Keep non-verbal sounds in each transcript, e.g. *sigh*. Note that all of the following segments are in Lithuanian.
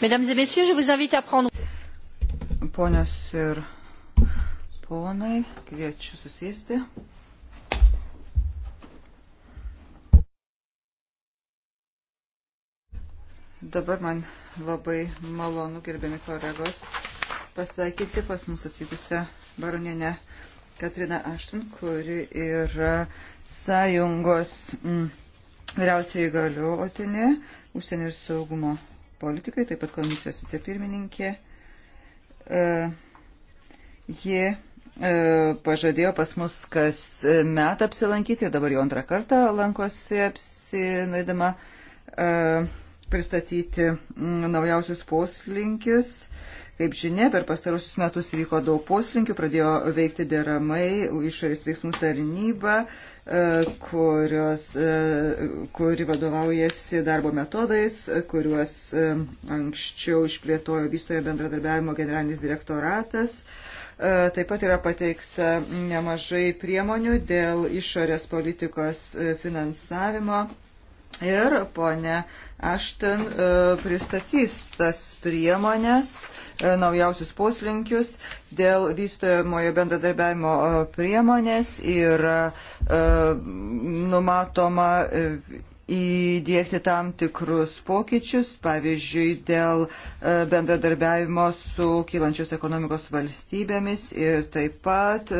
Mesdames et messieurs, je vous invite à prendre. Ponios ir ponai, kviečiu susėsti. Dabar man labai malonu, gerbiami kolegos, pasveikinti pas mus atvykusią baronienę Katriną Aštin, kuri yra sąjungos mm, vyriausioji galiotinė užsienio ir saugumo politikai, taip pat komisijos vicepirmininkė. E, ji e, pažadėjo pas mus kas metą apsilankyti ir dabar jau antrą kartą lankosi apsinaidama e, pristatyti naujausius poslinkius Kaip žinia, per pastarusius metus įvyko daug poslinkių, pradėjo veikti deramai išorės veiksmų tarnyba, e, kurios, e, kuri vadovaujasi darbo metodais, kuriuos e, anksčiau išplėtojo vystojo bendradarbiavimo generalinis direktoratas. Taip pat yra pateikta nemažai priemonių dėl išorės politikos finansavimo. Ir ponė Aš ten e, pristatys tas priemonės, e, naujausius poslinkius dėl vystojamojo bendradarbiavimo e, priemonės ir numatoma įdėkti tam tikrus pokyčius, pavyzdžiui, dėl bendradarbiavimo su kylančios ekonomikos valstybėmis ir taip pat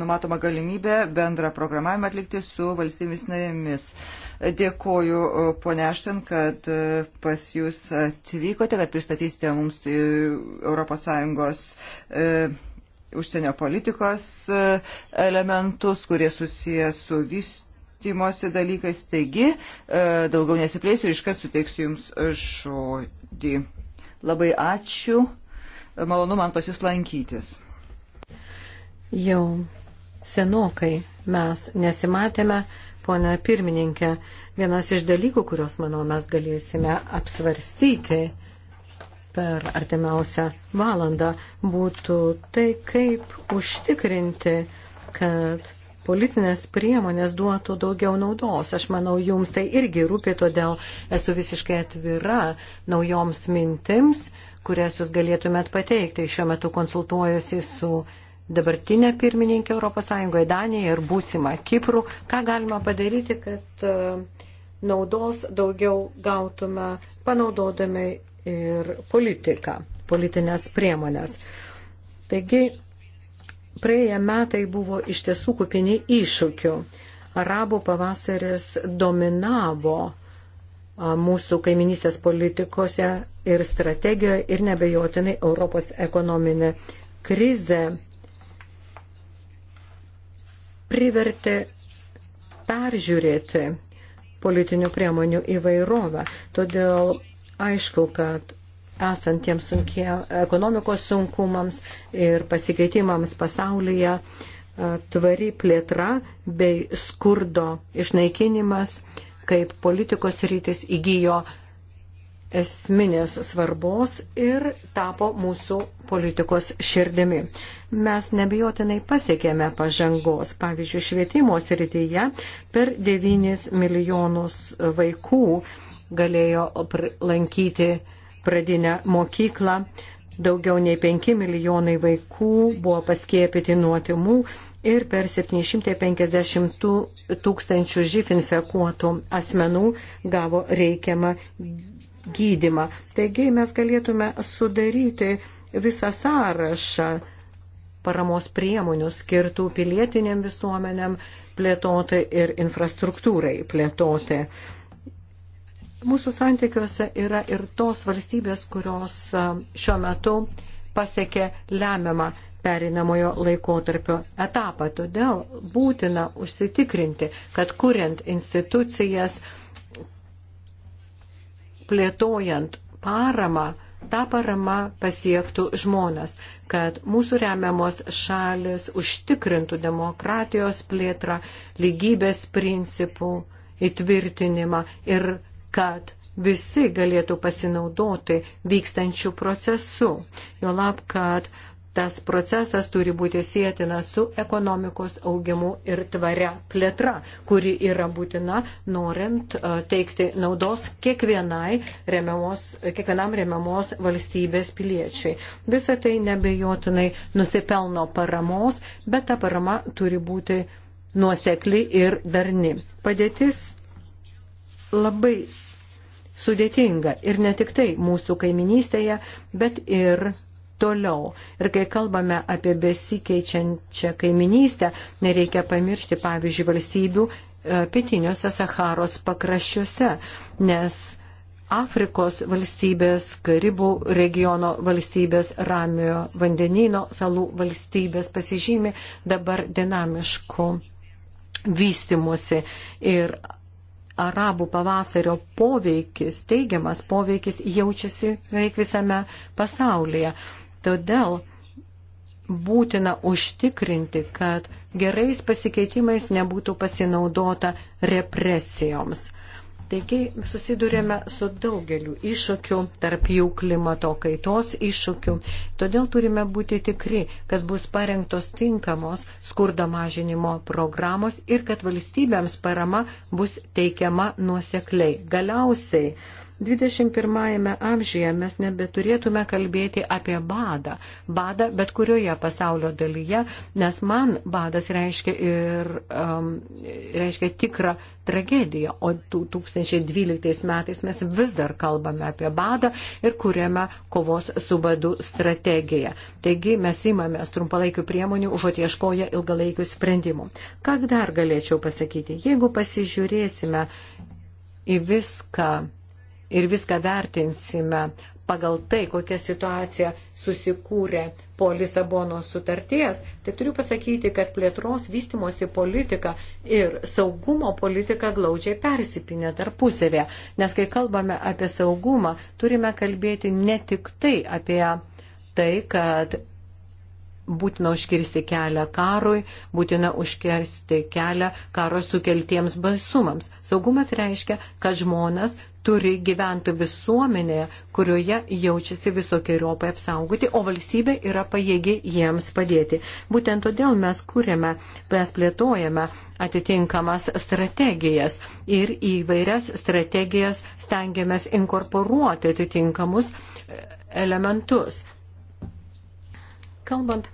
numatoma galimybė bendrą programavimą atlikti su valstybėmis narėmis. Dėkoju, e, ponia Ašten, kad e, pas jūs atvykote, kad pristatysite mums ES e, užsienio politikos elementus, kurie susiję su vystimosi dalykais. Taigi, daugiau nesiplėsiu ir iškart suteiksiu jums žodį. Labai ačiū. Malonu man pas jūs lankytis. Jau senokai mes nesimatėme Pone pirmininkė, vienas iš dalykų, kuriuos, manau, mes galėsime apsvarstyti per artimiausią valandą, būtų tai, kaip užtikrinti, kad politinės priemonės duotų daugiau naudos. Aš manau, jums tai irgi rūpi, todėl esu visiškai atvira naujoms mintims, kurias jūs galėtumėt pateikti. Šiuo metu konsultuojusi su dabartinę pirmininkę ES, Daniją ir būsimą Kiprų, ką galima padaryti, kad e, naudos daugiau gautume panaudodami ir politiką, politinės priemonės. Taigi, praėję metai buvo iš tiesų kupini iššūkių. Arabų pavasaris dominavo mūsų kaiminystės politikose ir strategijoje ir nebejotinai Europos ekonominė krizė privertė peržiūrėti politinių priemonių įvairovę. Todėl aišku, kad esantiems sunkie, ekonomikos sunkumams ir pasikeitimams pasaulyje tvari plėtra bei skurdo išnaikinimas kaip politikos rytis įgyjo esminės svarbos ir tapo mūsų politikos širdimi. Mes nebijotinai pasiekėme pažangos. Pavyzdžiui, švietimo srityje per 9 milijonus vaikų galėjo lankyti pradinę mokyklą. Daugiau nei 5 milijonai vaikų buvo paskėpyti nuo timų ir per 750 tūkstančių živ infekuotų asmenų gavo reikiamą gydimą. Taigi mes galėtume sudaryti visą sąrašą paramos priemonių skirtų pilietiniam visuomenėm plėtoti ir infrastruktūrai plėtoti. Mūsų santykiuose yra ir tos valstybės, kurios šiuo metu pasiekė lemiamą perinamojo laikotarpio etapą. Todėl būtina užsitikrinti, kad kuriant institucijas, plėtojant paramą, ta parama pasiektų žmonas, kad mūsų remiamos šalis užtikrintų demokratijos plėtrą, lygybės principų įtvirtinimą ir kad visi galėtų pasinaudoti vykstančių procesų. Jo lab, kad tas procesas turi būti sėtinas su ekonomikos augimu ir tvaria plėtra, kuri yra būtina norint e, teikti naudos remiamos, kiekvienam remiamos valstybės piliečiai. Visą tai nebejotinai nusipelno paramos, bet ta parama turi būti nuosekli ir darni. Padėtis labai sudėtinga ir ne tik tai mūsų kaiminystėje, bet ir toliau. Ir kai kalbame apie besikeičiančią kaiminystę, nereikia pamiršti, pavyzdžiui, valstybių e, pietiniuose Saharos pakraščiuose, nes Afrikos valstybės, Karibų regiono valstybės, Ramiojo vandenino salų valstybės pasižymi dabar dinamišku vystimusi ir arabų pavasario poveikis, teigiamas poveikis jaučiasi beveik visame pasaulyje. Todėl būtina užtikrinti, kad gerais pasikeitimais nebūtų pasinaudota represijoms. Taigi susidurėme su daugeliu iššūkių, tarp jų klimato kaitos iššūkių. Todėl turime būti tikri, kad bus parengtos tinkamos skurdo mažinimo programos ir kad valstybėms parama bus teikiama nuosekliai. Galiausiai 21 amžiuje mes nebeturėtume kalbėti apie badą. Badą bet kurioje pasaulio dalyje, nes man badas reiškia, ir, um, reiškia tikrą tragediją, o 2012 metais mes vis dar kalbame apie badą ir kuriame kovos su badu strategiją. Taigi mes imamės trumpalaikių priemonių, užuot ieškoja ilgalaikių sprendimų. Ką dar galėčiau pasakyti? Jeigu pasižiūrėsime į viską, ir viską vertinsime pagal tai, kokia situacija susikūrė po Lisabonos sutarties, tai turiu pasakyti, kad plėtros vystimosi politika ir saugumo politika glaudžiai persipinė tarpusavė. Nes kai kalbame apie saugumą, turime kalbėti ne tik tai apie tai, kad būtina užkirsti kelią karui, būtina užkirsti kelią karo sukeltiems baisumams. Saugumas reiškia, kad žmonės turi gyventi visuomenė, kurioje jaučiasi visokiojopai apsaugoti, o valstybė yra pajėgi jiems padėti. Būtent todėl mes kūrėme, mes plėtojame atitinkamas strategijas ir į vairias strategijas stengiamės inkorporuoti atitinkamus e, elementus. Kalbant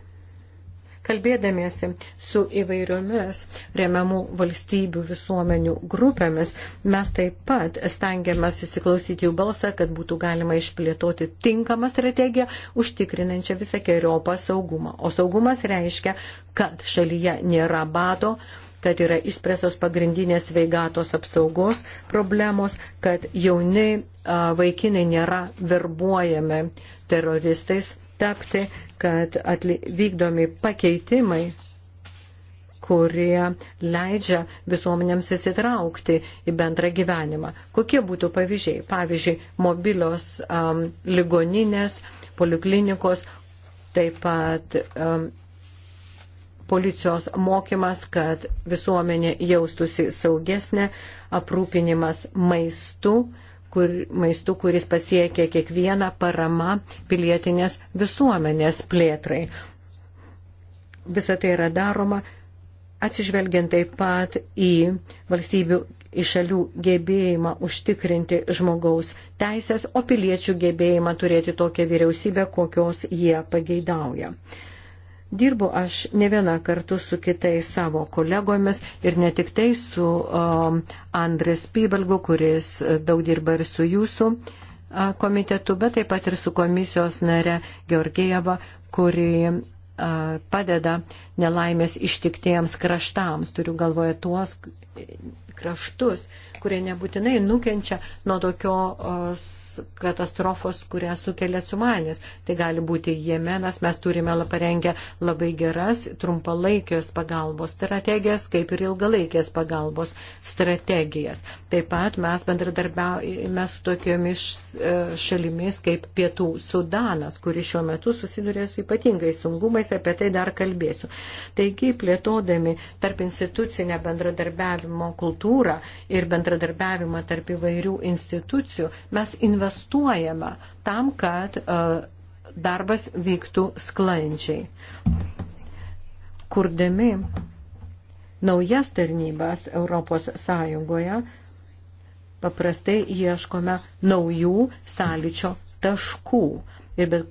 Kalbėdamiesi su įvairiomis remiamų valstybių visuomenių grupėmis, mes taip pat stengiamės įsiklausyti jų balsą, kad būtų galima išplėtoti tinkamą strategiją, užtikrinančią visą keriopą saugumą. O saugumas reiškia, kad šalyje nėra bado kad yra išspręstos pagrindinės veikatos apsaugos problemos, kad jauni vaikinai nėra verbuojami teroristais tapti, kad atli, vykdomi pakeitimai kurie leidžia visuomenėms įsitraukti į bendrą gyvenimą. Kokie būtų pavyzdžiai? Pavyzdžiui, mobilios um, ligoninės, poliklinikos, taip pat um, policijos mokymas, kad visuomenė jaustusi saugesnė, aprūpinimas maistu, uh, kur, maistu, kuris pasiekia kiekvieną parama pilietinės visuomenės plėtrai. Visą tai yra daroma atsižvelgiant taip pat į valstybių iš šalių gebėjimą užtikrinti žmogaus teisės, o piliečių gebėjimą turėti tokią vyriausybę, kokios jie pageidauja. Dirbu aš ne vieną kartu su kitais savo kolegomis ir ne tik tai su um, Andres Pybelgu, kuris uh, daug dirba ir su jūsų uh, komitetu, bet taip pat ir su komisijos nare Georgieva, kuri uh, padeda nelaimės ištiktiems kraštams. Turiu galvoje tuos kraštus, kurie nebūtinai nukenčia nuo tokios katastrofos, kurią sukelia sumanis. Tai gali būti Jemenas, mes turime parengę labai geras trumpalaikės pagalbos strategijas, kaip ir ilgalaikės pagalbos strategijas. Taip pat mes bendradarbiaujame su tokiomis e, šalimis kaip Pietų Sudanas, kuris šiuo metu susiduria su ypatingais sungumais, apie tai dar kalbėsiu. Taigi, plėtodami tarp institucinę bendradarbiavimo kultūrą ir bendradarbiavimą tarp įvairių institucijų, mes investuojame tam, kad e, darbas vyktų sklandžiai. Kurdami naujas tarnybas Europos Sąjungoje, paprastai ieškome naujų sąlyčio taškų. Ir bet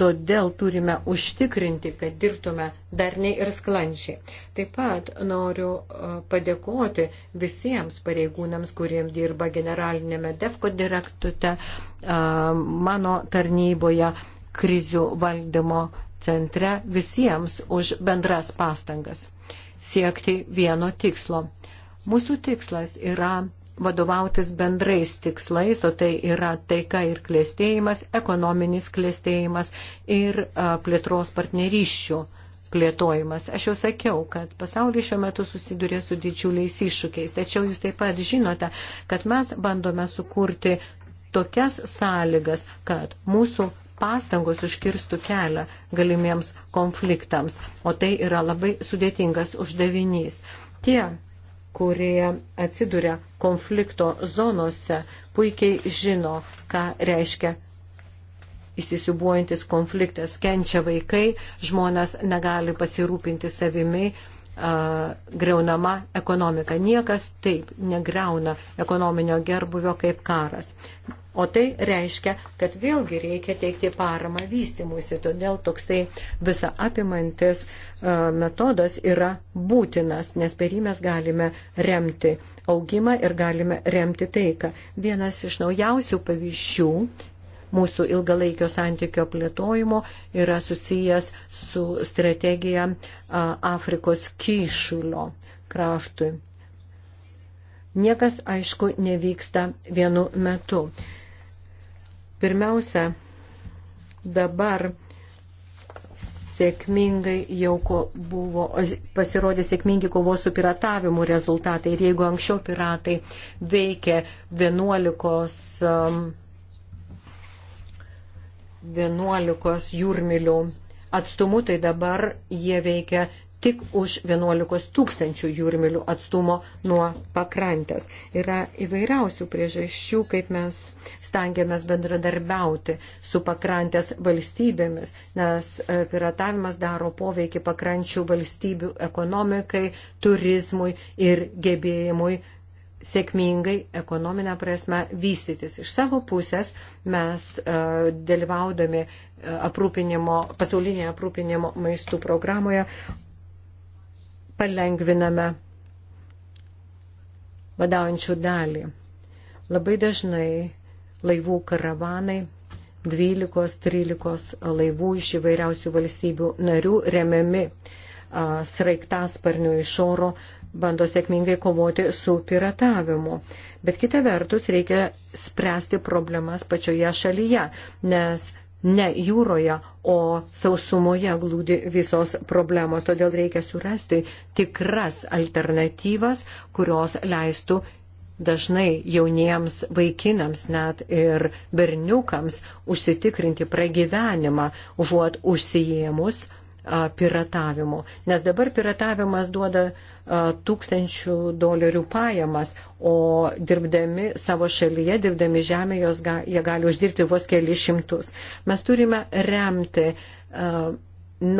Todėl turime užtikrinti, kad dirbtume darniai ir sklančiai. Taip pat noriu e, padėkoti visiems pareigūnams, kuriem dirba generalinėme DEFCO direktute, e, mano tarnyboje, krizių valdymo centre, visiems už bendras pastangas siekti vieno tikslo. Mūsų tikslas yra vadovautis bendrais tikslais, o tai yra taika ir klėstėjimas, ekonominis klėstėjimas ir plėtros partnerysčių plėtojimas. Aš jau sakiau, kad pasaulis šiuo metu susiduria su didžiuliais iššūkiais, tačiau jūs taip pat žinote, kad mes bandome sukurti tokias sąlygas, kad mūsų pastangos užkirstų kelią galimiems konfliktams, o tai yra labai sudėtingas uždavinys. Tie kurie atsiduria konflikto zonose, puikiai žino, ką reiškia įsisiubuojantis konfliktas. Kenčia vaikai, žmonės negali pasirūpinti savimi, greunama ekonomika. Niekas taip negreuna ekonominio gerbuvio kaip karas. O tai reiškia, kad vėlgi reikia teikti paramą vystimuisi, todėl toksai visa apimantis metodas yra būtinas, nes per jį mes galime remti augimą ir galime remti taiką. Vienas iš naujausių pavyzdžių mūsų ilgalaikio santykio plėtojimo yra susijęs su strategija Afrikos kyšulio kraštui. Niekas, aišku, nevyksta vienu metu. Pirmiausia, dabar sėkmingai jau buvo, pasirodė sėkmingi kovos su piratavimu rezultatai. Ir jeigu anksčiau piratai veikė 11 um, 11 jūrmilių atstumu, tai dabar jie veikia tik už 11 tūkstančių jūrmilių atstumo nuo pakrantės. Yra įvairiausių priežasčių, kaip mes stengiamės bendradarbiauti su pakrantės valstybėmis, nes e, piratavimas daro poveikį pakrančių valstybių ekonomikai, turizmui ir gebėjimui sėkmingai ekonominę prasme vystytis. Iš savo pusės mes uh, dalyvaudami e, aprūpinimo, pasaulinėje aprūpinimo maistų programoje palengviname vadaujančių dalį. Labai dažnai laivų karavanai 12-13 laivų iš įvairiausių valstybių narių remiami sraigtasparnių iš oro uh, bando sėkmingai kovoti su piratavimu. Bet kita vertus reikia spręsti problemas pačioje šalyje, nes ne jūroje, o sausumoje glūdi visos problemos. Todėl reikia surasti tikras alternatyvas, kurios leistų dažnai jauniems vaikinams, net ir berniukams užsitikrinti pragyvenimą, užuot užsijėmus piratavimo. Nes dabar piratavimas duoda tūkstančių dolerių pajamas, o dirbdami savo šalyje, dirbdami žemėje, jie gali uždirbti vos keli šimtus. Mes turime remti uh,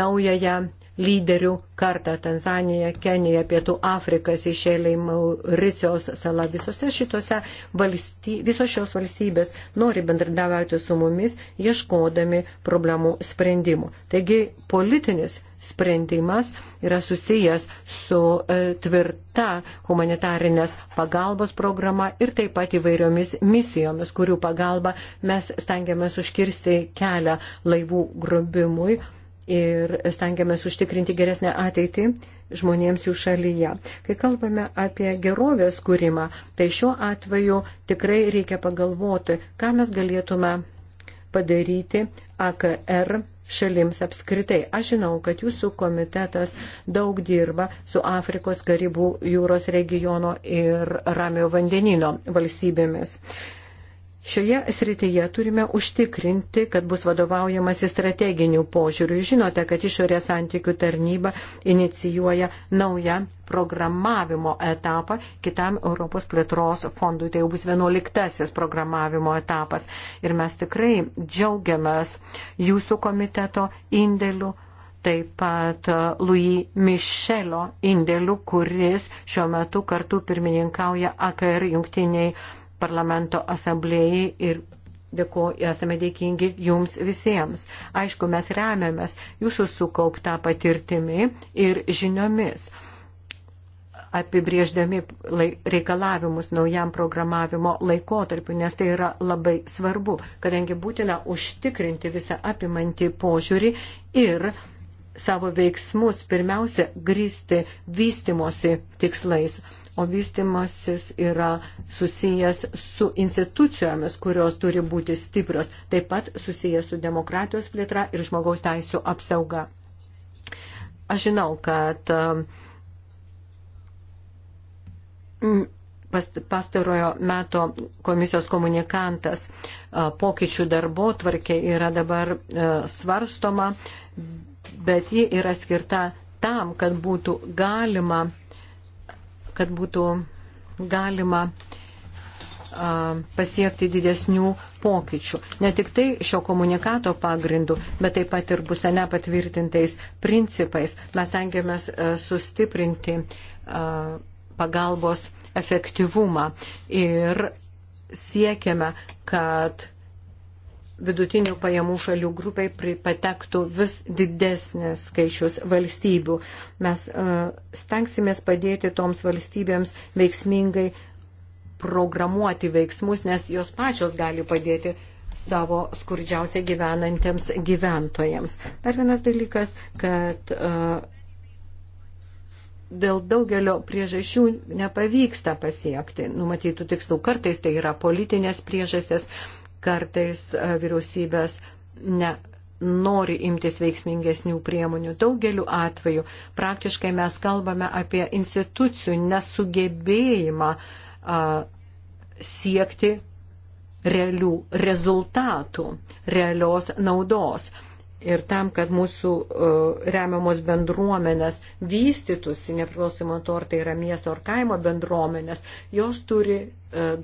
naująją uh, lyderių kartą - Tanzanija, Kenija, Pietų Afrika, Seišeliai, Mauricijos sala. Visose šitose valsty, visos šios valstybės nori bendradavauti su mumis, ieškodami problemų sprendimų. Taigi politinis sprendimas yra susijęs su e, tvirta humanitarinės pagalbos programa ir taip pat įvairiomis misijomis, kurių pagalba mes stengiamės užkirsti kelią laivų grobimui ir stengiamės užtikrinti geresnę ateitį žmonėms jų šalyje. Kai kalbame apie gerovės kūrimą, tai šiuo atveju tikrai reikia pagalvoti, ką mes galėtume padaryti AKR šalims apskritai. Aš žinau, kad jūsų komitetas daug dirba su Afrikos, Karibų jūros regiono ir Ramio vandenino valstybėmis. Šioje srityje turime užtikrinti, kad bus vadovaujamasi strateginių požiūrių. Žinote, kad išorės santykių tarnyba inicijuoja naują programavimo etapą kitam Europos plėtros fondui. Tai jau bus vienuoliktasis programavimo etapas. Ir mes tikrai džiaugiamės jūsų komiteto indėliu taip pat Louis Michelio indėliu, kuris šiuo metu kartu pirmininkauja AKR jungtiniai parlamento asamblėjai ir dėko, esame dėkingi jums visiems. Aišku, mes remiamės jūsų sukauptą patirtimi ir žiniomis apibrėždami reikalavimus naujam programavimo laikotarpiu, nes tai yra labai svarbu, kadangi būtina užtikrinti visą apimantį požiūrį ir savo veiksmus pirmiausia grįsti vystimosi tikslais, o vystimasis yra susijęs su institucijomis, kurios turi būti stiprios, taip pat susijęs su demokratijos plėtra ir žmogaus teisų apsauga. Aš žinau, kad um, pastarojo meto komisijos komunikantas uh, pokyčių darbo tvarkė yra dabar uh, svarstoma, bet ji yra skirta tam, kad būtų galima kad būtų galima pasiekti didesnių pokyčių. Ne tik tai šio komunikato pagrindu, bet taip pat ir busene patvirtintais principais mes tengiamės sustiprinti pagalbos efektyvumą ir siekiame, kad vidutinių pajamų šalių grupai patektų vis didesnis skaičius valstybių. Mes e, stengsimės padėti toms valstybėms veiksmingai programuoti veiksmus, nes jos pačios gali padėti savo skurdžiausiai gyvenantiems gyventojams. Dar vienas dalykas, kad e, dėl daugelio priežasčių nepavyksta pasiekti numatytų tikslų. Kartais tai yra politinės priežastės, kartais e, vyriausybės ne nori imtis veiksmingesnių priemonių. Daugeliu atveju praktiškai mes kalbame apie institucijų nesugebėjimą a, e, siekti realių rezultatų, realios naudos ir tam, kad mūsų e, remiamos bendruomenės vystytųsi, nepriklausomai to, ar tai yra miesto ar kaimo bendruomenės, jos turi e,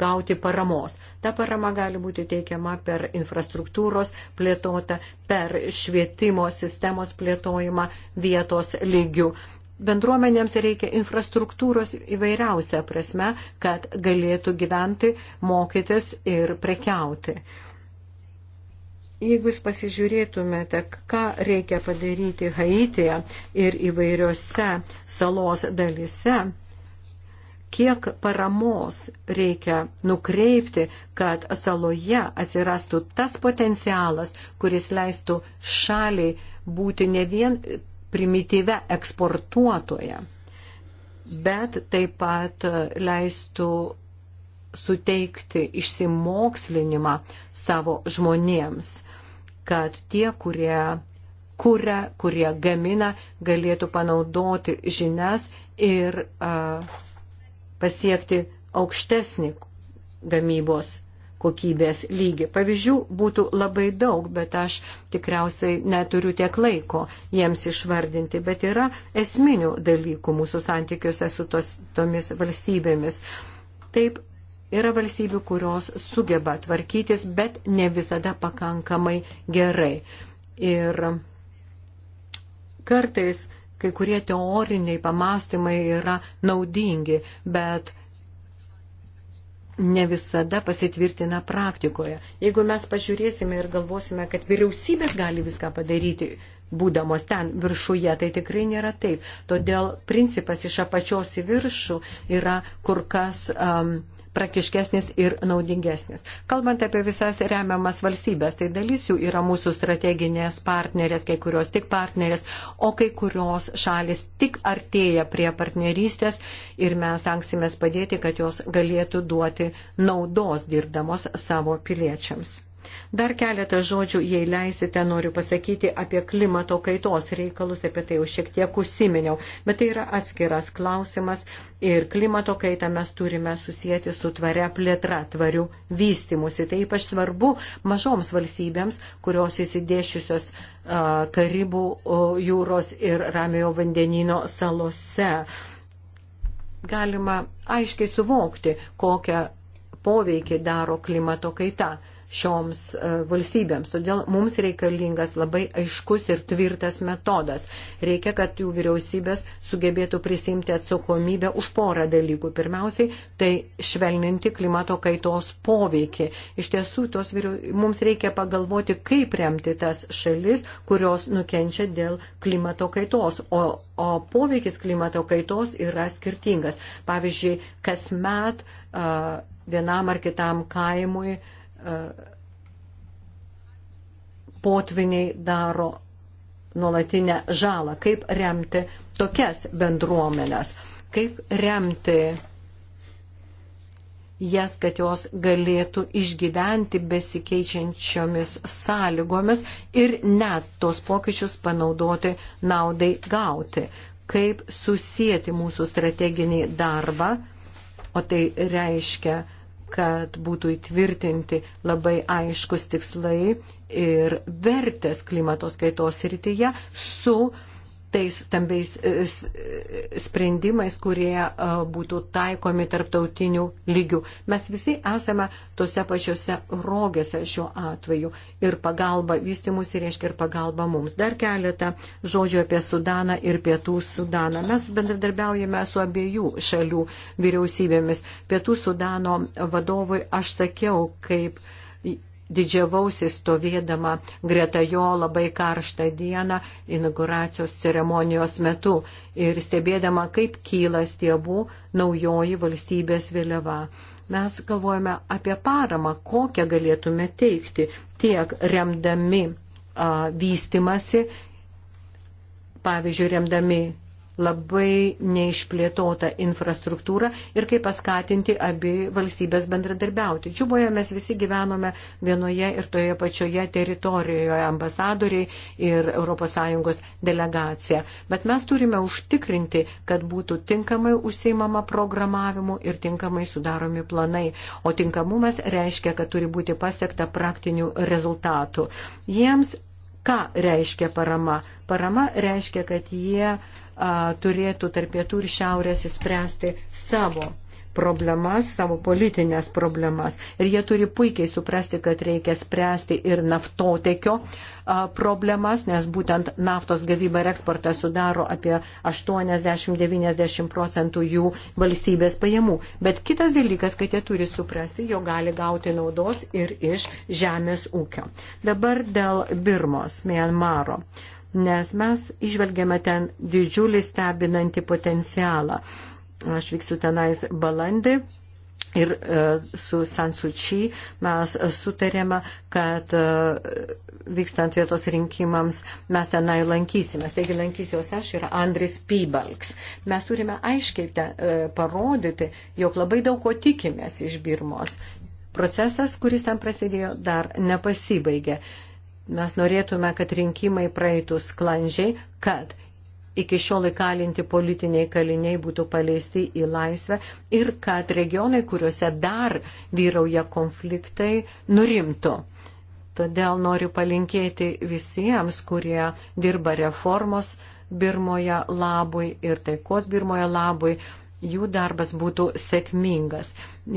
gauti paramos. Ta parama gali būti teikiama per infrastruktūros plėtotą, per švietimo sistemos plėtojimą vietos lygių. Bendruomenėms reikia infrastruktūros įvairiausia prasme, kad galėtų gyventi, mokytis ir prekiauti. Uh, jeigu jūs pasižiūrėtumėte, ką reikia padaryti Haityje ir įvairiose salos dalise, kiek paramos reikia nukreipti, kad saloje atsirastų tas potencialas, kuris leistų šaliai būti ne vien primityve eksportuotoje, bet taip pat leistų suteikti išsimokslinimą savo žmonėms, kad tie, kurie kuria, kurie gamina, galėtų panaudoti žinias ir a, pasiekti aukštesnį gamybos kokybės lygį. Pavyzdžių būtų labai daug, bet aš tikriausiai neturiu tiek laiko jiems išvardinti, bet yra esminių dalykų mūsų santykiuose su tos, tomis valstybėmis. Taip Yra valstybių, kurios sugeba tvarkytis, bet ne visada pakankamai gerai. Ir kartais kai kurie teoriniai pamastymai yra naudingi, bet ne visada pasitvirtina praktikoje. Jeigu mes pažiūrėsime ir galvosime, kad vyriausybės gali viską padaryti, būdamos ten viršuje, tai tikrai nėra taip. Todėl principas iš apačios į viršų yra kur kas um, praktiškesnis ir naudingesnis. Kalbant apie visas remiamas valstybės, tai dalis jų yra mūsų strateginės partnerės, kai kurios tik partnerės, o kai kurios šalis tik artėja prie partnerystės ir mes tenksimės padėti, kad jos galėtų duoti naudos dirbdamos savo piliečiams. Dar keletą žodžių, jei leisite, noriu pasakyti apie klimato kaitos reikalus, apie tai jau šiek tiek užsiminiau, bet tai yra atskiras klausimas ir klimato kaitą mes turime susijęti su tvaria plėtra, tvariu vystimusi. Tai ypač svarbu mažoms valstybėms, kurios įsidėšiusios Karibų jūros ir Ramiojo vandenino salose. Galima aiškiai suvokti, kokią poveikį daro klimato kaita šioms e, valstybėms. Todėl mums reikalingas labai aiškus ir tvirtas metodas. Reikia, kad jų vyriausybės sugebėtų prisimti atsakomybę už porą dalykų. Pirmiausiai, tai švelninti klimato kaitos poveikį. Iš tiesų, vyriau... mums reikia pagalvoti, kaip remti tas šalis, kurios nukenčia dėl klimato kaitos. O o poveikis klimato kaitos yra skirtingas. Pavyzdžiui, kasmet vienam ar kitam kaimui uh, potviniai daro nuolatinę žalą, kaip remti tokias bendruomenės, kaip remti jas, kad jos galėtų išgyventi besikeičiančiomis sąlygomis ir net tos pokyčius panaudoti naudai gauti, kaip susijęti mūsų strateginį darbą, o tai reiškia kad būtų įtvirtinti labai aiškus tikslai ir vertės klimatos kaitos rytyje su uh, tais stambiais e, e, sprendimais, kurie e, būtų taikomi tarptautinių lygių. Mes visi esame tose pačiose rogėse šiuo atveju ir pagalba vystimus ir reiškia ir pagalba mums. Dar keletą žodžių apie Sudaną ir Pietų Sudaną. Mes bendradarbiaujame su abiejų šalių vyriausybėmis. Pietų Sudano vadovui aš sakiau, kaip uh, didžiavausi stovėdama greta jo labai karštą dieną inauguracijos ceremonijos metu ir stebėdama, kaip kyla stiebų naujoji valstybės vėliava. Mes galvojame apie paramą, kokią galėtume teikti, tiek remdami a, vystimasi, pavyzdžiui, remdami labai neišplėtota infrastruktūra ir kaip paskatinti abi valstybės bendradarbiauti. Džiuboje mes visi gyvenome vienoje ir toje pačioje teritorijoje ambasadoriai ir ES delegacija. Bet mes turime užtikrinti, kad būtų tinkamai užseimama programavimu ir tinkamai sudaromi planai. O tinkamumas reiškia, kad turi būti pasiekta praktinių rezultatų. Jiems ką reiškia parama? Parama reiškia, kad jie uh, a, turėtų tarp pietų ir šiaurės įspręsti savo problemas, savo politinės problemas. Ir jie turi puikiai suprasti, kad reikia spręsti ir naftotekio problemas, nes būtent naftos gavyba ir eksportas sudaro apie 80-90 procentų jų valstybės pajamų. Bet kitas dalykas, kad jie turi suprasti, jo gali gauti naudos ir iš žemės ūkio. Dabar dėl Birmos, Mianmaro. Uh, nes mes išvelgiame ten didžiulį stebinantį potencialą. Aš vyksiu tenais balandį. Ir e, su Sansučiai mes sutarėme, kad e, vykstant vietos rinkimams mes tenai lankysimės. Taigi lankysiuos aš ir Andris Pybalks. Mes turime aiškiai te, e, parodyti, jog labai daug ko tikimės iš Birmos. Procesas, kuris ten prasidėjo, dar nepasibaigė mes norėtume, kad rinkimai praeitų sklandžiai, kad iki šiol įkalinti politiniai kaliniai būtų paleisti į laisvę ir kad regionai, kuriuose dar vyrauja konfliktai, nurimtų. Todėl noriu palinkėti visiems, kurie dirba reformos Birmoje labui ir taikos Birmoje labui, jų darbas būtų sėkmingas.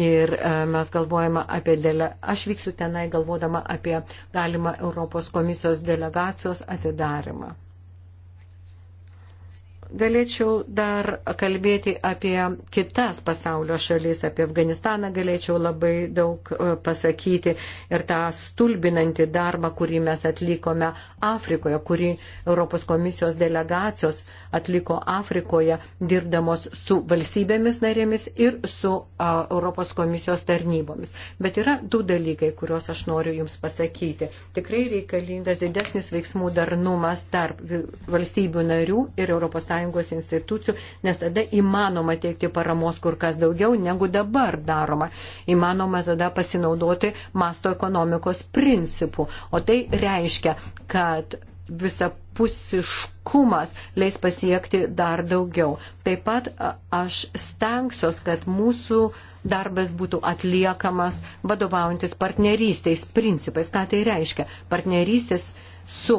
Ir e, mes galvojame apie, dele... aš vyksiu tenai galvodama apie galimą Europos komisijos delegacijos atidarimą. Galėčiau dar kalbėti apie kitas pasaulio šalis, apie Afganistaną galėčiau labai daug e, pasakyti ir tą stulbinantį darbą, kurį mes atlikome Afrikoje, kurį Europos komisijos delegacijos uh, atliko Afrikoje, dirbdamos su valstybėmis narėmis ir su a, Europos komisijos tarnybomis. Bet yra du dalykai, kuriuos aš noriu Jums pasakyti. Tikrai reikalingas didesnis veiksmų darnumas tarp valstybių narių ir ES institucijų, nes tada įmanoma teikti paramos kur kas daugiau negu dabar daroma. Įmanoma tada pasinaudoti masto ekonomikos principų. O tai reiškia, kad visapusiškumas leis pasiekti dar daugiau. Taip pat aš stengsiuos, kad mūsų darbas būtų atliekamas vadovaujantis partnerystės principais. Ką tai reiškia? Partnerystės su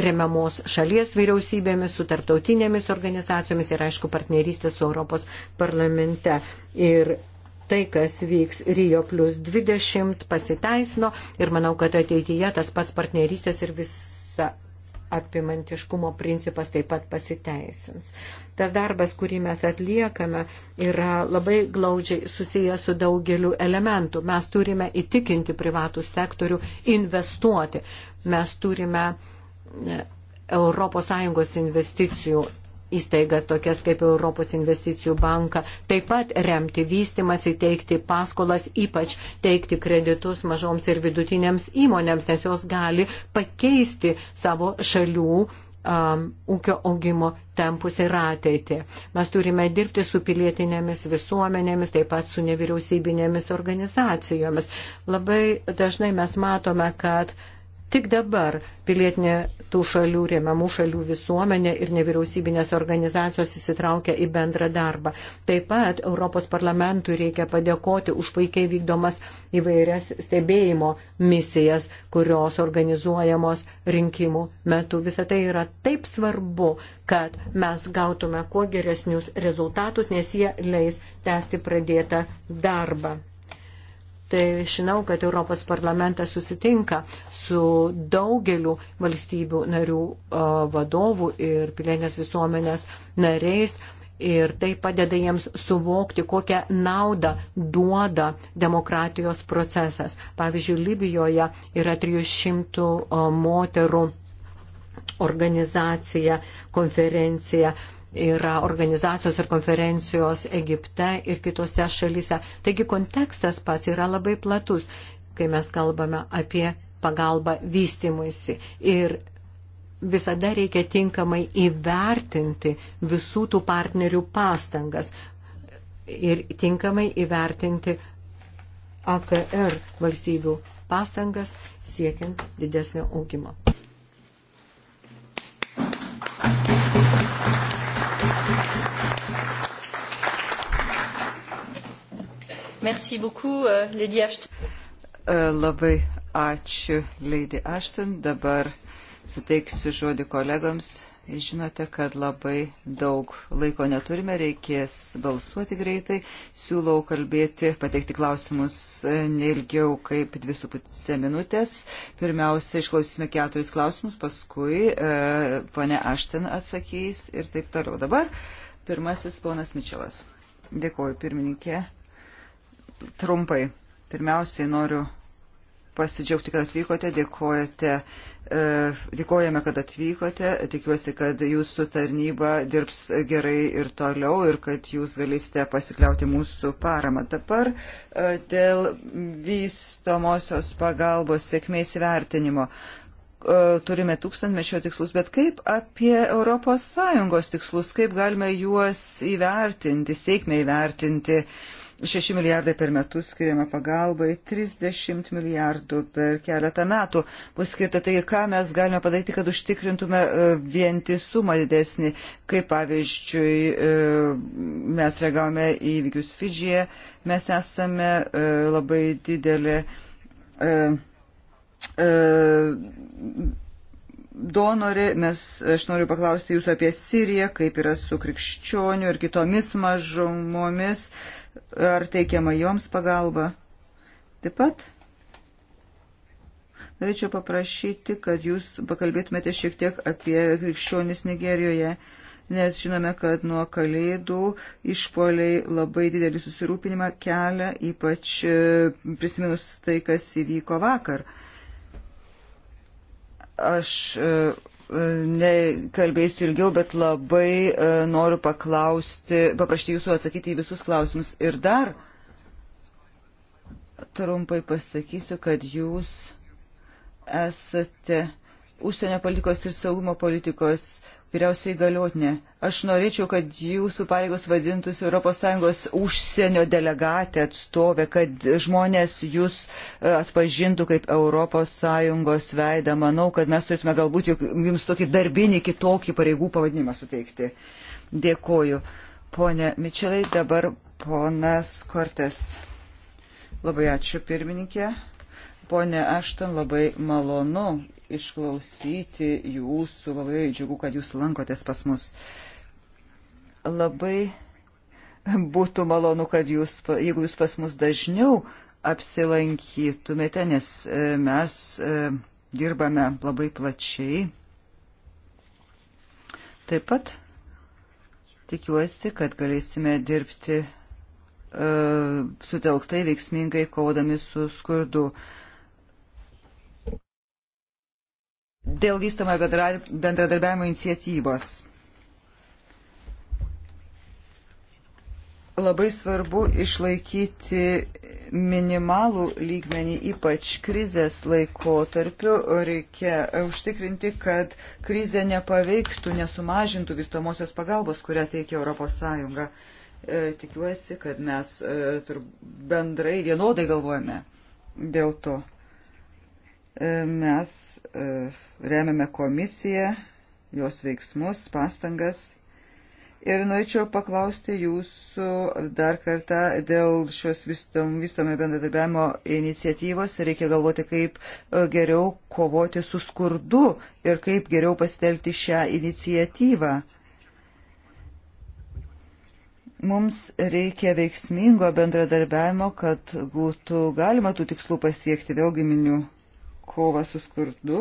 remiamos šalies vyriausybėmis, su tarptautinėmis organizacijomis ir, aišku, partnerystė su Europos parlamente. Ir tai, kas vyks Rio plus 20, pasiteisino ir manau, kad ateityje tas pats partnerystės ir visa apimantiškumo principas taip pat pasiteisins. Tas darbas, kurį mes atliekame, yra labai glaudžiai susijęs su daugeliu elementų. Mes turime įtikinti privatų sektorių investuoti. Mes turime ES investicijų įstaigas, tokias kaip Europos investicijų banką, taip pat remti vystimas, įteikti paskolas, ypač teikti kreditus mažoms ir vidutinėms įmonėms, nes jos gali pakeisti savo šalių um, ūkio augimo tempus ir ateitį. Mes turime dirbti su pilietinėmis visuomenėmis, taip pat su nevyriausybinėmis organizacijomis. Labai dažnai mes matome, kad tik dabar pilietinė tų šalių, remiamų šalių visuomenė ir nevyriausybinės organizacijos įsitraukia į bendrą darbą. Taip pat Europos parlamentui reikia padėkoti už puikiai vykdomas įvairias stebėjimo misijas, kurios organizuojamos rinkimų metu. Visą tai yra taip svarbu, kad mes gautume kuo geresnius rezultatus, nes jie leis tęsti pradėtą darbą tai žinau, kad Europos parlamentas susitinka su daugeliu valstybių narių vadovų ir pilietinės visuomenės nariais. Ir tai padeda jiems suvokti, kokią naudą duoda demokratijos procesas. Pavyzdžiui, Libijoje yra 300 moterų organizacija, konferencija, yra organizacijos ir konferencijos Egipte ir kitose šalyse. Taigi kontekstas pats yra labai platus, kai mes kalbame apie pagalbą vystimuisi. Ir visada reikia tinkamai įvertinti visų tų partnerių pastangas ir tinkamai įvertinti AKR valstybių pastangas siekiant didesnio augimo. Merci beaucoup, uh, Lady Ashton. Uh, labai ačiū, Lady Ashton. Dabar suteiksiu žodį kolegoms. Žinote, kad labai daug laiko neturime, reikės balsuoti greitai. Siūlau kalbėti, pateikti klausimus e, neilgiau kaip 2,5 minutės. Pirmiausia, išklausysime keturis klausimus, paskui e, pane Ašten atsakys ir taip toliau. Dabar pirmasis ponas Mičelas. Dėkuoju, pirmininkė trumpai. Pirmiausiai noriu pasidžiaugti, kad atvykote, dėkojate, e, dėkojame, kad atvykote, tikiuosi, kad jūsų tarnyba dirbs gerai ir toliau ir kad jūs galėsite pasikliauti mūsų paramą. Dabar e, dėl vystomosios pagalbos sėkmės vertinimo. E, turime tūkstantmečio tikslus, bet kaip apie ES tikslus, kaip galime juos įvertinti, sėkmę įvertinti. Uh, 6 milijardai per metus skiriama pagalbai, 30 milijardų per keletą metų bus skirta. Taigi, ką mes galime padaryti, kad užtikrintume e, vientisumą didesnį, kaip pavyzdžiui e, mes reagavome į įvykius Fidžyje, mes esame e, labai didelė donorė, mes, aš noriu paklausti jūsų apie Siriją, kaip yra su krikščioniu ir kitomis mažumomis. E, ar teikiama joms pagalba. Taip pat norėčiau paprašyti, kad jūs pakalbėtumėte šiek tiek apie krikščionis Nigerijoje, nes žinome, kad nuo kalėdų išpoliai labai didelį susirūpinimą kelia, ypač e, prisiminus tai, kas įvyko vakar. Aš e, E, nekalbėsiu ilgiau, bet labai e, noriu paklausti, paprašyti jūsų atsakyti į visus klausimus. Ir dar trumpai pasakysiu, kad jūs esate užsienio politikos ir saugumo politikos uh, Vyriausiai galiotinė, aš norėčiau, kad jūsų pareigos vadintųsi ES užsienio delegatė atstovė, kad žmonės jūs e, atpažintų kaip ES veidą. Manau, kad mes turėtume galbūt jums tokį darbinį kitokį pareigų pavadinimą suteikti. Dėkoju. Pone Mičelai, dabar ponas Kortes. Labai ačiū pirmininkė. Pone Ašton, labai malonu išklausyti jūsų. Labai džiugu, kad jūs lankotės pas mus. Labai būtų malonu, kad jūs, jeigu jūs pas mus dažniau apsilankytumėte, nes e, mes e, dirbame labai plačiai. Taip pat tikiuosi, kad galėsime dirbti e, sutelktai veiksmingai kovodami su skurdu. Dėl vystamo bendradarbiavimo iniciatyvos. Labai svarbu išlaikyti minimalų lygmenį, ypač krizės laikotarpiu, reikia užtikrinti, kad krizė nepaveiktų, nesumažintų vystomosios pagalbos, kurią teikia ES. E, tikiuosi, kad mes e, bendrai vienodai galvojame dėl to. E, mes e, remiame komisiją, jos veiksmus, pastangas. Ir norėčiau paklausti jūsų dar kartą dėl šios vystom, vystomio bendradarbiavimo iniciatyvos. Reikia galvoti, kaip e, geriau kovoti su skurdu ir kaip geriau pasitelkti šią iniciatyvą. Mums reikia veiksmingo bendradarbiavimo, kad būtų galima tų tikslų pasiekti. Vėlgi miniu kovą su skurdu.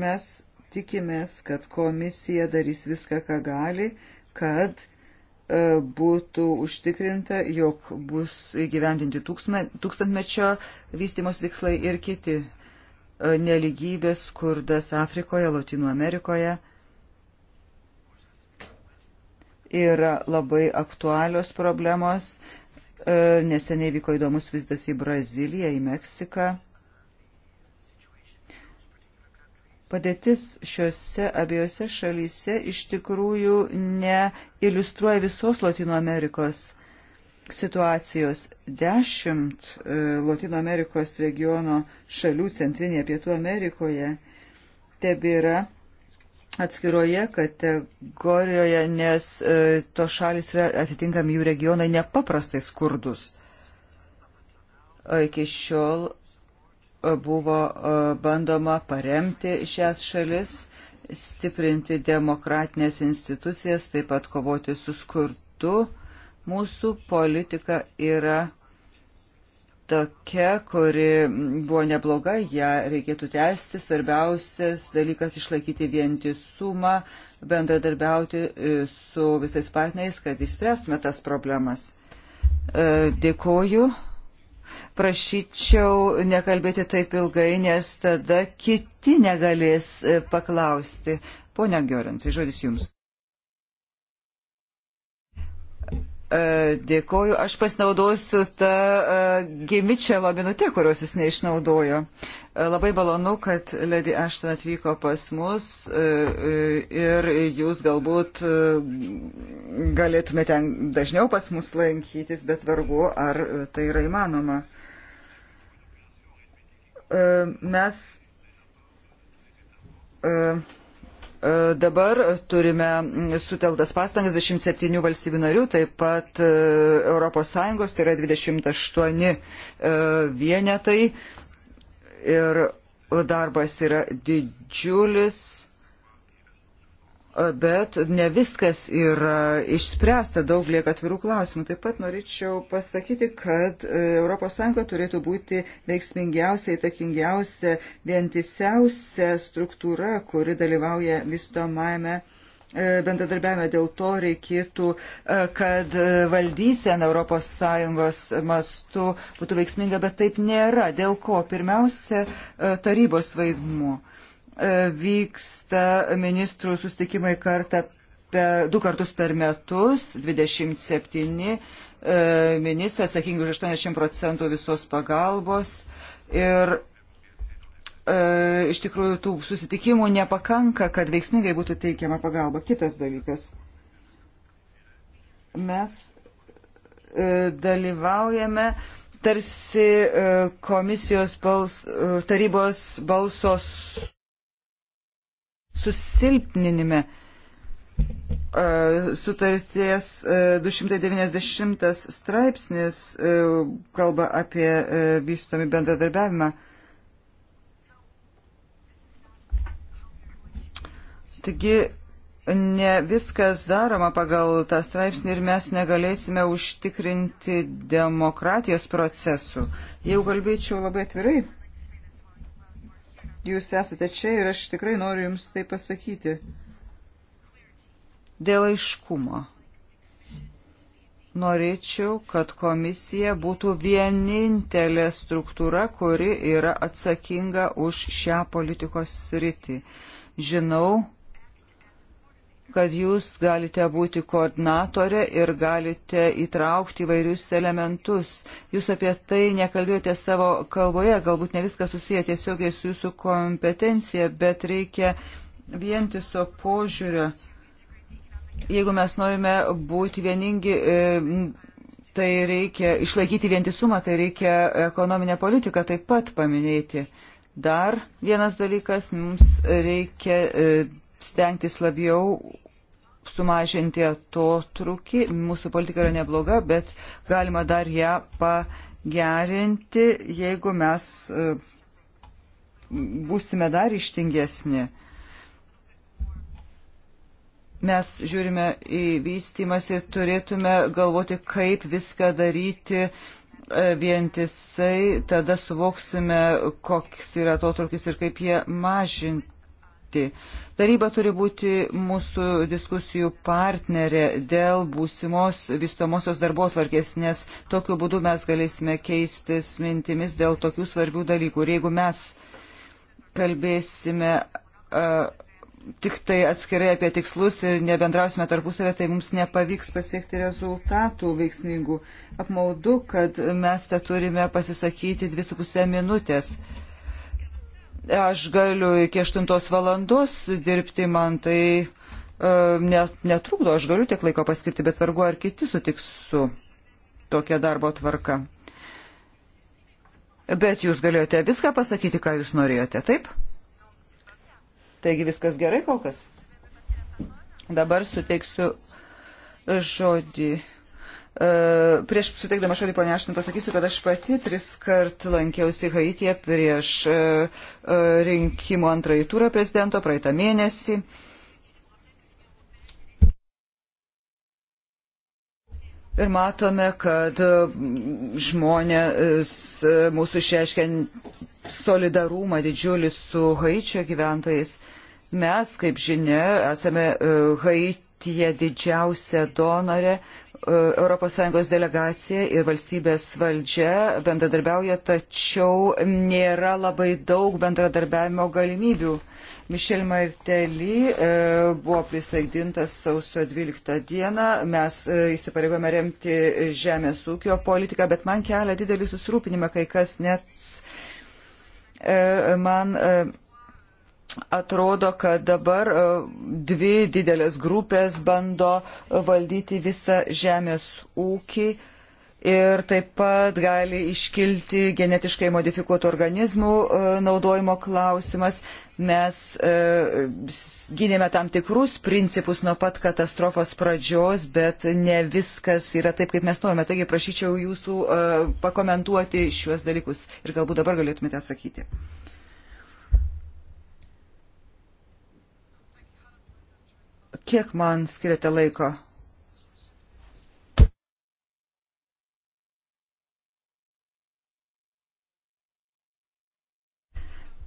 Mes tikimės, kad komisija darys viską, ką gali, kad e, būtų užtikrinta, jog bus įgyvendinti tūkstantmečio vystimos tikslai ir kiti e, neligybės, skurdas Afrikoje, Latino Amerikoje yra labai aktualios problemos, E, neseniai vyko įdomus vizitas į Braziliją, į Meksiką. Padėtis šiuose abiejose šalyse iš tikrųjų neiliustruoja visos Latino Amerikos situacijos. Dešimt e, Latino Amerikos regiono šalių centrinėje Pietų Amerikoje tebėra atskiroje kategorijoje, nes e, to šalis yra atitinkami jų regionai nepaprastai skurdus. E, iki šiol e, buvo bandoma paremti šias šalis, stiprinti demokratinės institucijas, taip pat kovoti su skurdu. Mūsų politika yra tokia, kuri buvo nebloga, ją reikėtų tęsti. Svarbiausias dalykas - išlaikyti vientisumą, bendradarbiauti e, su visais partneriais, kad išspręstume tas problemas. E, dėkoju. Prašyčiau nekalbėti taip ilgai, nes tada kiti negalės e, paklausti. Pone Giorensai, žodis jums. E, dėkoju, aš pasinaudosiu tą e, gimičelo minutę, kurios jis neišnaudojo. E, labai malonu, kad Lady Ashton atvyko pas mus ir jūs galbūt galėtumėte dažniau pas mus lankytis, bet vargu, ar tai yra įmanoma. Mes E, dabar turime sutelktas pastangas 27 valstybių narių, taip pat ES, tai yra 28 e, vienetai ir darbas yra didžiulis bet ne viskas yra išspręsta, daug lieka atvirų klausimų. Taip pat norėčiau pasakyti, kad ES turėtų būti veiksmingiausia, įtakingiausia, vientisiausia struktūra, kuri dalyvauja vystomajame e, bendradarbiavime. Dėl to reikėtų, e, kad e, valdysena ES mastu būtų veiksminga, bet taip nėra. Dėl ko? Pirmiausia, tarybos vaidmuo E, vyksta ministrų sustikimai kartą per, du kartus per metus, 27 e, ministrai atsakingi už 80 procentų visos pagalbos ir e, iš tikrųjų tų susitikimų nepakanka, kad veiksmingai būtų teikiama pagalba. Kitas dalykas. Mes e, dalyvaujame tarsi e, komisijos bals, e, tarybos balsos susilpninime. E, sutarties 290 e, straipsnis e, kalba apie vystomi bendradarbiavimą. Taigi ne viskas daroma pagal tą straipsnį ir mes negalėsime užtikrinti demokratijos procesų. Jau kalbėčiau labai atvirai jūs esate čia ir aš tikrai noriu jums tai pasakyti. Dėl aiškumo. Norėčiau, kad komisija būtų vienintelė struktūra, kuri yra atsakinga už šią politikos sritį. Žinau, kad jūs galite būti koordinatorė ir galite įtraukti įvairius elementus. Jūs apie tai nekalbėjote savo kalboje, galbūt ne viskas susiję tiesiogiai su jūsų kompetencija, bet reikia vientiso požiūrio. Jeigu mes norime būti vieningi, e, tai reikia išlaikyti vientisumą, tai reikia ekonominę politiką taip pat paminėti. Dar vienas dalykas, mums reikia e, stengtis labiau sumažinti atotrukį. Mūsų politika yra nebloga, bet galima dar ją pagerinti, jeigu mes e, būsime dar ištingesni. Mes žiūrime į vystimas ir turėtume galvoti, kaip viską daryti e, vientisai, tada suvoksime, koks yra atotrukis ir kaip jie mažinti kryptį. Taryba turi būti mūsų diskusijų partnerė dėl būsimos vystomosios darbo tvarkės, nes tokiu būdu mes galėsime keistis mintimis dėl tokių svarbių dalykų. Ir jeigu mes kalbėsime uh, tik tai atskirai apie tikslus ir nebendrausime tarpusavę, tai mums nepavyks pasiekti rezultatų veiksmingų. Apmaudu, kad mes tą turime pasisakyti 2,5 minutės. Uh, Aš galiu iki 8 valandos dirbti, man tai e, net, netrukdo, aš galiu tiek laiko paskirti, bet vargu ar kiti sutiks su tokia darbo tvarka. Bet jūs galėjote viską pasakyti, ką jūs norėjote, taip? Taigi viskas gerai kol kas? Dabar suteiksiu žodį E, prieš suteikdama šalį ponę Ašin pasakysiu, kad aš pati tris kart lankiausi Haitie prieš e, e, rinkimo antrąjį turą prezidento praeitą mėnesį. Ir matome, kad mm, žmonės mūsų išreiškia solidarumą didžiulį su Haičio gyventojais. Mes, kaip žinia, esame Haitie didžiausia donorė ES delegacija ir valstybės valdžia bendradarbiauja, tačiau nėra labai daug bendradarbiavimo galimybių. Mišel Marteli e, buvo prisaidintas sausio 12 dieną. Mes e, įsipareigojame remti žemės ūkio politiką, bet man kelia didelį susirūpinimą, kai kas net e, man atrodo, kad dabar e, dvi didelės grupės bando valdyti visą žemės ūkį ir taip pat gali iškilti genetiškai modifikuotų organizmų e, naudojimo klausimas. Mes e, gynėme tam tikrus principus nuo pat katastrofos pradžios, bet ne viskas yra taip, kaip mes norime. Taigi prašyčiau jūsų pakomentuoti šiuos dalykus ir galbūt dabar galėtumėte atsakyti. Kiek man skiriate laiko?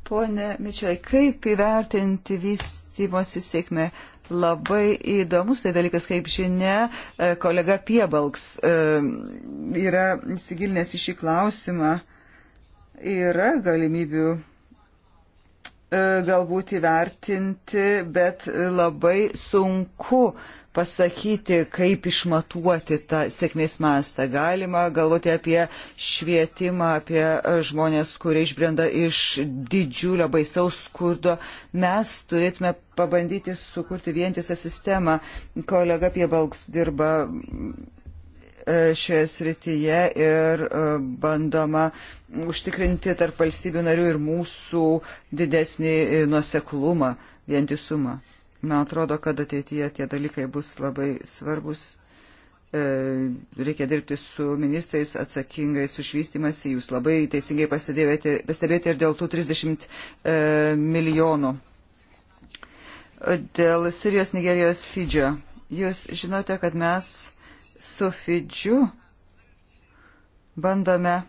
Pone Mičiai, kaip įvertinti vystymosi sėkmę? Labai įdomus tai dalykas, kaip žinia, e, kolega Piebalks e, yra įsigilinęs į šį klausimą. Yra galimybių E, galbūt įvertinti, bet labai sunku pasakyti, kaip išmatuoti tą sėkmės mastą. Galima galvoti apie švietimą, apie žmonės, kurie išbrenda iš didžiulio baisaus skurdo. Mes turėtume pabandyti sukurti vientisą sistemą. Kolega Piebalgs dirba E, šioje srityje ir e, bandoma užtikrinti tarp valstybių narių ir mūsų didesnį e, nuoseklumą, vientisumą. Man atrodo, kad ateityje tie dalykai bus labai svarbus reikia dirbti su ministrais atsakingais už vystimąsi. Jūs labai teisingai pastebėjote ir dėl tų 30 milijonų. Dėl Sirijos, Nigerijos, Fidžio. Jūs žinote, kad mes su Fidžiu bandome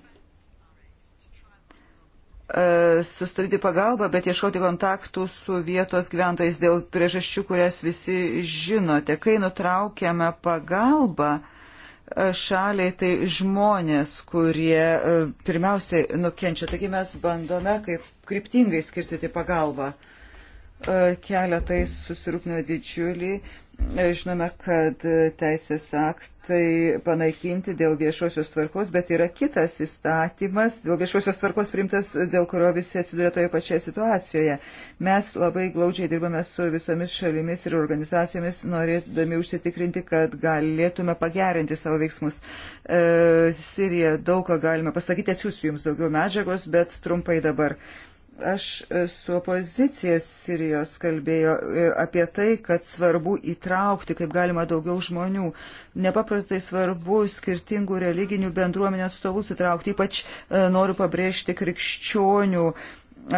e, sustabdyti pagalbą, bet ieškoti kontaktų su vietos gyventojais dėl priežasčių, kurias visi žinote. Kai nutraukiame pagalbą e, šaliai, tai žmonės, kurie e, pirmiausiai nukenčia. Taigi mes bandome kaip kryptingai skirstyti pagalbą. Keletai susirūpino didžiulį E, žinome, kad teisės aktai panaikinti dėl viešosios tvarkos, bet yra kitas įstatymas dėl viešosios tvarkos primtas, dėl kurio visi atsiduria toje pačioje situacijoje. Mes labai glaudžiai dirbame su visomis šalimis ir organizacijomis, norėdami užsitikrinti, kad galėtume pagerinti savo veiksmus. E, Sirija daug ką galime pasakyti, atsiųsiu jums daugiau medžiagos, bet trumpai dabar. E, Aš e, su opozicija Sirijos kalbėjau e, apie tai, kad svarbu įtraukti kaip galima daugiau žmonių. Nepaprastai svarbu skirtingų religinių bendruomenių atstovus įtraukti. Ypač e, noriu pabrėžti krikščionių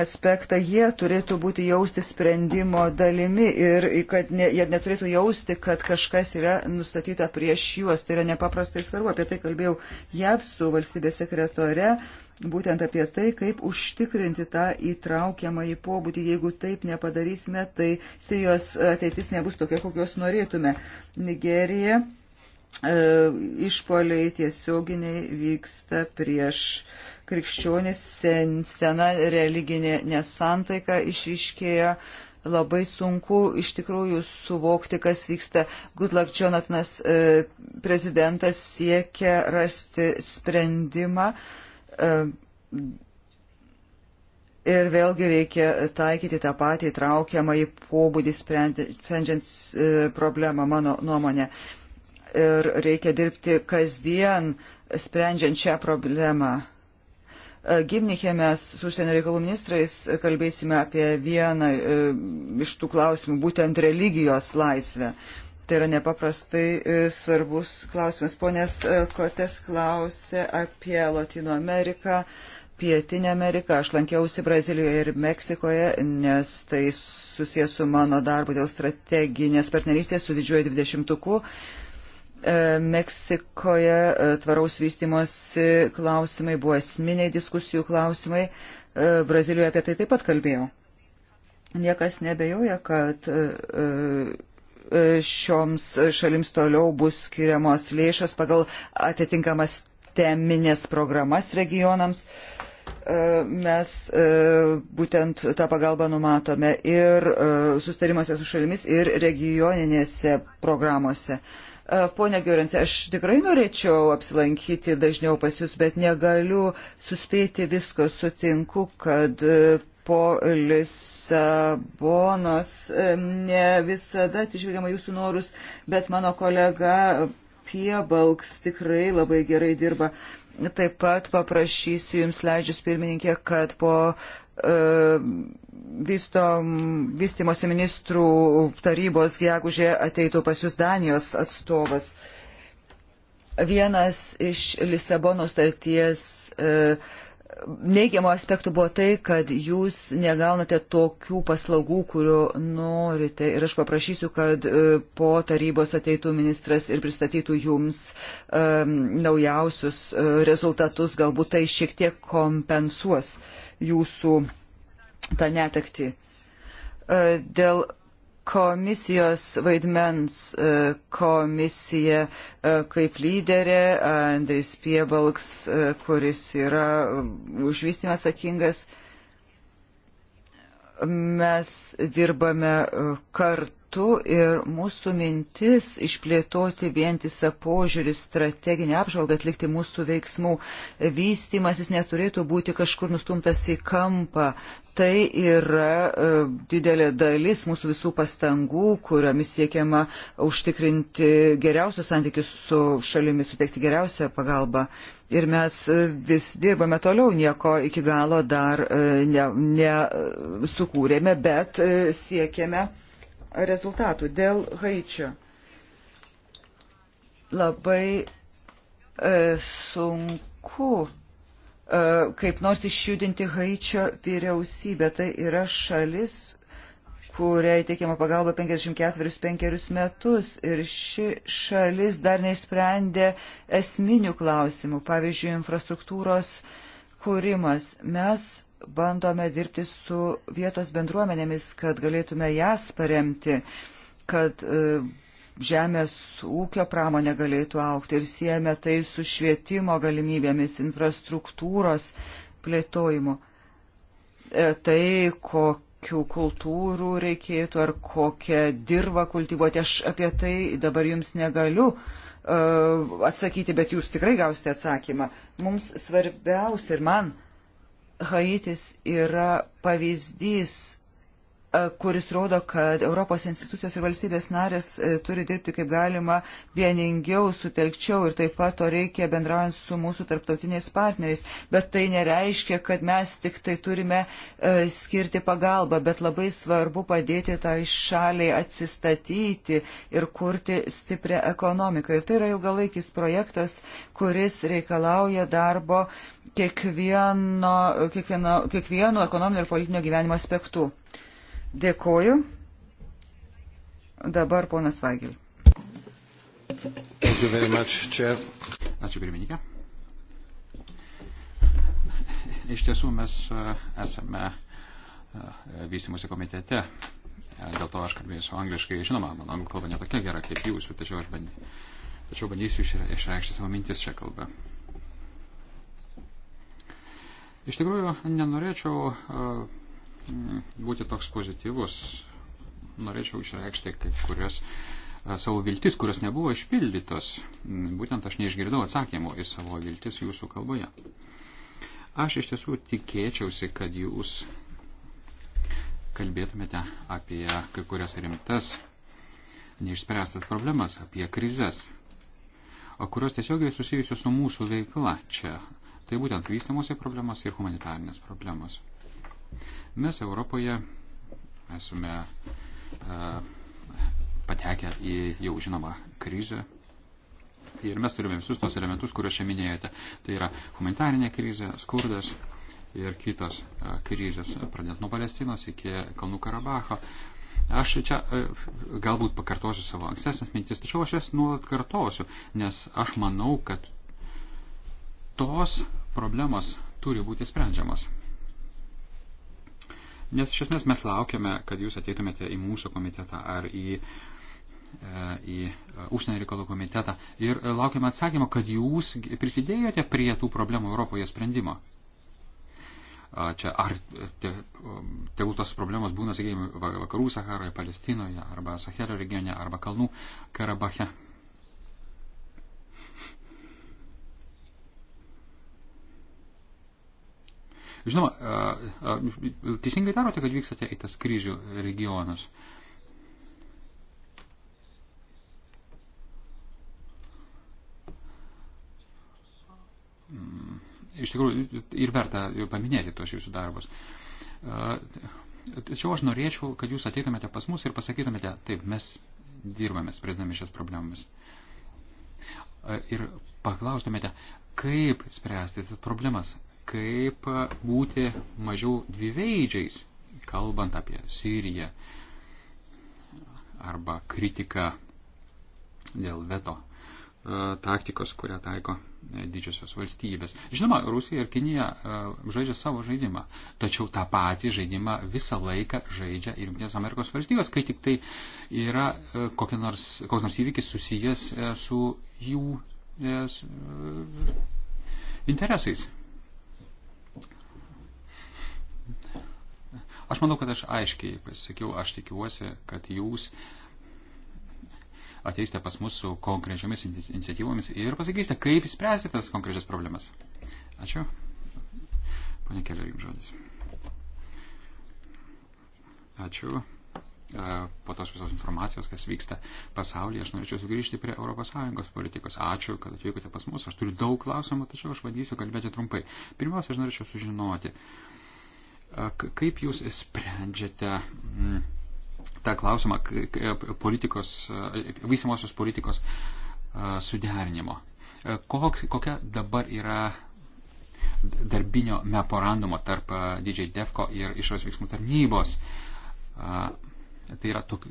aspektą. Jie turėtų būti jausti sprendimo dalimi ir kad ne, jie neturėtų jausti, kad kažkas yra nustatyta prieš juos. Tai yra nepaprastai svarbu. Apie tai kalbėjau JAV su valstybės sekretore. Uh, būtent apie tai, kaip užtikrinti tą įtraukiamą į pobūdį. Jeigu taip nepadarysime, tai Sirijos ateitis nebus tokia, kokios norėtume. Nigerija e, išpoliai tiesioginiai vyksta prieš krikščionis, sen, sena religinė nesantaika išryškėjo. Labai sunku iš tikrųjų suvokti, kas vyksta. Goodluck Jonathanas e, prezidentas siekia rasti sprendimą. E, Ir vėlgi reikia taikyti tą patį įtraukiamą į pobūdį sprendžiant e, problemą, mano nuomonė. Ir reikia dirbti kasdien sprendžiant šią problemą. E, Gimniche mes su užsienio reikalų ministrais kalbėsime apie vieną e, iš tų klausimų, būtent religijos laisvę. E, Tai yra nepaprastai e, svarbus klausimas. Ponės e, Kotes klausė apie Latino Ameriką, Pietinę Ameriką. Aš lankiausi Brazilijoje ir Meksikoje, nes tai susijęs su mano darbu dėl strateginės partnerystės su didžiuoju dvidešimtuku. E, Meksikoje tvaraus vystimosi klausimai buvo esminiai diskusijų klausimai. Brazilijoje apie tai taip pat kalbėjau. Niekas nebejoja, kad šioms šalims toliau bus skiriamos lėšos pagal atitinkamas teminės programas regionams. E, mes e, būtent tą pagalbą numatome ir e, sustarimuose su šalimis, ir regioninėse programuose. Pone Giorensė, aš tikrai norėčiau apsilankyti dažniau pas Jūs, bet negaliu suspėti visko. Sutinku, kad po Lisabonos. Ne visada atsižvelgiama jūsų norus, bet mano kolega Piebalks tikrai labai gerai dirba. Taip pat paprašysiu Jums leidžius pirmininkė, kad po uh, vysto, vystimosi ministrų tarybos gegužė ateitų pas Jūs Danijos atstovas. Vienas iš Lisabonos tarties uh, e, neigiamo aspektų buvo tai, kad jūs negaunate tokių paslaugų, kurių norite. Ir aš paprašysiu, kad e, po tarybos ateitų ministras ir pristatytų jums um, naujausius uh, rezultatus. Galbūt tai šiek tiek kompensuos jūsų tą netekti. Uh, dėl komisijos vaidmens e, komisija e, kaip lyderė, Andris Piebalks, e, kuris yra užvystymą atsakingas. Mes dirbame kartu kartu ir mūsų mintis išplėtoti vientisą požiūrį, strateginę apžvalgą, atlikti mūsų veiksmų vystimasis neturėtų būti kažkur nustumtas į kampą. Tai yra e, didelė dalis mūsų visų pastangų, kuriomis siekiama užtikrinti geriausius santykius su šalimis, suteikti geriausią pagalbą. Ir mes e, vis dirbame toliau, nieko iki galo dar nesukūrėme, ne, ne e, sukūrėme, bet e, siekėme rezultatų dėl Haičio. Labai e, sunku e, kaip nors išjudinti Haičio vyriausybę. Tai yra šalis, kuriai teikiama pagalba 54-5 metus ir ši šalis dar neišsprendė esminių klausimų, pavyzdžiui, infrastruktūros kūrimas. Mes bandome dirbti su vietos bendruomenėmis, kad galėtume jas paremti, kad e, žemės ūkio pramonė galėtų aukti ir siejame tai su švietimo galimybėmis, infrastruktūros plėtojimu. E, tai, kokių kultūrų reikėtų ar kokią dirbą kultivuoti, aš apie tai dabar jums negaliu e, atsakyti, bet jūs tikrai gausite atsakymą. Mums svarbiausia ir man Haitis yra pavyzdys, e, kuris rodo, kad Europos institucijos ir valstybės narės e, turi dirbti kaip galima vieningiau, sutelkčiau ir taip pat to reikia bendraujant su mūsų tarptautiniais partneriais. Bet tai nereiškia, kad mes tik tai turime e, skirti pagalbą, bet labai svarbu padėti tai šaliai atsistatyti ir kurti stiprią ekonomiką. Ir tai yra ilgalaikis projektas, kuris reikalauja darbo kiekvieno, kiekvieno, kiekvieno ekonominio ir politinio gyvenimo aspektu. Dėkoju. Dabar ponas Vagil. Ačiū pirmininkė. Iš tiesų mes e, esame e, vystimusi komitete. E, dėl to aš kalbėsiu angliškai. Žinoma, mano anglų kalba netokia gera kaip jūsų, tačiau aš bandysiu, tačiau bandysiu išreikšti savo mintis šią kalbą. Iš tikrųjų, nenorėčiau e, būti toks pozityvus. Norėčiau išreikšti kai kurias e, savo viltis, kurios nebuvo išpildytos. Būtent aš neišgirdau atsakymų į savo viltis jūsų kalboje. Aš iš tiesų tikėčiausi, kad jūs kalbėtumėte apie kai kurias rimtas neišspręstas problemas, apie krizės, kurios tiesiogiai susijusios su mūsų veikla čia Tai būtent vystymosi problemos ir humanitarnės problemos. Mes Europoje esame e, patekę į jau žinomą krizę. Ir mes turime visus tos elementus, kuriuos čia minėjote. Tai yra humanitarinė krizė, skurdas ir kitos e, krizės, pradėt nuo Palestinos iki Kalnų Karabacho. Aš čia e, galbūt pakartosiu savo ankstesnės mintis, tačiau aš jas nuolat kartosiu, nes aš manau, kad tos problemos turi būti sprendžiamos. Nes iš esmės mes laukiame, kad jūs ateitumėte į mūsų komitetą ar į, e, į e, užsienio reikalų komitetą ir laukiame atsakymo, kad jūs prisidėjote prie tų problemų Europoje sprendimo. Čia ar te, tegul tos problemos būna, sakykime, vakarų Saharoje, Palestinoje, arba Sahelio regione, arba Kalnų Karabache. Žinoma, teisingai darote, kad vykstate į tas kryžių regionus. Iš tikrųjų, ir verta paminėti tos jūsų darbus. Tačiau aš norėčiau, kad jūs ateitumėte pas mus ir pasakytumėte, taip, mes dirbame, spręsdami šias problemas. Ir paklaustumėte, kaip spręsti tas problemas, kaip būti mažiau dviveidžiais, kalbant apie Siriją arba kritiką dėl veto e, taktikos, kurią taiko e, didžiosios valstybės. Žinoma, Rusija ir Kinija e, žaidžia savo žaidimą, tačiau tą patį žaidimą visą laiką žaidžia ir Junktinės Amerikos valstybės, kai tik tai yra nors, koks nors įvykis susijęs su jų interesais. Aš manau, kad aš aiškiai pasakiau, aš tikiuosi, kad jūs ateisite pas mus su konkrečiomis iniciatyvomis ir pasakysite, kaip spręsite tas konkrečias problemas. Ačiū. Pane Keller, jums žodis. Ačiū. E, po tos visos informacijos, kas vyksta pasaulyje, aš norėčiau sugrįžti prie ES politikos. Ačiū, kad atvykote pas mus. Aš turiu daug klausimų, tačiau aš bandysiu kalbėti trumpai. Pirmiausia, aš norėčiau sužinoti. Uh, Kaip jūs sprendžiate mm, tą klausimą politikos, vysimosios politikos suderinimo? Kok, kokia dabar yra darbinio memorandumo tarp didžiai DEFCO ir išorės veiksmų tarnybos. Tai yra tok,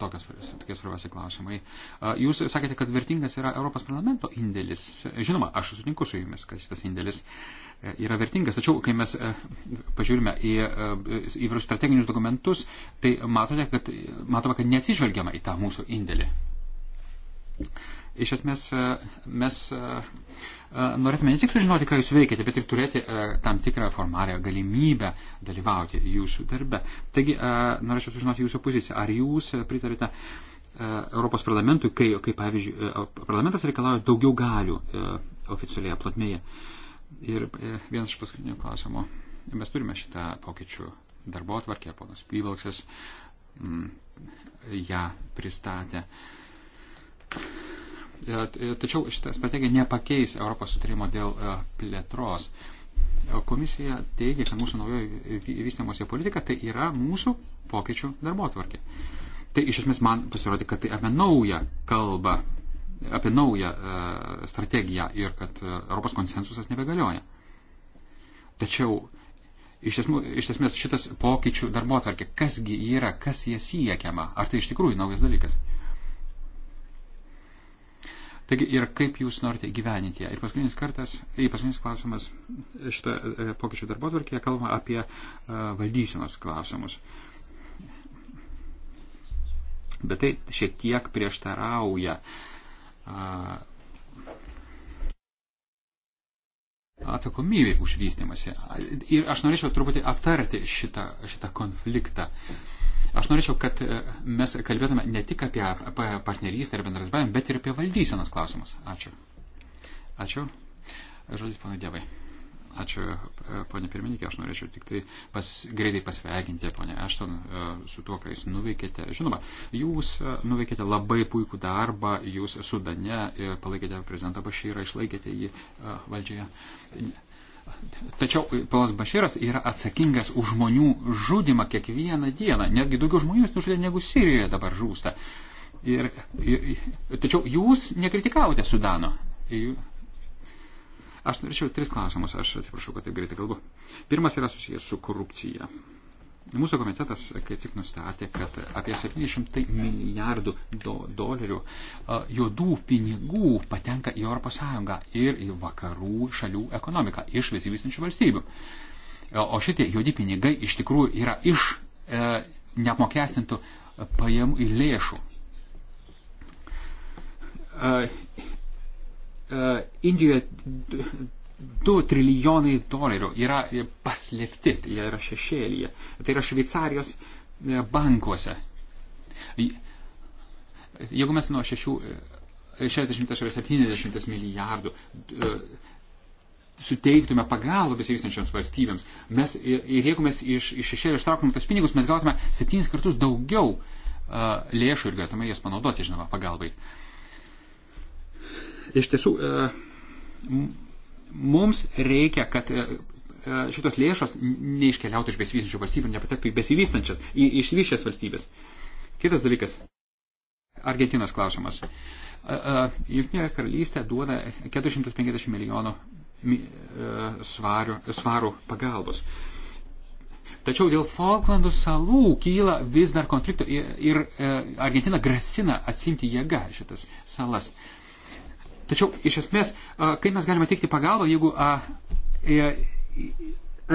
tokios, tokie svarbiausi klausimai. Jūs sakėte, kad vertingas yra Europos parlamento indėlis. Žinoma, aš sutinku su jumis, kad šitas indėlis yra vertingas. Tačiau, kai mes e, pažiūrime e, į įvairius strateginius dokumentus, tai matote, kad, matome, kad neatsižvelgiama į tą mūsų indėlį. Iš esmės, e, mes norėtume ne tik sužinoti, ką jūs veikiate, bet ir turėti tam tikrą formalią galimybę dalyvauti jūsų darbe. Taigi, norėčiau sužinoti jūsų poziciją. Ar jūs pritarite Europos parlamentui, kai, kai pavyzdžiui, parlamentas reikalauja daugiau galių oficialioje plotmėje? Ir e, vienas iš paskutinių klausimų. Mes turime šitą pokyčių darbo atvarkę, ponas Pyvalksas mm, ją pristatė. E, e, tačiau šitą strategiją nepakeis Europos sutarimo dėl plėtros. Komisija teigia, kad mūsų naujoji vystymosi politika tai yra mūsų pokyčių darbo atvarkė. Tai iš esmės man pasirodė, kad tai apie naują kalbą apie naują e, strategiją ir kad e, Europos konsensusas nebegalioja. Tačiau iš, esmų, iš esmės šitas pokyčių darbo atvarkė, kasgi yra, kas jie siekiama, ar tai iš tikrųjų naujas dalykas. Taigi ir kaip jūs norite gyveninti ją. Ir paskutinis kartas, ir paskutinis klausimas šitą e, pokyčių darbo atvarkėje kalbama apie valdysenos klausimus. Bet tai šiek tiek prieštarauja uh, atsakomybė už vystimąsi. Ir aš norėčiau truputį aptarti šitą, šitą konfliktą. Aš norėčiau, kad mes kalbėtume ne tik apie partnerystę ir bendradarbiavimą, bet ir apie valdysenos klausimus. Ačiū. Ačiū. Žodis, pana Dievai. Ačiū, e, ponė pirmininkė, aš norėčiau tik tai pas, greitai pasveikinti, ponė Ešton, e, su tuo, ką jūs nuveikėte. Žinoma, jūs e, nuveikėte labai puikų darbą, jūs Sudane palaikėte prezidentą Bašyrą, išlaikėte jį valdžioje. Tačiau ponas Baširas yra atsakingas už žmonių žudimą kiekvieną dieną. Netgi daugiau žmonių jis nužudė negu Sirijoje dabar žūsta. Ir, ir, tačiau jūs nekritikavote Sudano. Ir, Aš norėčiau tris klausimus, aš atsiprašau, kad taip greitai kalbu. Pirmas yra susijęs su korupcija. Mūsų komitetas kaip tik nustatė, kad apie 700 milijardų do, dolerių a, juodų pinigų patenka į ES ir į vakarų šalių ekonomiką iš besivystančių valstybių. O šitie juodi pinigai iš tikrųjų yra iš e, neapmokestintų pajamų į lėšų. E, Indijoje 2 trilijonai dolerių yra paslėpti, tai jie yra šešėlyje. Tai yra Šveicarijos e, bankuose. Jeigu mes nuo 60-70 e, milijardų e, suteiktume pagalbą besivystančioms valstybėms, mes, ir jeigu mes iš, iš šešėlio ištrauktume tos pinigus, mes gautume septynis kartus daugiau uh, lėšų ir galėtume jas panaudoti, žinoma, pagalbai. Uh, Iš tiesų, e, mums reikia, kad e, e, šitos lėšos neiškeliautų iš besivystančių valstybių, nepatektų į besivystančias, į išvyšęs valstybės. Kitas dalykas. Argentinos klausimas. Junktinė karalystė duoda 450 milijonų svarių, svarų pagalbos. Tačiau dėl Falklandų salų kyla vis dar konfliktų ir Argentina grasina atsimti jėga šitas salas. Uh, Tačiau iš esmės, kaip mes galime teikti pagalbą, jeigu e,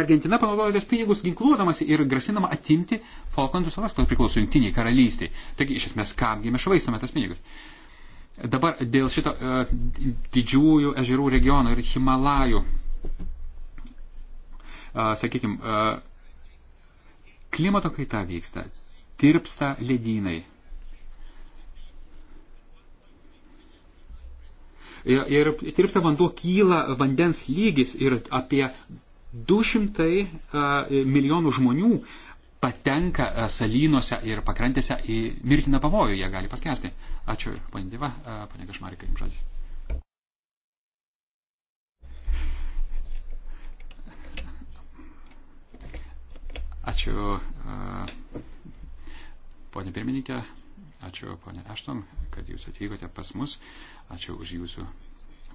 Argentina panaudojo tos pinigus ginkluodamasi ir grasinama atimti Falklandų salas, kurios priklauso Junktiniai karalystiai. Taigi, iš esmės, kamgi mes švaistame tas pinigus. Dabar dėl šito uh, didžiųjų ežerų regiono ir Himalajų, uh, sakykime, uh, klimato kaita vyksta, tirpsta ledynai, Ir, ir tirpsta vanduo kyla vandens lygis ir apie 200 milijonų žmonių patenka salynuose ir pakrantėse į mirtiną pavojų, jie gali paskesti. Ačiū, ponė Dieva, ponė Kašmarika, jums žodis. Ačiū, ponė pirmininkė, ačiū, ponė Ešton, kad jūs atvykote pas mus. Uh, Ačiū už jūsų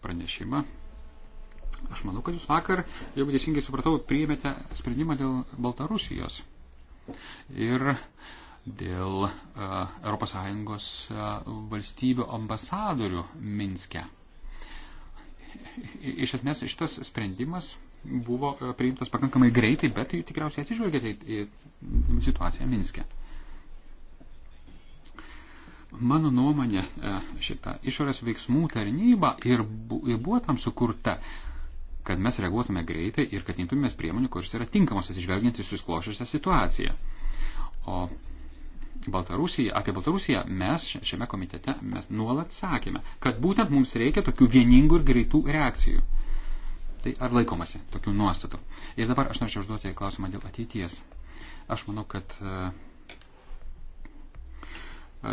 pranešimą. Aš manau, kad jūs vakar, jeigu teisingai supratau, priėmėte sprendimą dėl Baltarusijos ir dėl uh, ES uh, valstybių ambasadorių Minske. Iš esmės šitas sprendimas buvo e, priimtas pakankamai greitai, bet tai tikriausiai atsižvelgėte į situaciją Minske. Uh, Mano nuomonė, e, šita išorės veiksmų tarnyba ir buvo tam sukurta, kad mes reaguotume greitai ir kad imtumės priemonių, kuris yra tinkamas atsižvelgiant į susiklošusią situaciją. O Baltarusija, apie Baltarusiją mes šiame komitete mes nuolat sakėme, kad būtent mums reikia tokių vieningų ir greitų reakcijų. Tai ar laikomasi tokių nuostatų? Ir dabar aš norėčiau užduoti klausimą dėl ateities. Aš manau, kad uh,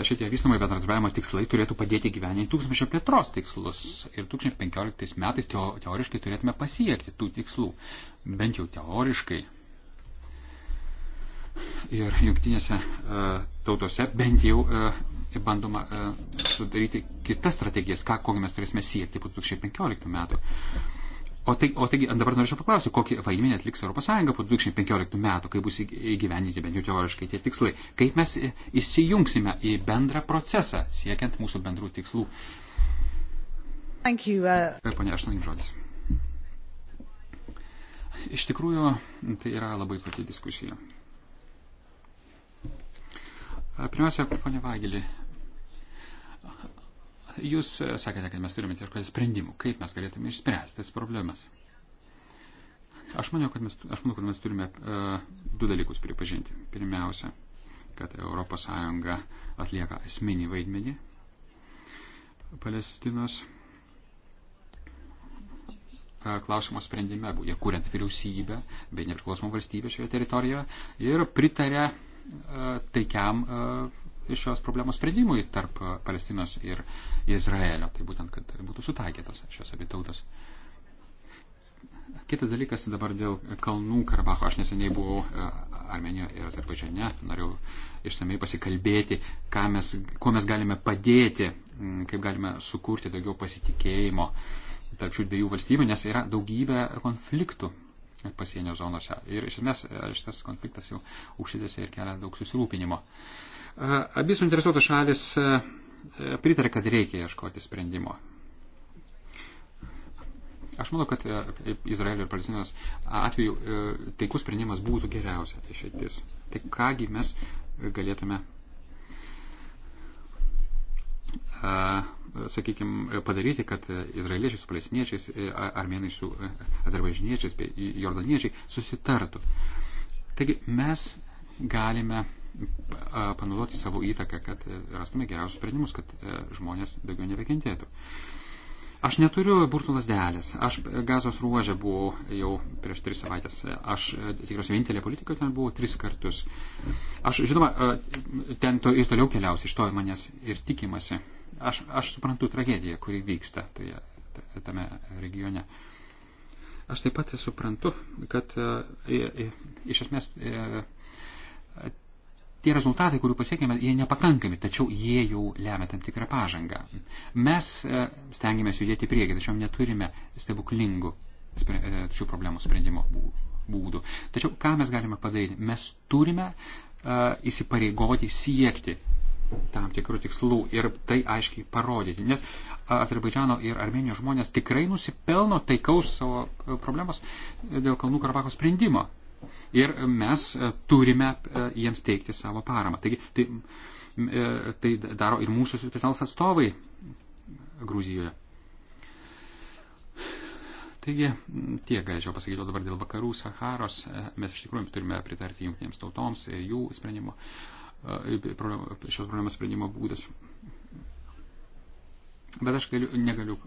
šitie vystamai bendradarbiavimo tikslai turėtų padėti gyveninti tūkstančio plėtros tikslus. Ir 2015 metais teoriškai turėtume pasiekti tų tikslų. Bent jau teoriškai. Ir jungtinėse uh, tautose bent jau uh, bandoma uh, sudaryti kitas strategijas, ką, kokį mes turėsime siekti po 2015 metų. Uh, O, tai, o taigi dabar norėčiau paklausyti, kokį vaidmenį atliks ES po 2015 metų, kai bus įgyvendinti bent jau teoriškai tie tikslai, kaip mes įsijungsime į bendrą procesą siekiant mūsų bendrų tikslų. Thank you, uh... Pane, aš noriu žodis. Iš tikrųjų, tai yra labai plati diskusija. E, pirmiausia, ponia Vagelį, Jūs e, sakėte, kad mes turime ieškoti sprendimų, kaip mes galėtume išspręsti tas problemas. Aš manau, kad mes, aš manau, kad mes turime uh, du dalykus pripažinti. Pirmiausia, kad ES atlieka esminį vaidmenį Palestinos e, klausimo sprendime, jie kuriant vyriausybę bei nepriklausomą valstybę šioje teritorijoje ir pritarė taikiam šios problemos sprendimui tarp Palestinos ir Izraelio. Tai būtent, kad būtų sutaikytos šios abi tautos. Kitas dalykas dabar dėl Kalnų Karabacho. Aš neseniai buvau e, Armenijoje ir Azerbaidžiane, norėjau išsamei pasikalbėti, mes, kuo mes galime padėti, kaip galime sukurti daugiau pasitikėjimo tarp šių dviejų valstybių, nes yra daugybė konfliktų pasienio zonose. Ir iš esmės e, šitas konfliktas jau užsitęsė ir kelia daug susirūpinimo. Uh, Abi suinteresuotos šalis pritarė, kad reikia ieškoti sprendimo. Aš manau, kad Izraelio ir Palestinos atveju taikus sprendimas būtų geriausia išeitis. Tai kągi mes galėtume, sakykime, padaryti, kad izraeliečiai su palestiniečiais, armenai su azerbaidžiniečiais bei jordaniečiai susitartų. Taigi mes galime panaudoti savo įtaką, kad e, rastume geriausius sprendimus, kad e, žmonės daugiau nebekentėtų. Aš neturiu burtų lasdelės. Aš gazos ruožė buvau jau prieš tris savaitės. Aš e, tikriausiai vienintelė politikoje ten buvau tris kartus. Aš, žinoma, ten to, ir toliau keliausiu, iš to manęs ir tikimasi. Aš, aš suprantu tragediją, kuri vyksta toje, tame regione. Aš taip pat suprantu, kad iš esmės tie rezultatai, kurių pasiekėme, jie nepakankami, tačiau jie jau lemia tam tikrą pažangą. Mes e, stengiamės judėti priekį, tačiau neturime stebuklingų e, šių problemų sprendimo būdų. Tačiau ką mes galime padaryti? Mes turime uh, įsipareigoti siekti tam tikrų tikslų ir tai aiškiai parodyti. Nes Azerbaidžiano ir Armenijos žmonės tikrai nusipelno taikaus savo problemos dėl Kalnų Karabako sprendimo. Ir mes e, turime e, jiems teikti savo paramą. Taigi, tai, e, tai daro ir mūsų specialus atstovai Gruzijoje. Taigi, tiek galėčiau pasakyti dabar dėl vakarų Saharos. Mes iš tikrųjų turime pritarti jungtinėms tautoms ir jų sprendimo, šios problemos sprendimo būdas. Bet aš galiu, negaliu,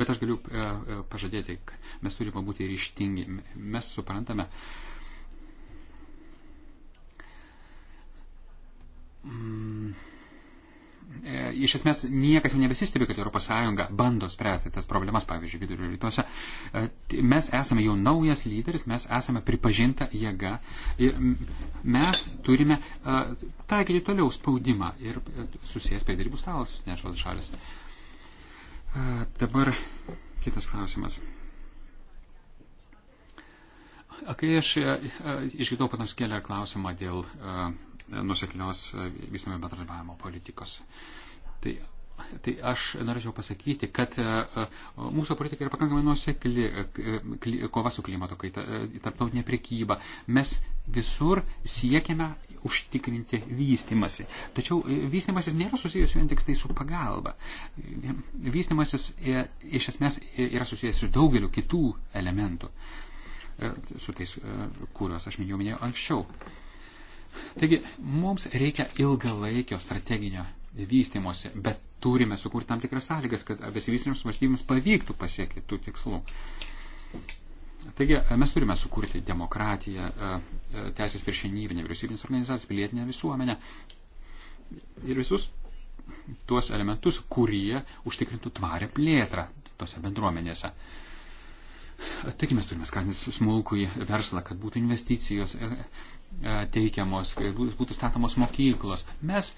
bet aš galiu pažadėti, mes turime būti ryštingi. Mes suprantame, mm, e, iš esmės niekas jau nebesistebi, kad ES bando spręsti tas problemas, pavyzdžiui, vidurio rytuose. E, mes esame jau naujas lyderis, mes esame pripažinta jėga ir mes turime e, taikyti toliau spaudimą ir susijęs prie darybų stalo susinešos šalis. Dabar kitas klausimas. Kai aš išgirdau panas kelią klausimą dėl uh, nuseklios vystimo bendradarbiavimo politikos. Tai Tai aš norėčiau pasakyti, kad e, mūsų politika yra pakankamai nuosekli, e, kova su klimato kaita, e, tarptautinė prekyba. Mes visur siekiame užtikrinti vystimasi. Tačiau vystimasis nėra susijęs vien tik tai su pagalba. Vystimasis iš esmės yra susijęs su daugeliu kitų elementų, su tais, kuriuos aš minėjau, minėjau anksčiau. Taigi, mums reikia ilgalaikio strateginio vystimosi, bet turime sukurti tam tikras sąlygas, kad besivystinėms valstybėms pavyktų pasiekti tų tikslų. Taigi, mes turime sukurti demokratiją, e, e, teisės viršenybę, nevyriausybinės organizacijas, pilietinę visuomenę ir visus tuos elementus, kurie užtikrintų tvarę plėtrą tose bendruomenėse. Taigi mes turime skatinti smulkųjį verslą, kad būtų investicijos, e, E, teikiamos, kad e, būtų statomos mokyklos. Mes,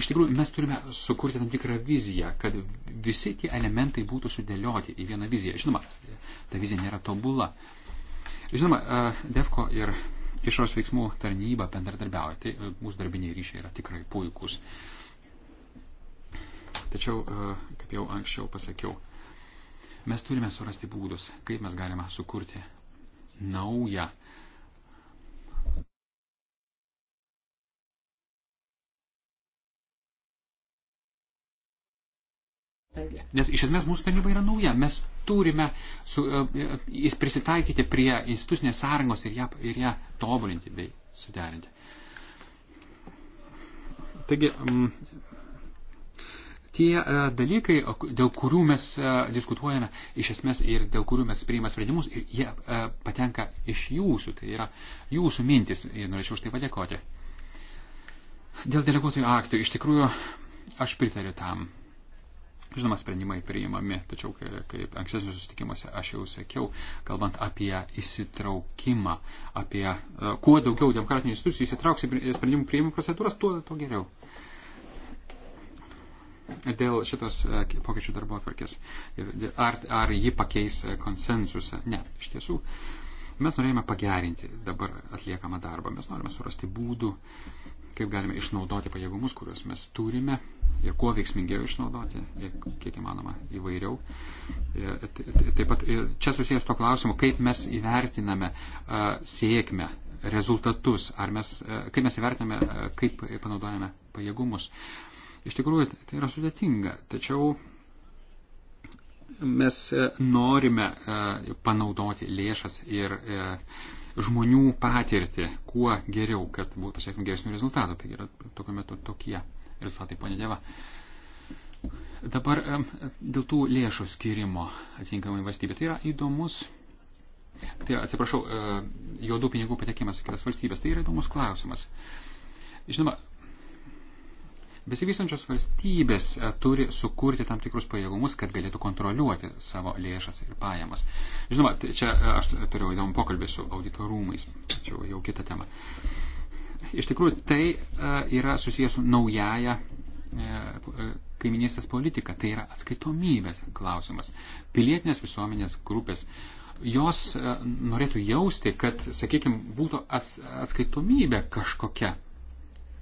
iš tikrųjų, mes turime sukurti tam tikrą viziją, kad visi tie elementai būtų sudėlioti į vieną viziją. Žinoma, ta vizija nėra tobula. Žinoma, e, DEFCO ir išorės veiksmų tarnyba bendradarbiauja, tai mūsų darbiniai ryšiai yra tikrai puikūs. Tačiau, kaip jau anksčiau pasakiau, mes turime surasti būdus, kaip mes galime sukurti naują Nes iš esmės mūsų tarnyba yra nauja. Mes turime su, uh, prisitaikyti prie institucinės sąrangos ir ją, ir ją tobulinti bei suderinti. Taigi, um, tie e, dalykai, dėl kurių mes e, diskutuojame, iš esmės ir dėl kurių mes priima sprendimus, jie e, patenka iš jūsų, tai yra jūsų mintis ir norėčiau už tai padėkoti. Dėl deleguotojų aktų, iš tikrųjų, aš pritariu tam. Žinoma, sprendimai priimami, tačiau kaip ankstesniuose susitikimuose aš jau sakiau, kalbant apie įsitraukimą, apie kuo daugiau demokratinių institucijų įsitrauks į sprendimų priimimo procedūras, tuo, tuo geriau. Uh, dėl šitos e, pokyčių darbo atvarkės. Ar, ar ji pakeis e, konsensusą? Ne, iš tiesų. Mes norėjome pagerinti dabar atliekamą darbą. Mes norime surasti būdų, kaip galime išnaudoti pajėgumus, kuriuos mes turime ir kuo veiksmingiau išnaudoti ir kiek įmanoma įvairiau. E, taip pat čia susijęs to klausimu, kaip mes įvertiname sėkmę, rezultatus, ar mes, kaip mes įvertiname, kaip panaudojame pajėgumus. Iš tikrųjų, tai yra sudėtinga, tačiau mes e, norime e, panaudoti lėšas ir e, žmonių patirtį kuo geriau, kad būtų pasiekti geresnių rezultatų. Tai yra tokiu metu tokie rezultatai, ponė Dėva. Dabar dėl tų lėšų skirimo atitinkamai valstybė. Tai yra įdomus, tai yra, atsiprašau, juodų pinigų patekimas į kitas valstybės. Tai yra įdomus klausimas. Žinoma, Besivystančios valstybės e, turi sukurti tam tikrus pajėgumus, kad galėtų kontroliuoti savo lėšas ir pajamas. Žinoma, čia e, aš turėjau įdomų pokalbį su auditorumais, tačiau jau kitą temą. Iš tikrųjų, tai e, yra susijęs su naujaja kaiminystės politika, tai yra atskaitomybės klausimas. Pilietinės visuomenės grupės jos norėtų jausti, kad, sakykime, būtų ats, atskaitomybė kažkokia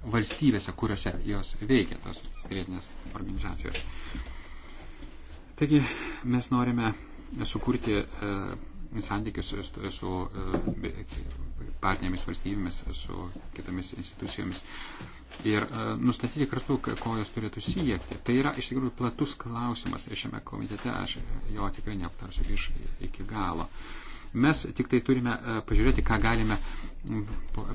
valstybėse, kuriuose jos veikia, tos pilietinės organizacijos. Taigi mes norime sukurti e, santykius su, su e, partnerėmis valstybėmis, su kitomis institucijomis ir e, nustatyti kartu, ko jos turėtų siekti. Tai yra iš tikrųjų platus klausimas ir šiame komitete aš jo tikrai neaptarsiu iš, iki galo. E, Mes tik tai turime e, pažiūrėti, ką galime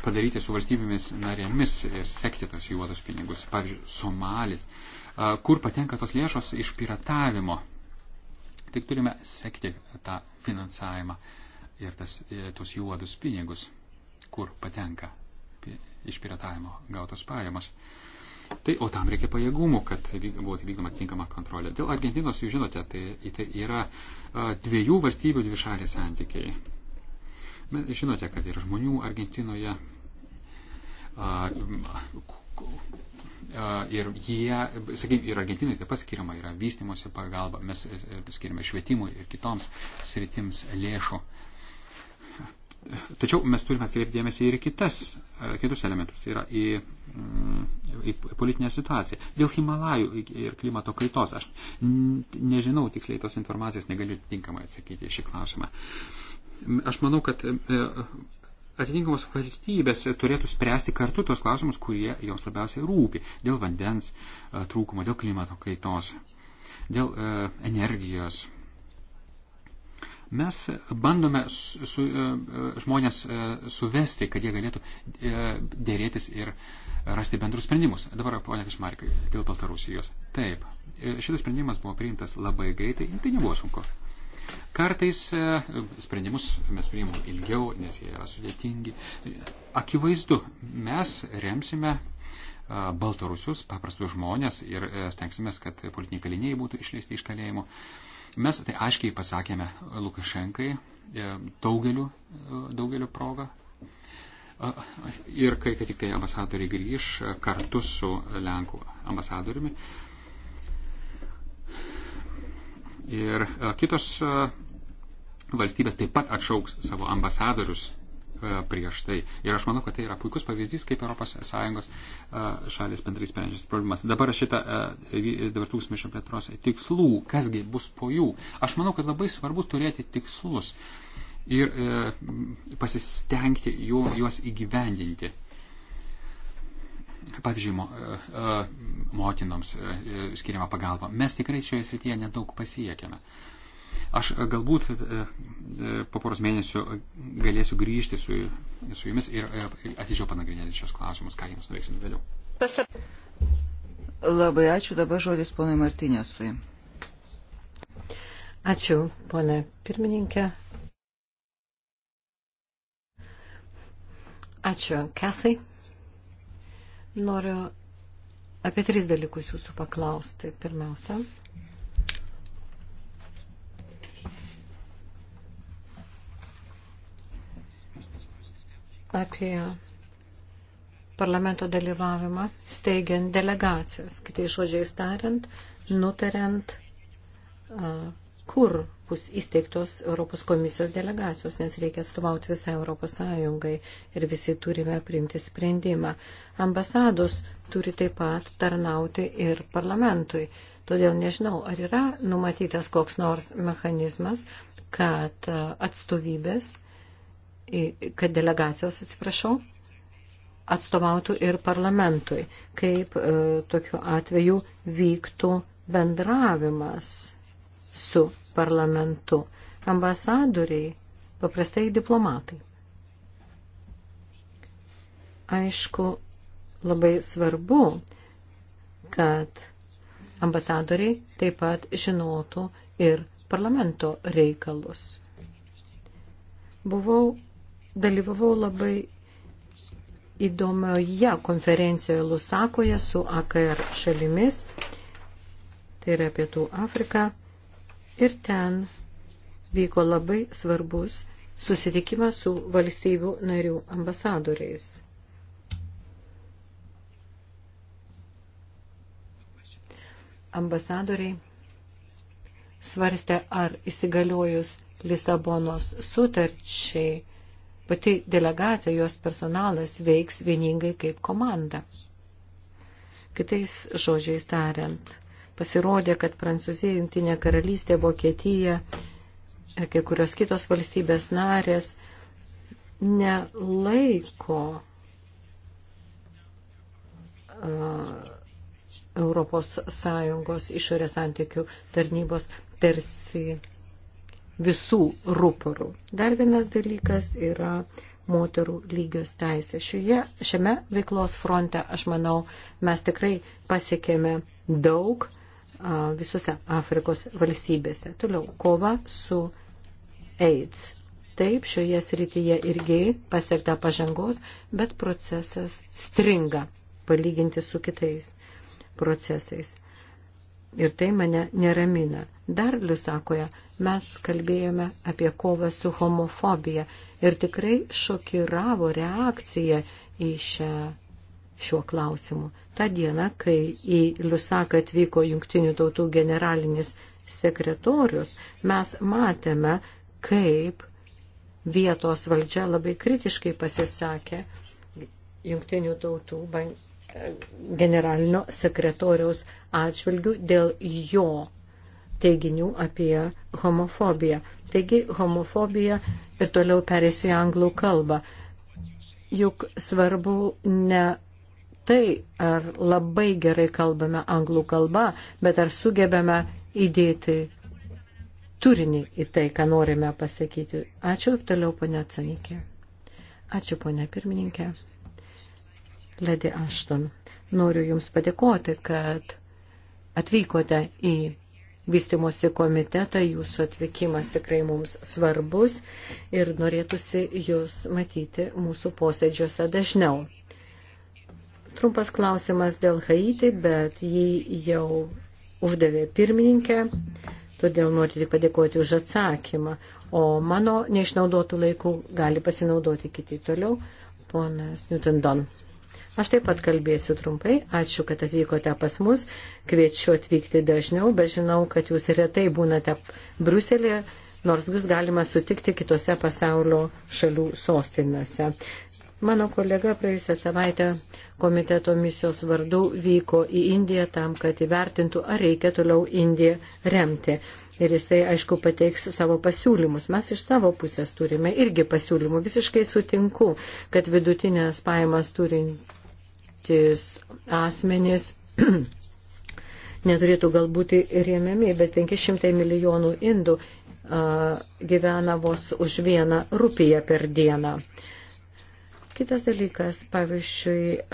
padaryti su valstybėmis narėmis ir sekti tos juodus pinigus. Pavyzdžiui, Somalis. E, kur patenka tos lėšos iš piratavimo? Tik turime sekti tą finansavimą ir tas, e, tos juodus pinigus, kur patenka iš piratavimo gautos pajamos. Uh, Tai, o tam reikia pajėgumų, kad būtų vykdoma tinkama kontrolė. Dėl Argentinos, jūs žinote, tai, tai yra dviejų valstybių dvišaliai santykiai. Bet žinote, kad yra žmonių Argentinoje ir jie, sakykime, ir Argentinai taip pat skiriama yra vystimosi pagalba, mes e, e, skiriame švietimui ir kitoms sritims lėšų. Tačiau mes turime atkreipdėmėsi ir kitas, e, kitus elementus, tai yra į, mm, į politinę situaciją. Dėl Himalajų ir klimato kaitos aš nežinau tiksliai tos informacijos, negaliu tinkamai atsakyti šį klausimą. Aš manau, kad e, atitinkamos valstybės turėtų spręsti kartu tos klausimus, kurie joms labiausiai rūpi dėl vandens e, trūkumo, dėl klimato kaitos, dėl energijos Mes bandome su, su, e, žmonės e, suvesti, kad jie galėtų e, dėrėtis ir rasti bendrus sprendimus. Dabar, ponia Kašmarkai, dėl Baltarusijos. Taip, šitas sprendimas buvo priimtas labai greitai, tai nebuvo sunku. Kartais sprendimus mes priimam ilgiau, nes jie yra sudėtingi. Akivaizdu, mes remsime Baltarusius, paprastus žmonės ir stengsime, kad politiniai kaliniai būtų išleisti iš kalėjimo. Uh, Mes tai aiškiai pasakėme Lukašenkai e, daugeliu, e, daugeliu progą. Ir kai tik tai ambasadoriai grįž e, kartu su Lenkų ambasadoriumi. Ir kitos valstybės taip pat atšauks savo ambasadorius E, prieš tai. Ir aš manau, kad tai yra puikus pavyzdys, kaip ES e, šalis bendrai sprendžiasi problemas. Dabar šitą e, dabar tūkstančio plėtros tikslų, kasgi bus po jų. Aš manau, kad labai svarbu turėti tikslus ir e, pasistengti jų, juos įgyvendinti. Pavyzdžiui, mo, e, motinoms e, skiriama pagalba. Mes tikrai šioje srityje nedaug pasiekėme. E, Aš e, galbūt e, e, po poros mėnesių galėsiu grįžti su, su jumis ir atidžiau panagrinėti šios klausimus, ką jums nuveiksim vėliau. Labai ačiū, dabar žodis ponui Martinėsui. Ačiū, ponė pirmininkė. Ačiū, Kathai. Noriu apie tris dalykus jūsų paklausti. Pirmiausia, apie parlamento dalyvavimą, steigiant delegacijas, kitai žodžiais tariant, nutariant, kur bus įsteigtos Europos komisijos delegacijos, nes reikia atstovauti visą Europos Sąjungai ir visi turime priimti sprendimą. Ambasados turi taip pat tarnauti ir parlamentui. Todėl nežinau, ar yra numatytas koks nors mechanizmas, kad atstovybės kad delegacijos, atsiprašau, atstovautų ir parlamentui, kaip e, tokiu atveju vyktų bendravimas su parlamentu. Ambasadoriai paprastai diplomatai. Aišku, labai svarbu, kad ambasadoriai taip pat žinotų ir parlamento reikalus. Buvau dalyvavau labai įdomioje konferencijoje Lusakoje su AKR šalimis, tai yra Pietų Afrika, ir ten vyko labai svarbus susitikimas su valstybių narių ambasadoriais. Ambasadoriai svarstė, ar įsigaliojus Lisabonos sutarčiai pati delegacija, jos personalas veiks vieningai kaip komanda. Kitais žodžiais tariant, pasirodė, kad Prancūzija, Junktinė karalystė, Vokietija ir kai kurios kitos valstybės narės nelaiko uh, Europos Sąjungos išorės santykių tarnybos tarsi visų ruporų. Dar vienas dalykas yra moterų lygios teisės. Šioje, šiame veiklos fronte, aš manau, mes tikrai pasiekėme daug a, visose Afrikos valstybėse. Toliau, kova su AIDS. Taip, šioje srityje irgi pasiekta pažangos, bet procesas stringa palyginti su kitais procesais ir tai mane neramina. Dar Liusakoje mes kalbėjome apie kovą su homofobija ir tikrai šokiravo reakcija į šią, šiuo klausimu. Ta diena, kai į Liusaką atvyko Junktinių tautų generalinis sekretorius, mes matėme, kaip vietos valdžia labai kritiškai pasisakė Junktinių tautų bank generalinio sekretoriaus atžvilgių dėl jo teiginių apie homofobiją. Taigi homofobija ir toliau perėsiu į anglų kalbą. Juk svarbu ne tai, ar labai gerai kalbame anglų kalbą, bet ar sugebame įdėti turinį į tai, ką norime pasakyti. Ačiū toliau, ponia Atsanikė. Ačiū, ponia pirmininkė. Lady Ashton, noriu Jums padėkoti, kad atvykote į vystimosi komitetą, jūsų atvykimas tikrai mums svarbus ir norėtųsi jūs matyti mūsų posėdžiuose dažniau. Trumpas klausimas dėl Haiti, bet jį jau uždavė pirmininkė, todėl noriu tik padėkoti už atsakymą. O mano neišnaudotų laikų gali pasinaudoti kiti toliau, ponas Newton Don. Aš taip pat kalbėsiu trumpai. Ačiū, kad atvykote pas mus. Kviečiu atvykti dažniau, bet žinau, kad jūs retai būnate Bruselėje, nors jūs galima sutikti kitose pasaulio šalių sostinėse. Mano kolega praėjusią savaitę komiteto misijos vardu vyko į Indiją tam, kad įvertintų, ar reikia toliau Indiją remti. Ir jisai, aišku, pateiks savo pasiūlymus. Mes iš savo pusės turime irgi pasiūlymų. Visiškai sutinku, kad vidutinės pajamas turint dirbantis asmenys *clears throat* neturėtų galbūt rėmiami, bet 500 milijonų indų gyvena vos už vieną rupiją per dieną. Kitas dalykas, pavyzdžiui,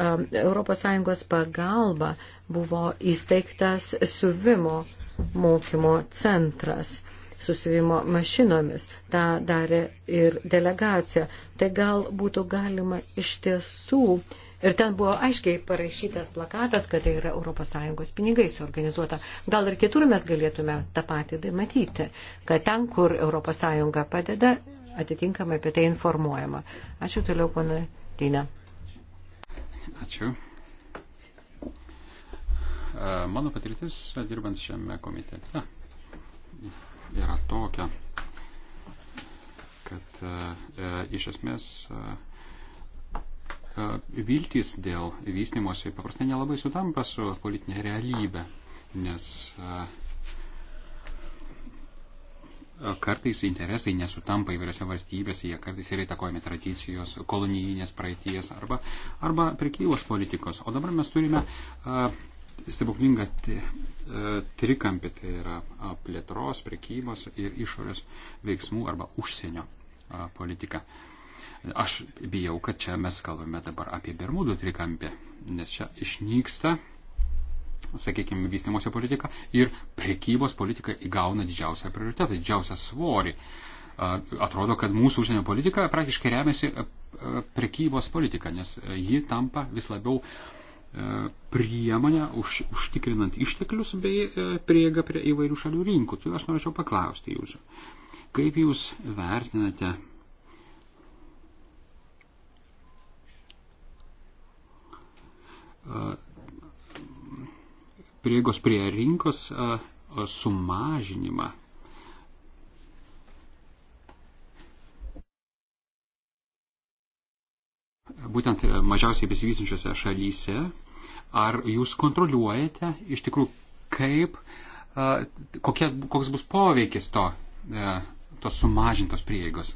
ES pagalba buvo įsteigtas siuvimo mokymo centras susivimo mašinomis. Ta darė ir delegacija. Tai gal būtų galima iš tiesų uh, Ir ten buvo aiškiai parašytas plakatas, kad tai yra ES pinigais organizuota. Gal ir kitur mes galėtume tą patį matyti, kad ten, kur ES padeda, atitinkamai apie tai informuojama. Ačiū toliau, pana Dina. Ačiū. E, mano patirtis dirbant šiame komitete yra tokia, kad e, e iš esmės e, E, viltys dėl vystimosi paprastai nelabai sutampa su politinė realybė, nes e, e, kartais interesai nesutampa įvairiose valstybėse, jie kartais yra įtakojami tradicijos, kolonijinės praeities arba, arba prekybos politikos. O dabar mes turime stebuklingą trikampį, tai yra plėtros, prekybos ir išorės veiksmų arba užsienio politika. A, Aš bijau, kad čia mes kalbame dabar apie Bermudų trikampį, nes čia išnyksta, sakykime, vystimosi politika ir prekybos politika įgauna didžiausią prioritetą, didžiausią svorį. Atrodo, kad mūsų užsienio politika praktiškai remiasi prekybos politika, nes ji tampa vis labiau priemonę už, užtikrinant išteklius bei prieigą prie įvairių šalių rinkų. Tai aš norėčiau paklausti jūsų. Kaip jūs vertinate prieigos prie rinkos sumažinimą. Būtent mažiausiai besivysinčiose šalyse, ar jūs kontroliuojate iš tikrųjų, kaip, kokie, koks bus poveikis to, e, tos sumažintos prieigos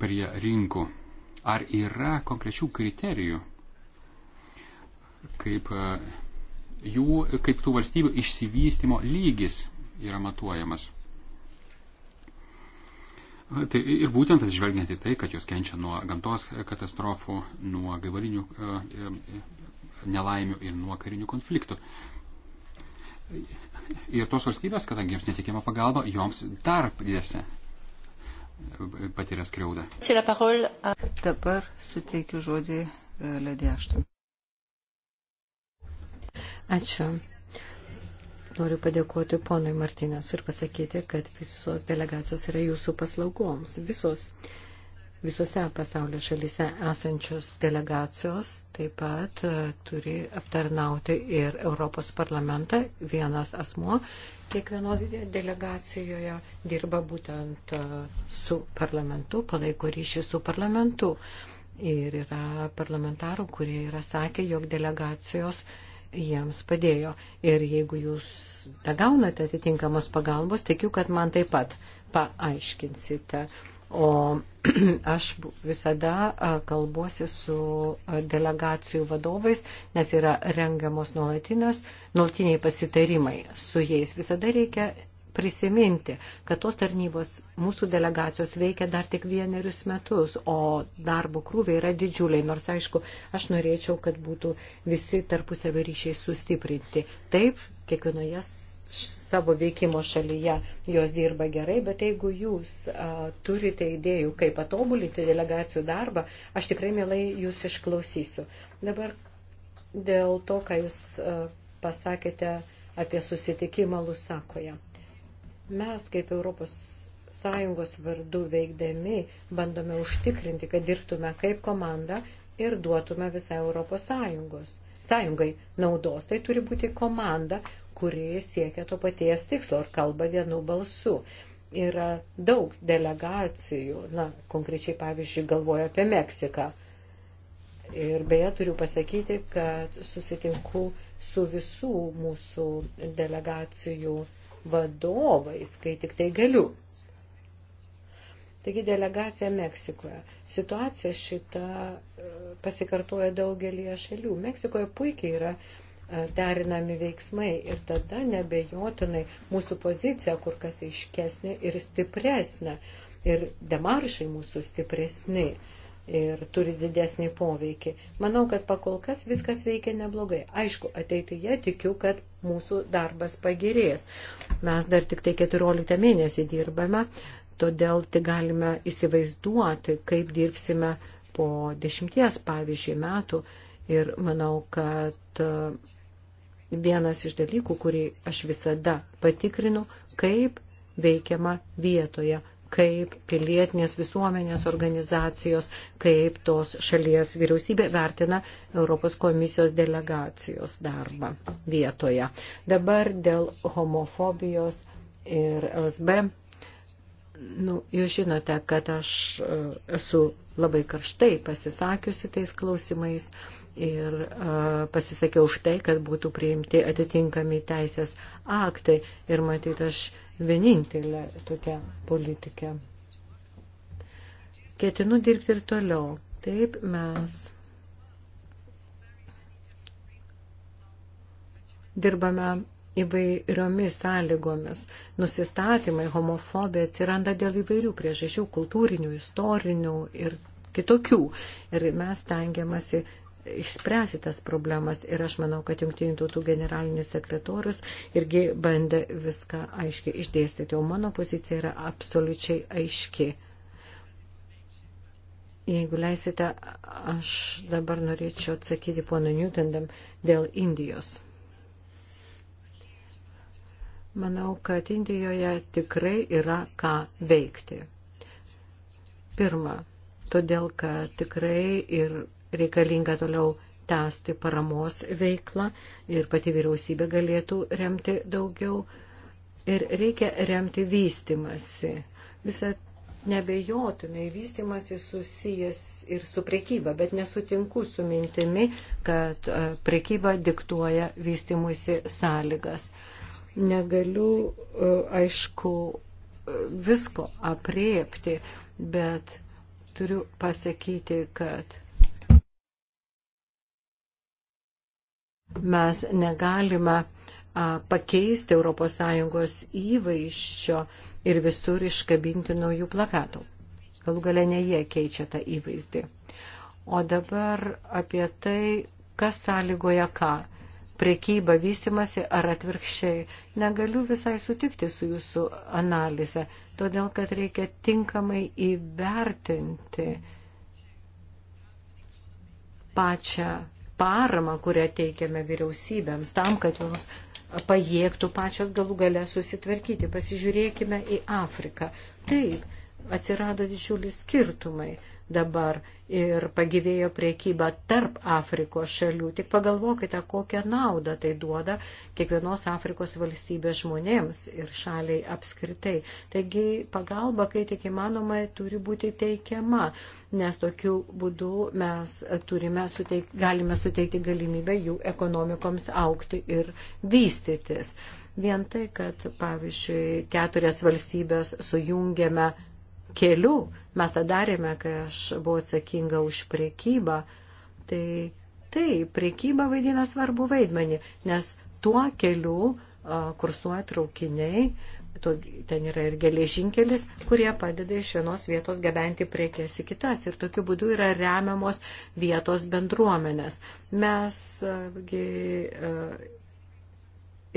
prie rinkų? Ar yra konkrečių kriterijų, kaip, e, jų, kaip tų valstybių išsivystimo lygis yra matuojamas. Tai ir būtent atsižvelgiant į tai, kad jos kenčia nuo gamtos katastrofų, nuo gaivalinių e, e, nelaimių ir nuo karinių konfliktų. Ir tos valstybės, kadangi jiems netikima pagalba, joms dar didesnė patiria skriaudą. Dabar suteikiu žodį Ledėštui. Ačiū. Noriu padėkoti ponui Martinas ir pasakyti, kad visos delegacijos yra jūsų paslaugoms. Visos, visose pasaulio šalyse esančios delegacijos taip pat uh, turi aptarnauti ir Europos parlamentą. Vienas asmuo kiekvienos delegacijoje dirba būtent uh, su parlamentu, palaiko ryšį su parlamentu. Ir yra parlamentarų, kurie yra sakę, jog delegacijos uh, jiems padėjo. Ir jeigu jūs negaunate atitinkamos pagalbos, tikiu, kad man taip pat paaiškinsite. O *clears throat* aš visada kalbuosi su delegacijų vadovais, nes yra rengiamos nuolatiniai pasitarimai su jais. Visada reikia prisiminti, kad tos tarnybos mūsų delegacijos veikia dar tik vienerius metus, o darbo krūviai yra didžiuliai, nors aišku, aš norėčiau, kad būtų visi tarpusavio ryšiai sustiprinti. Taip, kiekvienoje savo veikimo šalyje jos dirba gerai, bet jeigu jūs a, turite idėjų, kaip patobulinti delegacijų darbą, aš tikrai mielai jūs išklausysiu. Dabar dėl to, ką jūs a, pasakėte apie susitikimą Lusakoje mes kaip Europos Sąjungos vardu veikdami bandome užtikrinti, kad dirbtume kaip komanda ir duotume visą Europos Sąjungos. Sąjungai naudos tai turi būti komanda, kuri siekia to paties tikslo ir kalba vienu balsu. Yra daug delegacijų, na, konkrečiai pavyzdžiui, galvoju apie Meksiką. Ir beje, turiu pasakyti, kad susitinku su visų mūsų delegacijų uh, vadovais, kai tik tai galiu. Taigi delegacija Meksikoje. Situacija šita e, pasikartoja daugelį šalių. Meksikoje puikiai yra e, derinami veiksmai ir tada nebejotinai mūsų pozicija kur kas aiškesnė ir stipresnė ir demaršai mūsų stipresni. Uh, ir turi didesnį poveikį. Manau, kad pakol kas viskas veikia neblogai. Aišku, ateityje tikiu, kad mūsų darbas pagerės. Mes dar tik tai 14 mėnesį dirbame, todėl tik galime įsivaizduoti, kaip dirbsime po dešimties, pavyzdžiui, metų. Ir manau, kad e, vienas iš dalykų, kurį aš visada patikrinu, kaip veikiama vietoje, kaip pilietinės visuomenės organizacijos, kaip tos šalies vyriausybė vertina Europos komisijos delegacijos darbą vietoje. Dabar dėl homofobijos ir LSB. Nu, jūs žinote, kad aš e, esu labai karštai pasisakiusi tais klausimais ir a, e, pasisakiau už tai, kad būtų priimti atitinkami teisės aktai. Ir matyt, aš vienintelė tokia politikė. Ketinu dirbti ir toliau. Taip mes dirbame įvairiomis sąlygomis. Nusistatymai, homofobija atsiranda dėl įvairių priežasčių - kultūrinių, istorinių ir kitokių. Ir mes tengiamasi išspręsti tas problemas ir aš manau, kad jungtinių tautų generalinis sekretorius irgi bandė viską aiškiai išdėstyti, o mano pozicija yra absoliučiai aiški. Jeigu leisite, aš dabar norėčiau atsakyti pono Newtendam dėl Indijos. Manau, kad Indijoje tikrai yra ką veikti. Pirma, todėl, kad tikrai ir reikalinga toliau tęsti paramos veiklą ir pati vyriausybė galėtų remti daugiau ir reikia remti vystimasi. Visą nebejotinai vystimasi susijęs ir su prekyba, bet nesutinku su mintimi, kad e, prekyba diktuoja vystimusi sąlygas. Negaliu, e, aišku, e, visko apriepti, bet turiu pasakyti, kad Mes negalime pakeisti ES įvaiščio ir visur iškabinti naujų plakatų. Galų gale ne jie keičia tą įvaizdį. O dabar apie tai, kas sąlygoja ką priekyba, vystimasi ar atvirkščiai. Negaliu visai sutikti su jūsų analize, todėl kad reikia tinkamai įvertinti pačią paramą, kurią teikiame vyriausybėms, tam, kad jos pajėgtų pačios galų gale susitvarkyti. Pasižiūrėkime į Afriką. Taip, atsirado didžiuliai skirtumai dabar ir pagyvėjo priekyba tarp Afrikos šalių. Tik pagalvokite, kokią naudą tai duoda kiekvienos Afrikos valstybės žmonėms ir šaliai apskritai. Taigi pagalba, kai tik įmanoma, turi būti teikiama nes tokiu būdu mes turime suteik, galime suteikti galimybę jų ekonomikoms aukti ir vystytis. Vien tai, kad pavyzdžiui keturias valstybės sujungėme keliu, mes tą darėme, kai aš buvau atsakinga už priekybą, tai taip, priekyba vaidina svarbu vaidmenį, nes tuo keliu kursuoja traukiniai ten yra ir geležinkelis, kurie padeda iš vienos vietos gabenti priekės į kitas. Ir tokiu būdu yra remiamos vietos bendruomenės. Mes gi,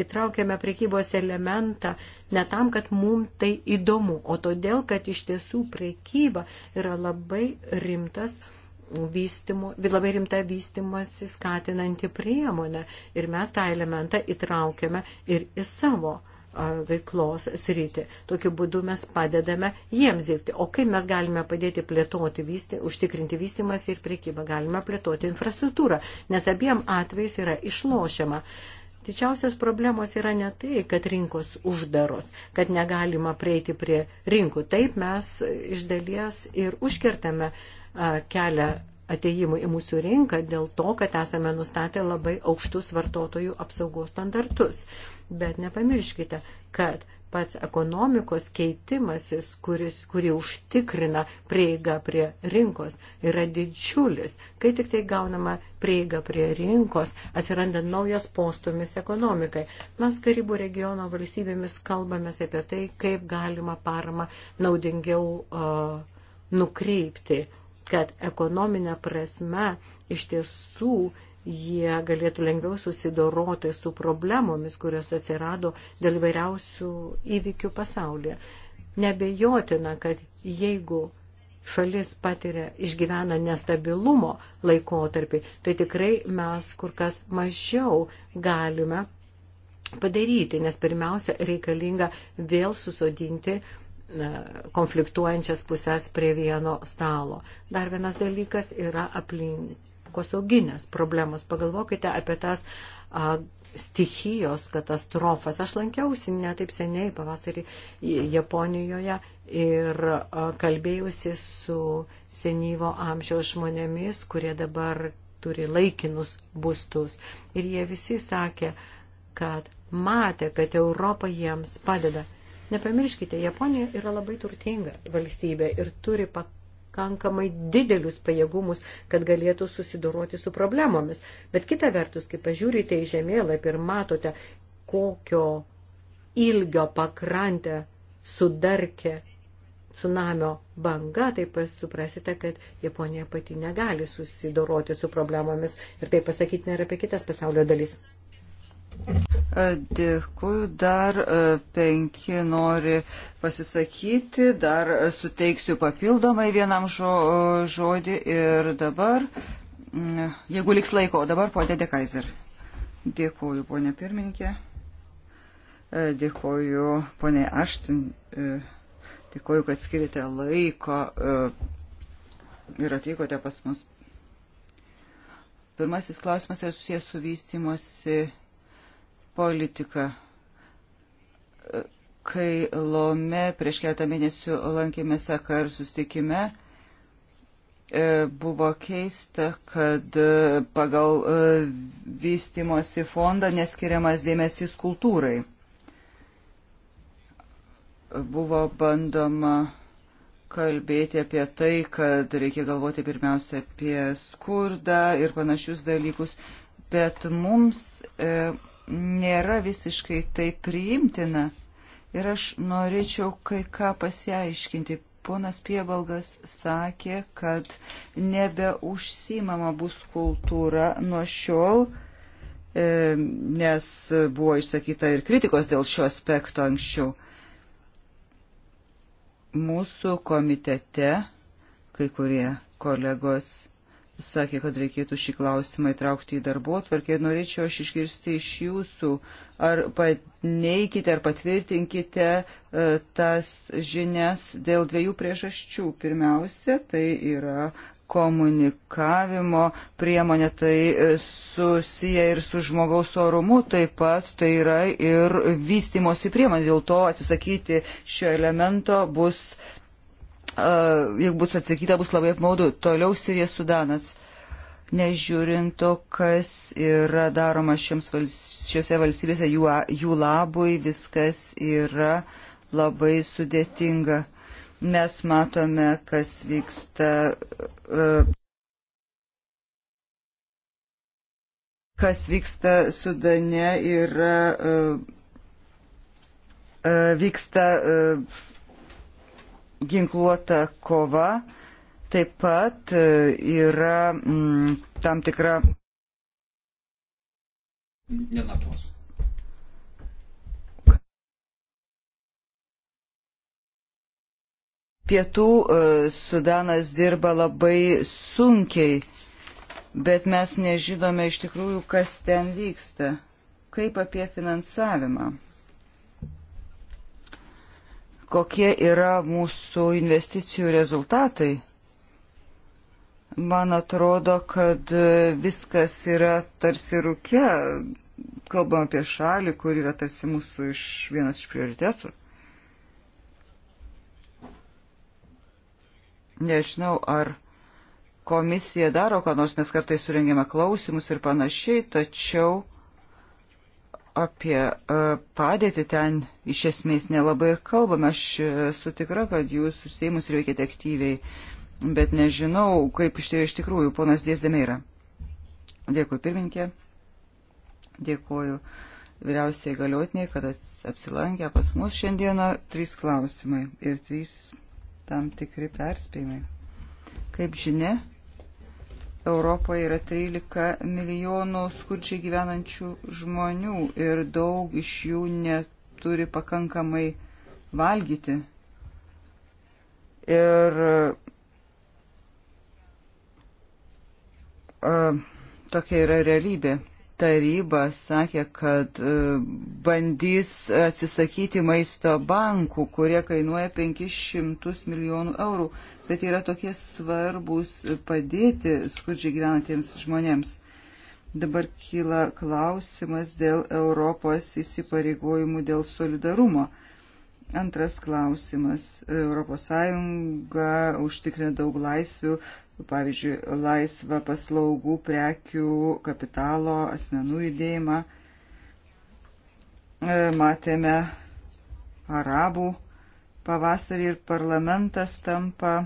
įtraukėme priekybos elementą ne tam, kad mums tai įdomu, o todėl, kad iš tiesų priekyba yra labai rimtas vystimo, labai rimta vystimasi skatinanti priemonė ir mes tą elementą įtraukėme ir į savo uh, veiklos sritį. Tokiu būdu mes padedame jiems dirbti. O kaip mes galime padėti plėtoti, vysti, užtikrinti vystimas ir priekybą? Galime plėtoti infrastruktūrą, nes abiem atvejais yra išlošiama. Didžiausios problemos yra ne tai, kad rinkos uždaros, kad negalima prieiti prie rinkų. Taip mes iš dalies ir užkertame kelią ateimui į mūsų rinką dėl to, kad esame nustatę labai aukštus vartotojų apsaugos standartus. Bet nepamirškite, kad pats ekonomikos keitimasis, kuris, kurį užtikrina prieiga prie rinkos, yra didžiulis. Kai tik tai gaunama prieiga prie rinkos, atsiranda naujas postumis ekonomikai. Mes Karibų regiono valstybėmis kalbame apie tai, kaip galima parama naudingiau uh, nukreipti kad ekonominė prasme iš tiesų jie galėtų lengviau susidoroti su problemomis, kurios atsirado dėl vairiausių įvykių pasaulyje. Nebejotina, kad jeigu šalis patiria, išgyvena nestabilumo laikotarpį, tai tikrai mes kur kas mažiau galime padaryti, nes pirmiausia reikalinga vėl susodinti konfliktuojančias pusės prie vieno stalo. Dar vienas dalykas yra aplinkosauginės problemos. Pagalvokite apie tas a, stichijos katastrofas. Aš lankiausi netaip seniai pavasarį Japonijoje ir a, kalbėjusi su senyvo amžiaus žmonėmis, kurie dabar turi laikinus būstus. Ir jie visi sakė, kad matė, kad Europa jiems padeda Nepamirškite, Japonija yra labai turtinga valstybė ir turi pakankamai didelius pajėgumus, kad galėtų susidoroti su problemomis. Bet kita vertus, kai pažiūrite į žemėlapį ir matote, kokio ilgio pakrantę sudarkė tsunamio banga, tai suprasite, kad Japonija pati negali susidoroti su problemomis ir tai pasakyti nėra apie kitas pasaulio dalis. E, dėkuoju, dar e, penki nori pasisakyti, dar suteiksiu papildomai vienam e, žodį ir dabar, jeigu liks laiko, o dabar ponė Dekaiser. Dėkuoju, ponė pirmininkė. Dėkuoju, ponė Aštin. Dėkuoju, kad skirite laiko ir atvykote pas mus. Pirmasis klausimas yra susijęs su vystimosi politika. Kai Lome prieš keletą mėnesių lankėmės Akar sustikime, e, buvo keista, kad e, pagal e, vystimosi fondą neskiriamas dėmesys kultūrai. Buvo bandoma kalbėti apie tai, kad reikia galvoti pirmiausia apie skurdą ir panašius dalykus, bet mums e, nėra visiškai tai priimtina. Ir aš norėčiau kai ką pasiaiškinti. Ponas Piebalgas sakė, kad nebeužsimama bus kultūra nuo šiol, e, nes buvo išsakyta ir kritikos dėl šio aspekto anksčiau. Mūsų komitete kai kurie kolegos sakė, kad reikėtų šį klausimą įtraukti į darbo atvarkę ir norėčiau aš išgirsti iš jūsų, ar paneikite, ar patvirtinkite e, tas žinias dėl dviejų priežasčių. Pirmiausia, tai yra komunikavimo priemonė, tai e, susiję ir su žmogaus orumu, taip pat tai yra ir vystimosi priemonė. Dėl to atsisakyti šio elemento bus jeigu bus atsakyta, bus labai apmaudu. Toliau Sirija Sudanas. Nežiūrint to, kas yra daroma vals, šiuose valstybėse, jų, jų labui viskas yra labai sudėtinga. Mes matome, kas vyksta. Uh, kas vyksta Sudane, yra, uh, uh, vyksta uh, ginkluota kova taip pat e, yra mm, tam tikra. Nenakos. Pietų e, Sudanas dirba labai sunkiai, bet mes nežinome iš tikrųjų, kas ten vyksta. Kaip apie finansavimą kokie yra mūsų investicijų rezultatai. Man atrodo, kad viskas yra tarsi rūke. Kalbam apie šalį, kur yra tarsi mūsų iš, vienas iš prioritetų. Nežinau, ar komisija daro, ką nors mes kartais surengėme klausimus ir panašiai, tačiau apie e, padėtį ten iš esmės nelabai ir kalbame. Aš e, esu tikra, kad jūs susėjimus veikiate aktyviai, bet nežinau, kaip iš, iš tikrųjų ponas Dėsdėme yra. Dėkui pirminkė, dėkuoju vyriausiai galiotiniai, kad apsilankė pas mus šiandieną trys klausimai ir trys tam tikri perspėjimai. Kaip žinia, Europoje yra 13 milijonų skurdžiai gyvenančių žmonių ir daug iš jų neturi pakankamai valgyti. Ir uh, tokia yra realybė taryba sakė, kad e, bandys atsisakyti maisto bankų, kurie kainuoja 500 milijonų eurų, bet yra tokie svarbus padėti skurdžiai gyvenantiems žmonėms. Dabar kyla klausimas dėl Europos įsipareigojimų dėl solidarumo. Antras klausimas. ES užtikrina daug laisvių pavyzdžiui, laisvą paslaugų, prekių, kapitalo, asmenų judėjimą. E, matėme arabų pavasarį ir parlamentas tampa e,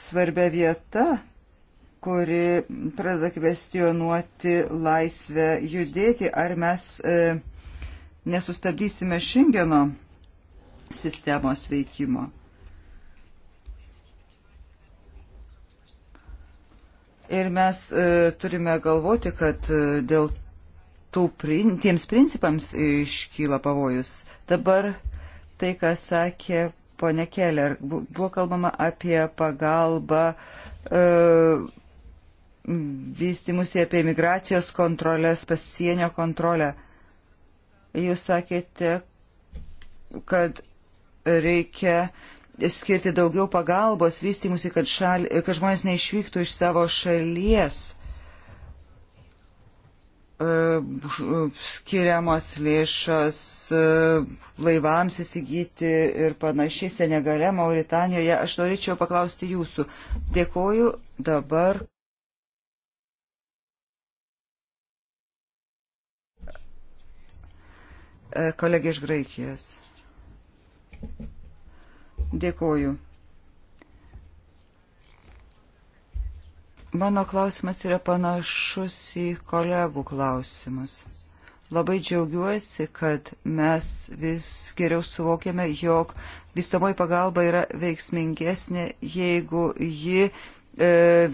svarbia vieta, kuri pradeda kvestionuoti laisvę judėti, ar mes e, nesustabdysime Šengeno sistemos veikimo. Ir mes e, turime galvoti, kad e, dėl tų prin, tiems principams iškyla pavojus. Dabar tai, ką sakė ponė Keller, buvo kalbama apie pagalbą e, vystimusi, apie imigracijos kontrolės, pasienio kontrolę. Jūs sakėte, kad reikia e, skirti daugiau pagalbos vystimusi, kad, šal, kad žmonės neišvyktų iš savo šalies. E, skiriamos lėšos e, laivams įsigyti ir panašiai Senegale, Mauritanijoje. Aš norėčiau paklausti jūsų. Dėkoju dabar. E, kolegė iš Graikijos. Thank you. Dėkoju. Mano klausimas yra panašus į kolegų klausimus. Labai džiaugiuosi, kad mes vis geriau suvokiame, jog vystamoji pagalba yra veiksmingesnė, jeigu ji e,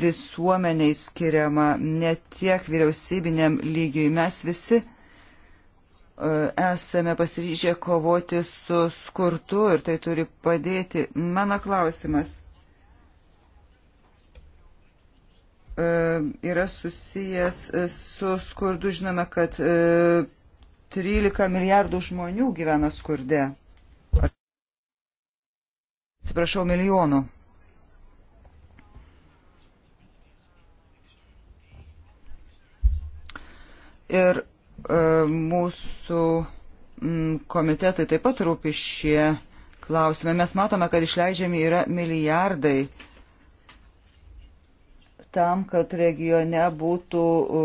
visuomeniai skiriama ne tiek vyriausybiniam lygiui. Mes visi esame pasiryžę kovoti su skurtu ir tai turi padėti. Mano klausimas e, yra susijęs su skurdu. Žinome, kad 13 e, milijardų žmonių gyvena skurde. Atsiprašau, milijonų. Ir E, mūsų mm, komitetui taip pat rūpi šie klausimai. Mes matome, kad išleidžiami yra milijardai tam, kad regione būtų e,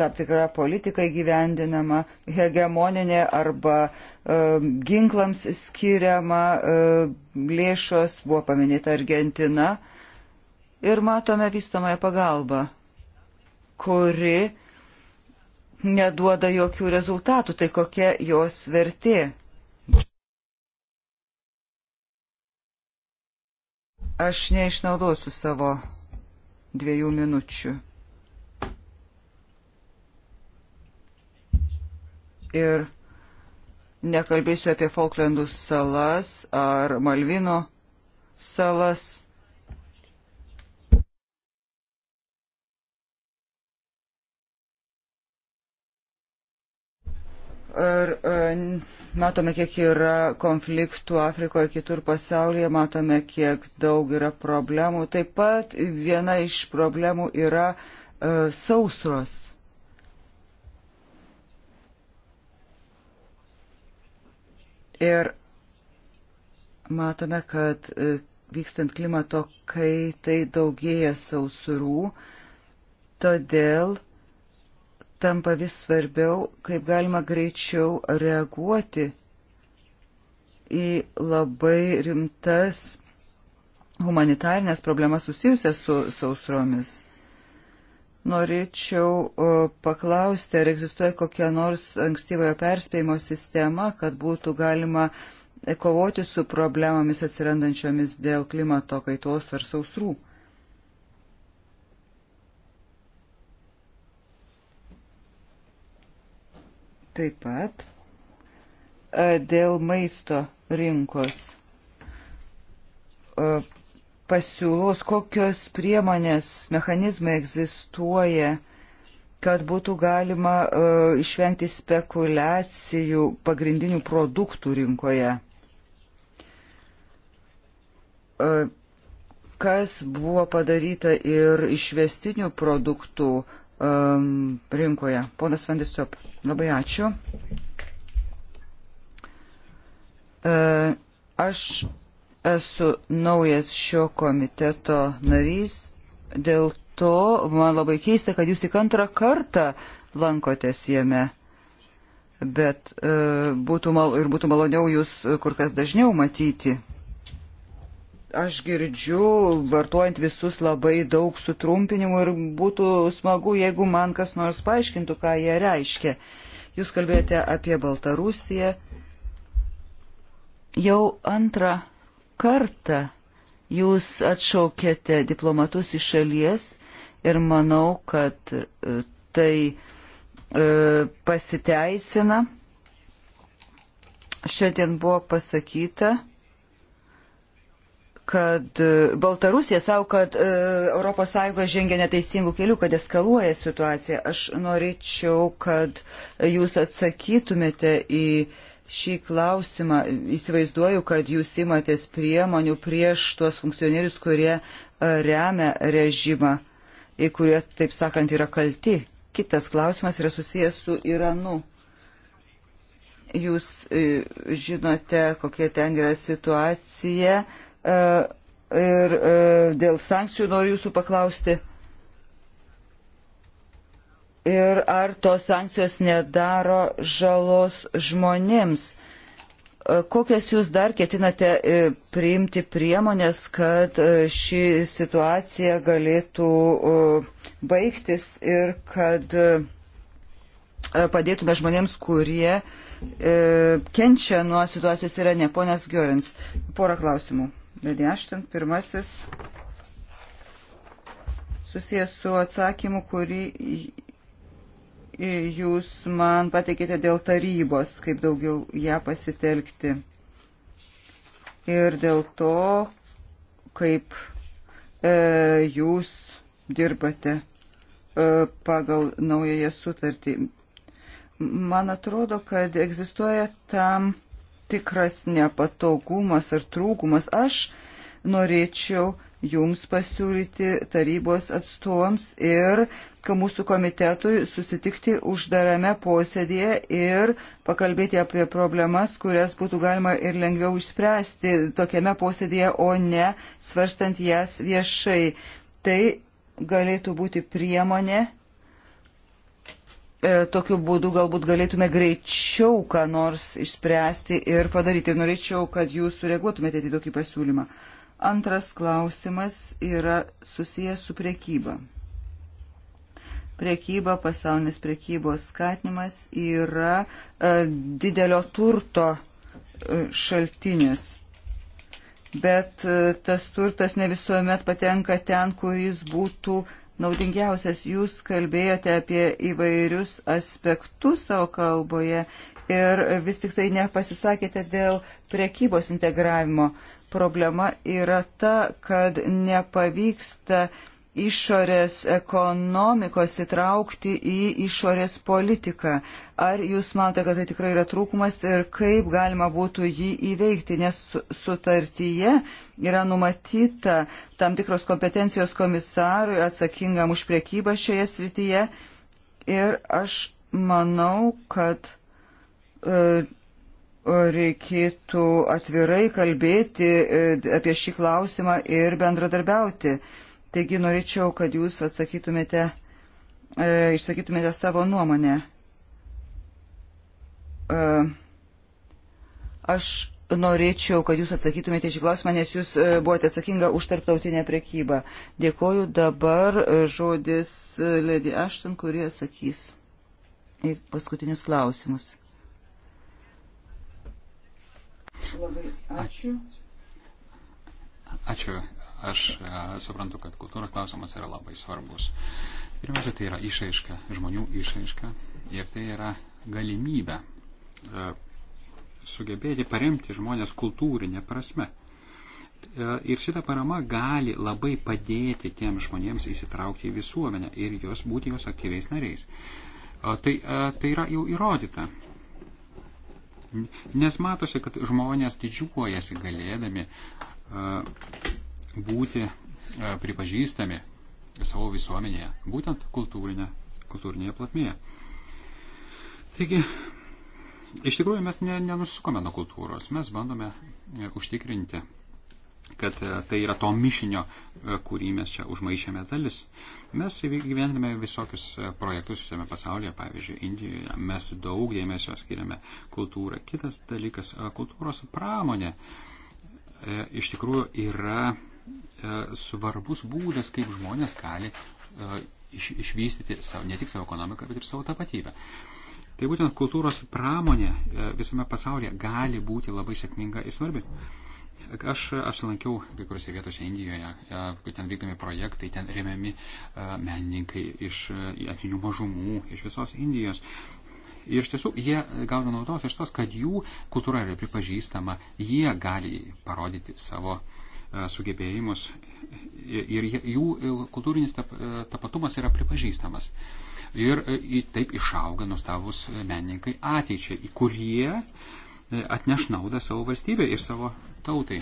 tam tikra politika įgyvendinama, hegemoninė arba e, ginklams skiriama e, lėšos, buvo paminėta Argentina. Ir matome vystomąją pagalbą, kuri neduoda jokių rezultatų, tai kokia jos vertė. Aš neišnaudosiu savo dviejų minučių. Ir nekalbėsiu apie Falklandų salas ar Malvino salas Ir e, matome, kiek yra konfliktų Afrikoje, kitur pasaulyje, matome, kiek daug yra problemų. Taip pat viena iš problemų yra uh, sausros. Ir matome, kad uh, vykstant klimato kaitai daugėja sausurų, todėl tampa vis svarbiau, kaip galima greičiau reaguoti į labai rimtas humanitarnės problemas susijusias su sausromis. Norėčiau paklausti, ar egzistuoja kokia nors ankstyvojo perspėjimo sistema, kad būtų galima kovoti su problemomis atsirandančiomis dėl klimato kaitos ar sausrų. Taip pat e, dėl maisto rinkos e, pasiūlos, kokios priemonės, mechanizmai egzistuoja, kad būtų galima uh, išvengti spekulacijų pagrindinių produktų rinkoje. Uh, kas buvo padaryta ir išvestinių produktų um, rinkoje? Ponas Vandistop. Uh, Labai ačiū. E, aš esu naujas šio komiteto narys, dėl to man labai keista, kad jūs tik antrą kartą lankotės jame. Bet e, būtų mal, ir būtų maloniau jūs kur kas dažniau matyti aš girdžiu, vartojant visus labai daug sutrumpinimų ir būtų smagu, jeigu man kas nors paaiškintų, ką jie reiškia. Jūs kalbėjote apie Baltarusiją. Jau antrą kartą jūs atšaukėte diplomatus iš šalies ir manau, kad e, tai e, pasiteisina. Šiandien buvo pasakyta, kad e, Baltarusija savo, kad ES žengia neteisingų kelių, kad eskaluoja situaciją. Aš norėčiau, kad jūs atsakytumėte į šį klausimą. Įsivaizduoju, kad jūs imatės priemonių prieš tuos funkcionierius, kurie e, remia režimą ir kurie, taip sakant, yra kalti. Kitas klausimas yra susijęs su Iranu. Jūs e, žinote, kokia ten yra situacija E, ir e, dėl sankcijų noriu jūsų paklausti. Ir ar tos sankcijos nedaro žalos žmonėms? E, kokias jūs dar ketinate priimti priemonės, kad ši situacija galėtų baigtis ir kad padėtume žmonėms, kurie kenčia nuo situacijos tai yra ne ponas Giorins? Porą klausimų. Lady Ashton. Pirmasis susijęs su atsakymu, kurį jūs man pateikėte dėl tarybos, kaip daugiau ją pasitelkti. Ir dėl to, kaip e, jūs dirbate e, pagal naująją sutartį. Man atrodo, kad egzistuoja tam tikras nepatogumas ar trūkumas. Aš norėčiau jums pasiūlyti tarybos atstovams ir mūsų komitetui susitikti uždarame posėdėje ir pakalbėti apie problemas, kurias būtų galima ir lengviau išspręsti tokiame posėdėje, o ne svarstant jas viešai. Tai galėtų būti priemonė E, tokiu būdu galbūt galėtume greičiau ką nors išspręsti ir padaryti. Norėčiau, kad jūs sureaguotumėte į tokį pasiūlymą. Antras klausimas yra susijęs su priekyba. Priekyba, pasaulinis priekybos skatinimas yra e, didelio turto e, šaltinis. Bet e, tas turtas ne visuomet patenka ten, kuris būtų e, naudingiausias. Jūs kalbėjote apie įvairius aspektus savo kalboje ir vis tik tai nepasisakėte dėl prekybos integravimo. Problema yra ta, kad nepavyksta uh, išorės ekonomikos įtraukti į išorės politiką. Ar jūs matote, kad tai tikrai yra trūkumas ir kaip galima būtų jį įveikti, nes sutartyje yra numatyta tam tikros kompetencijos komisarui atsakingam už priekybą šioje srityje. Ir aš manau, kad e, reikėtų atvirai kalbėti e, apie šį klausimą ir bendradarbiauti. E, Taigi norėčiau, kad jūs atsakytumėte, e, išsakytumėte savo nuomonę. E, aš norėčiau, kad jūs atsakytumėte šį klausimą, nes jūs e, buvote atsakinga už tarptautinę prekybą. Dėkoju dabar e, žodis e, Lady Ashton, kuri atsakys į paskutinius klausimus. Labai ačiū. Ačiū Aš e, suprantu, kad kultūros klausimas yra labai svarbus. Pirmiausia, tai yra išaiška, žmonių išaiška ir tai yra galimybė e, sugebėti paremti žmonės kultūrinė prasme. E, ir šita parama gali labai padėti tiem žmonėms įsitraukti į visuomenę ir jos būti jos aktyviais nariais. Tai, tai yra jau įrodyta. Nes matosi, kad žmonės didžiuojasi galėdami būti e, pripažįstami savo visuomenėje, būtent kultūrinė, kultūrinėje platmėje. Taigi, iš tikrųjų mes ne, nenusukome nuo kultūros, mes bandome e, užtikrinti, kad e, tai yra to mišinio, kurį mes čia užmaišėme dalis. Mes gyvenime visokius projektus visame pasaulyje, pavyzdžiui, Indijoje, mes daug dėmesio skiriame kultūrai. Kitas dalykas - kultūros pramonė iš tikrųjų yra E, svarbus būdas, kaip žmonės gali e, iš, išvystyti savo, ne tik savo ekonomiką, bet ir savo tapatybę. Tai būtent kultūros pramonė e, visame pasaulyje gali būti labai sėkminga ir svarbi. Aš apsilankiau kai kuriuose vietose Indijoje, kai ten vykdomi projektai, ten remiami menininkai iš etinių mažumų, iš visos Indijos. Ir iš tiesų jie gauna naudos iš tos, kad jų kultūra yra pripažįstama, jie gali parodyti savo uh, E, sugebėjimus ir jų e, kultūrinis e, tapatumas yra pripažįstamas. Ir taip išauga nuostabus menininkai ateičiai, kurie atneš naudą savo valstybė ir savo tautai.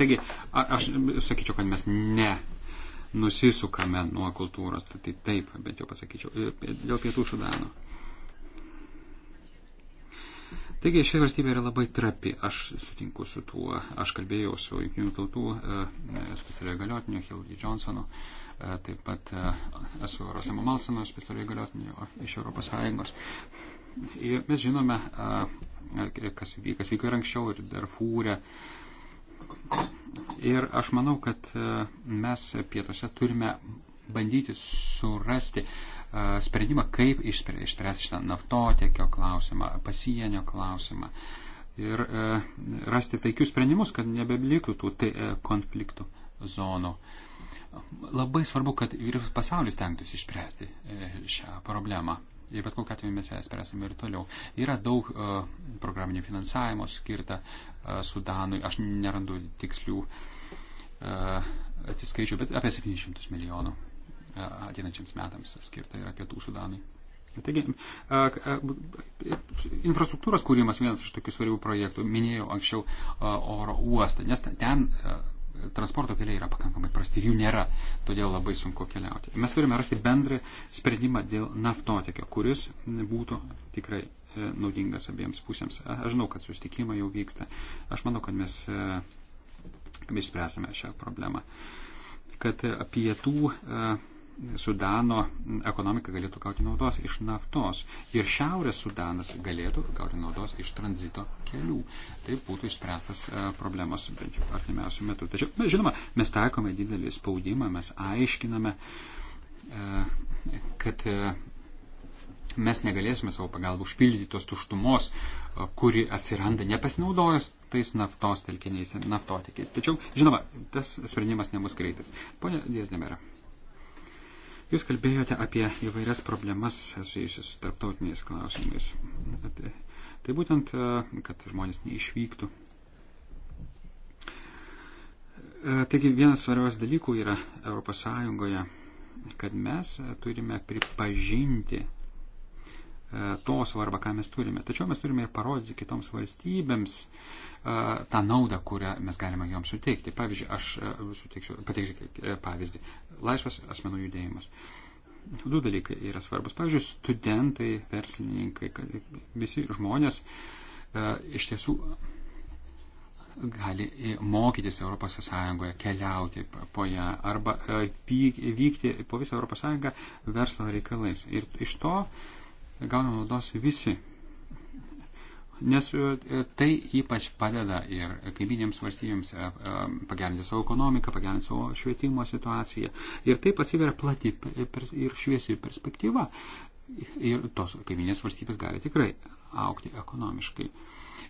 Taigi, aš sakyčiau, kad mes ne nusisukame nuo kultūros, tai taip, bent jau pasakyčiau, dėl pietų sudano. Taigi ši valstybė yra labai trapi, aš sutinku su tuo. Aš kalbėjau su Junktinių tautų e, specialiai galiotiniu Hilgi Johnsonu, e, taip pat e, esu Roslimo Malsono specialiai galiotiniu iš ES. Ir mes žinome, kas, kas vyko ir anksčiau, ir Darfūrė. Ir aš manau, kad mes pietose turime bandyti surasti uh, E, sprendimą, kaip išspręsti šitą naftotiekio klausimą, pasienio klausimą ir e, rasti taikius sprendimus, kad nebebliktų tų e, konfliktų zonų. Labai svarbu, kad vyriausybės pasaulis tenktųsi išspręsti šią problemą. Ir bet kokiu atveju mes ją spręsime ir toliau. Yra daug uh, programinio finansavimo skirta uh, Sudanui. Aš nerandu tikslių uh, atsiskaičių, bet apie 700 milijonų ateinančiams metams skirta yra pietų Sudanui. Taigi, infrastruktūros kūrimas vienas iš tokių svarbių projektų, minėjau anksčiau oro uostą, nes ten transporto keliai yra pakankamai prasti ir jų nėra, todėl labai sunku keliauti. Mes turime rasti bendrą sprendimą dėl naftotekio, kuris būtų tikrai e, naudingas abiems pusėms. Aš žinau, kad susitikimai jau vyksta. Aš manau, kad mes, e, kad mes išspręsime šią problemą kad pietų e, Sudano ekonomika galėtų gauti naudos iš naftos ir Šiaurės Sudanas galėtų gauti naudos iš tranzito kelių. Tai būtų išspręstas e, problemas bent jau artimiausių metų. Tačiau, mes, žinoma, mes taikome didelį spaudimą, mes aiškiname, e, kad e, mes negalėsime savo pagalbą užpildyti tos tuštumos, kuri atsiranda nepasinaudojus tais naftos telkiniais, naftotikiais. Tačiau, žinoma, tas sprendimas nebus greitas. Pone Diezdemera. Jūs kalbėjote apie įvairias problemas susijusius su tarptautiniais klausimais. E, tai būtent, e, kad žmonės neišvyktų. E, taigi vienas svarbiausių dalykų yra ES, kad mes turime pripažinti E, to svarbą, ką mes turime. Tačiau mes turime ir parodyti kitoms valstybėms e, tą naudą, kurią mes galime joms suteikti. Pavyzdžiui, aš e, suteiksiu, pateiksiu pavyzdį. Laisvas asmenų judėjimas. Du dalykai yra svarbus. Pavyzdžiui, studentai, verslininkai, visi žmonės iš tiesų gali mokytis Europos Sąjungoje, keliauti po ją arba vykti po visą Europos Sąjungą verslo reikalais. Ir iš to uh, gauna naudos visi. Nes e, tai ypač padeda ir kaiminėms valstybėms e, e, pagerinti savo ekonomiką, pagerinti savo švietimo situaciją. Ir taip atsiveria plati ir šviesi perspektyva. Ir tos kaiminės valstybės gali tikrai aukti ekonomiškai.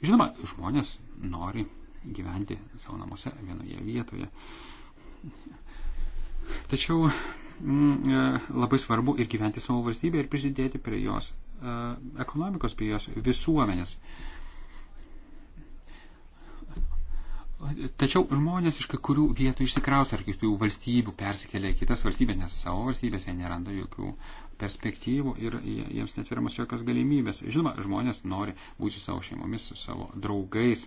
Žinoma, žmonės nori gyventi savo namuose vienoje vietoje. Tačiau m, mm, labai svarbu ir gyventi savo valstybę ir prisidėti prie jos. E, ekonomikos bei jos visuomenės. Tačiau žmonės iš kai kurių vietų išsikraustė, ar kitų valstybių persikėlė į kitas valstybės, nes savo valstybėse neranda jokių perspektyvų ir jiems netveriamas jokios galimybės. Žinoma, žmonės nori būti savo šeimomis, su savo draugais.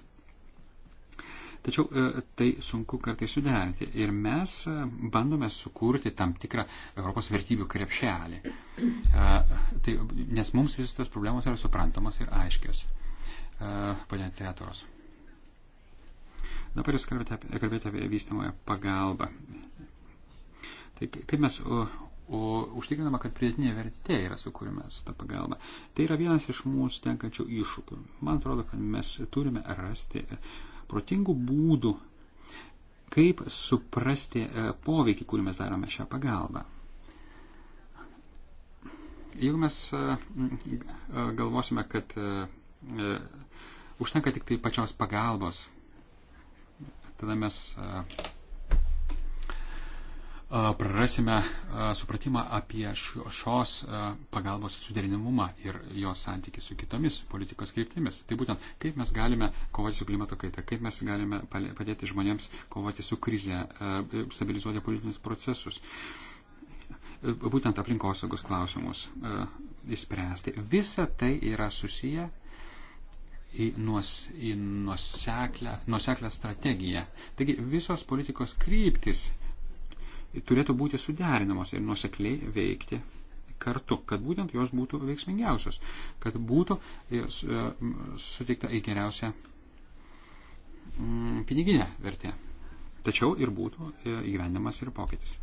Tačiau e, tai sunku kartai suderinti. Ir mes e, bandome sukurti tam tikrą Europos vertybių krepšelį. E, tai, nes mums visos tos problemos yra suprantamos ir aiškios. Pane teatros. Dabar jūs kalbėte apie, kalbėte apie vystamoją pagalbą. Tai kaip mes o užtikrinama, kad pridėtinė vertė yra sukūrima su ta pagalba. Tai yra vienas iš mūsų tenkančių iššūkių. Man atrodo, kad mes turime rasti uh, protingų būdų, kaip suprasti e, poveikį, kurį mes darome šią pagalbą. Jeigu mes e, e, galvosime, kad užtenka tik tai pačios pagalbos, tada mes prarasime supratimą apie šios pagalbos suderinamumą ir jos santykį su kitomis politikos kryptimis. Tai būtent, kaip mes galime kovoti su klimato kaita, kaip mes galime padėti žmonėms kovoti su krize, stabilizuoti politinius procesus e, būtent aplinkosaugos klausimus įspręsti. Visa tai yra susiję į, nuos, į nuoseklę, nuoseklę strategiją. Taigi visos politikos kryptis turėtų būti suderinamos ir nusekliai veikti kartu, kad būtent jos būtų veiksmingiausios, kad būtų e, e, suteikta į geriausią mm, piniginę vertę. Tačiau ir būtų e, įgyvendamas ir pokytis.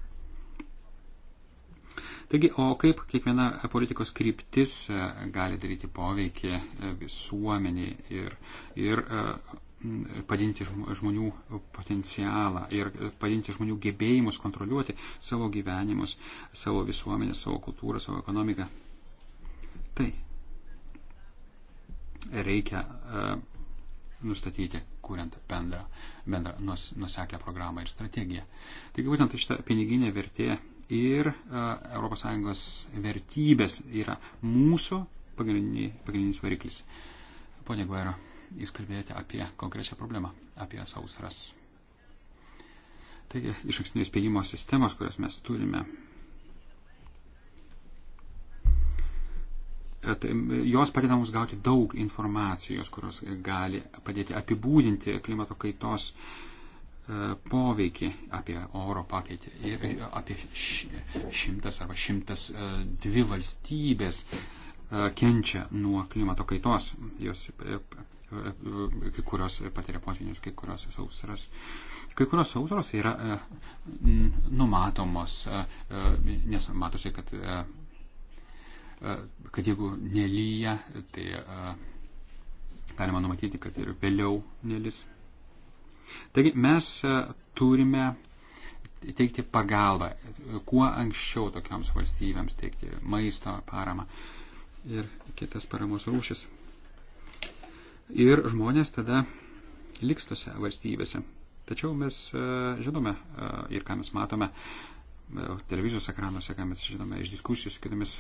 Taigi, o kaip kiekviena politikos kryptis gali daryti poveikį visuomeniai ir, ir padinti žmonių potencialą ir padinti žmonių gebėjimus kontroliuoti savo gyvenimus, savo visuomenę, savo kultūrą, savo ekonomiką. Tai reikia e, nustatyti, kuriant bendrą, bendrą nus, nuseklę programą ir strategiją. Taigi būtent šita piniginė vertė ir ES vertybės yra mūsų pagrindinis variklis. Pone Guero jūs kalbėjote apie konkrečią problemą, apie sausras. Taigi, iš ankstinio įspėjimo sistemos, kurias mes turime, tai jos padeda mums gauti daug informacijos, kurios gali padėti apibūdinti klimato kaitos e, poveikį apie oro pakeitį ir apie šimtas arba šimtas e, dvi valstybės e, kenčia nuo klimato kaitos. Jos kai kurios patiria potvinius, kai kurios sausras. Kai kurios sausros yra e, numatomos, e, e, nes matosi, kad, kad jeigu nelyja, tai galima numatyti, kad ir vėliau nelis. Taigi mes turime teikti pagalbą, kuo anksčiau tokiams valstybėms teikti maisto paramą ir kitas paramos rūšis ir žmonės tada liks tose valstybėse. Tačiau mes e, žinome e, ir ką mes matome e, televizijos ekranuose, ką mes žinome iš diskusijų su kitomis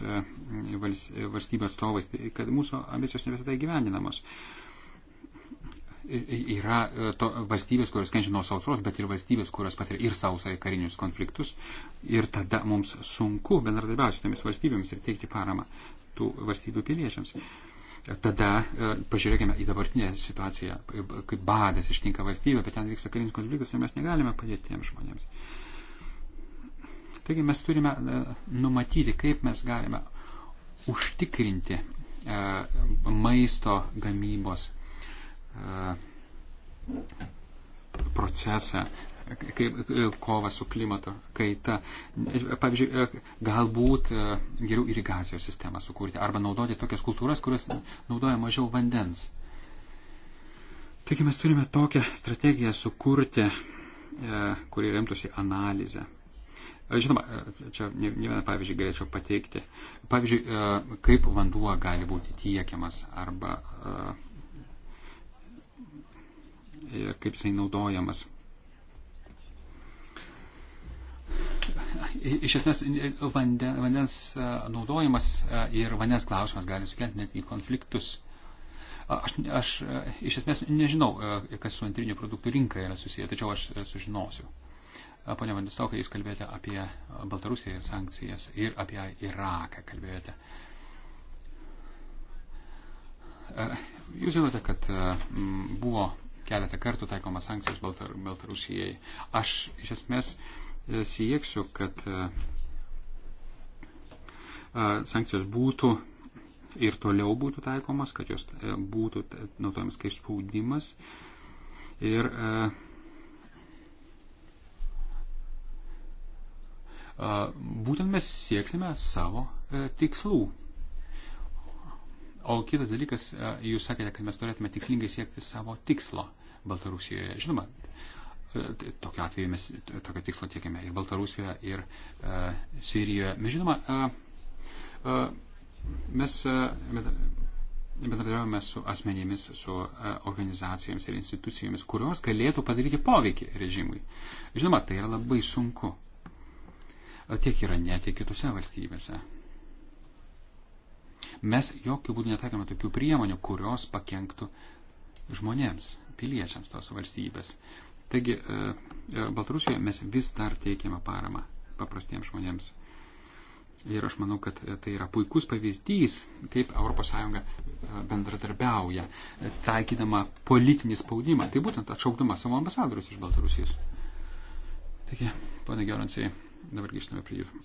valstybių atstovais, tai kad mūsų ambicijos ne visada įgyvendinamos. Yra to, valstybės, kurios kenčia nuo sausros, bet ir valstybės, kurios patiria ir sausai karinius konfliktus. Ir tada mums sunku bendradarbiauti su tomis valstybėmis ir teikti paramą tų valstybių piliečiams. Uh, Tada e, pažiūrėkime į dabartinę situaciją, kaip badas ištinka valstybė, bet ten vyksta karinis konfliktas ir mes negalime padėti tiems žmonėms. Taigi mes turime e, numatyti, kaip mes galime užtikrinti e, maisto gamybos procesą, kaip e, kova su klimato kaita. Pavyzdžiui, e, galbūt e, geriau irigacijos sistemą sukurti arba naudoti tokias kultūras, kurios naudoja mažiau vandens. Taigi mes turime tokią strategiją sukurti, kuri remtųsi analizę. Žinoma, čia ne vieną pavyzdį galėčiau pateikti. Pavyzdžiui, kaip vanduo gali būti tiekiamas arba ir kaip jisai naudojamas. Iš esmės, vandens e, naudojimas e, ir vandens klausimas gali sukelti netgi konfliktus. Aš, aš e, iš esmės nežinau, kas su antrinių produktų rinka yra susiję, tačiau aš sužinosiu. Pone Vandistaukai, jūs kalbėjote apie Baltarusiją ir sankcijas ir apie Iraką kalbėjote. Jūs žinote, kad buvo keletą kartų taikomas sankcijos Baltar Baltarusijai. Aš iš esmės uh, sieksiu, kad e, e, sankcijos būtų ir toliau būtų taikomas, kad jos e, būtų naudojamas kaip spaudimas. Ir būtent mes sieksime savo tikslų. O kitas dalykas, jūs sakėte, kad mes turėtume tikslingai siekti savo tikslo Baltarusijoje. Žinoma, Tokiu atveju mes tokio tikslo tiekime ir Baltarusijoje, ir uh, e, Sirijoje. Mes žinoma, uh, uh, mes bendradarbiavame su asmenėmis, su uh, organizacijomis ir institucijomis, kurios galėtų padaryti poveikį režimui. Žinoma, tai yra labai sunku. Tiek yra ne, tiek kitose valstybėse. Mes jokių būdų netaikome tokių priemonių, kurios pakenktų žmonėms, piliečiams tos valstybės. Uh, Taigi, e, e, Baltarusijoje mes vis dar teikiame paramą paprastiems žmonėms. Ir aš manau, kad e, tai yra puikus pavyzdys, kaip ES bendradarbiauja, taikydama politinį spaudimą. Tai būtent atšaukdama savo ambasadorius iš Baltarusijos. Taigi, pana Gerancijai, dabar grįžtame prie jūsų.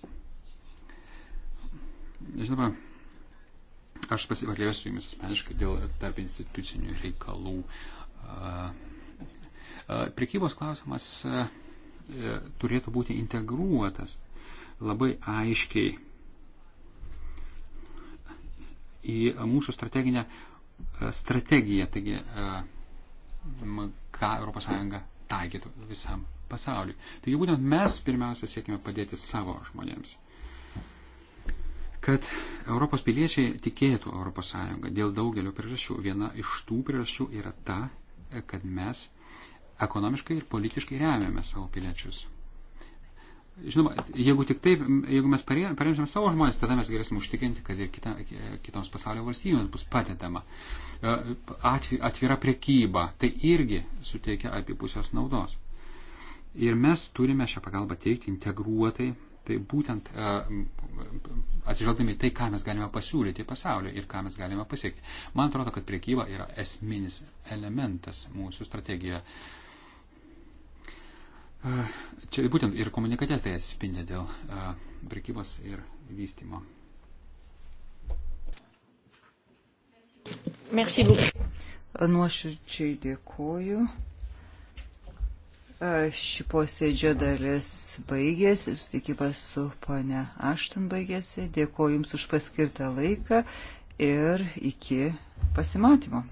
Žinoma, aš pasivarlėsiu jumis asmeniškai dėl tarp institucinių reikalų. Uh, E, prekybos klausimas e, e, turėtų būti integruotas labai aiškiai į mūsų strateginę strategiją, taigi ką ES taikytų visam pasauliu. Taigi būtent mes pirmiausia siekime padėti savo žmonėms. Kad Europos piliečiai tikėtų ES dėl daugelio priežasčių. Viena iš tų priežasčių yra ta, kad mes ekonomiškai ir politiškai remiame savo piliečius. Žinoma, jeigu tik taip, jeigu mes paremsime savo žmonės, tada mes galėsime užtikrinti, kad ir kita, kitoms pasaulio valstybėms bus padedama. E, atvira priekyba, tai irgi suteikia abipusios naudos. Ir mes turime šią pagalbą teikti integruotai, tai būtent e, atsižvelgdami tai, ką mes galime pasiūlyti pasauliu ir ką mes galime pasiekti. Man atrodo, kad priekyba yra esminis elementas mūsų strategijoje Čia būtent ir komunikate tai atspindi dėl prekybos ir vystymo. Merci beaucoup. Nuoširdžiai dėkoju. Ši posėdžio dalis baigėsi, susitikimas su ponia Ašton baigėsi. Dėkoju Jums už paskirtą laiką ir iki pasimatymo.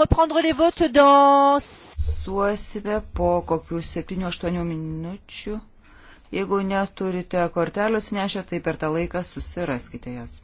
reprendre les votes dans... Suosime po kokių 7-8 minučių. Jeigu neturite kortelės nešę, tai per tą laiką susiraskite jas.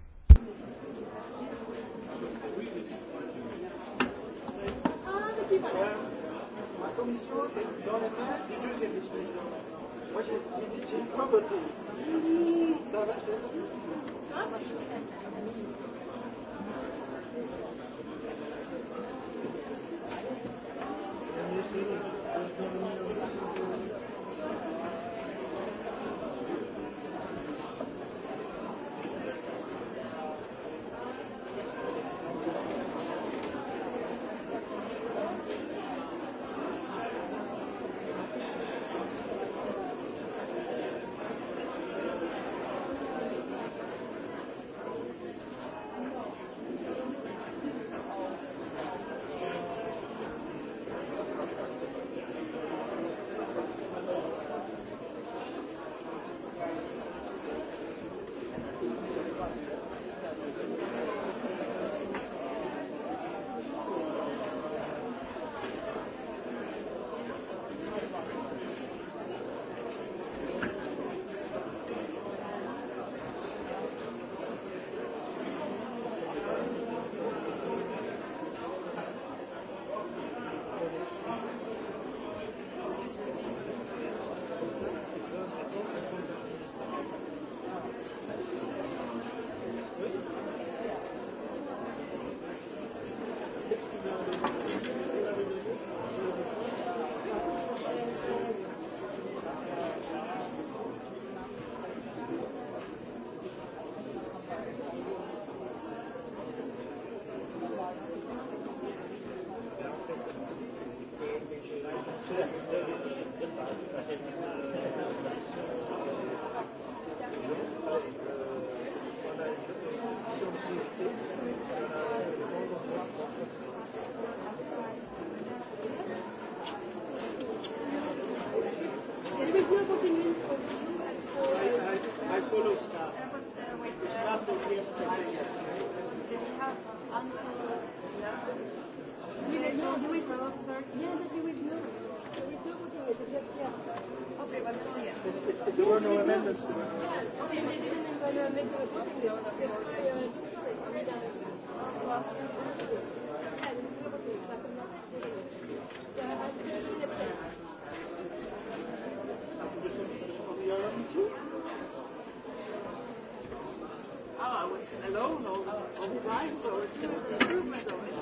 alone all, all the time, so it's just an improvement on it.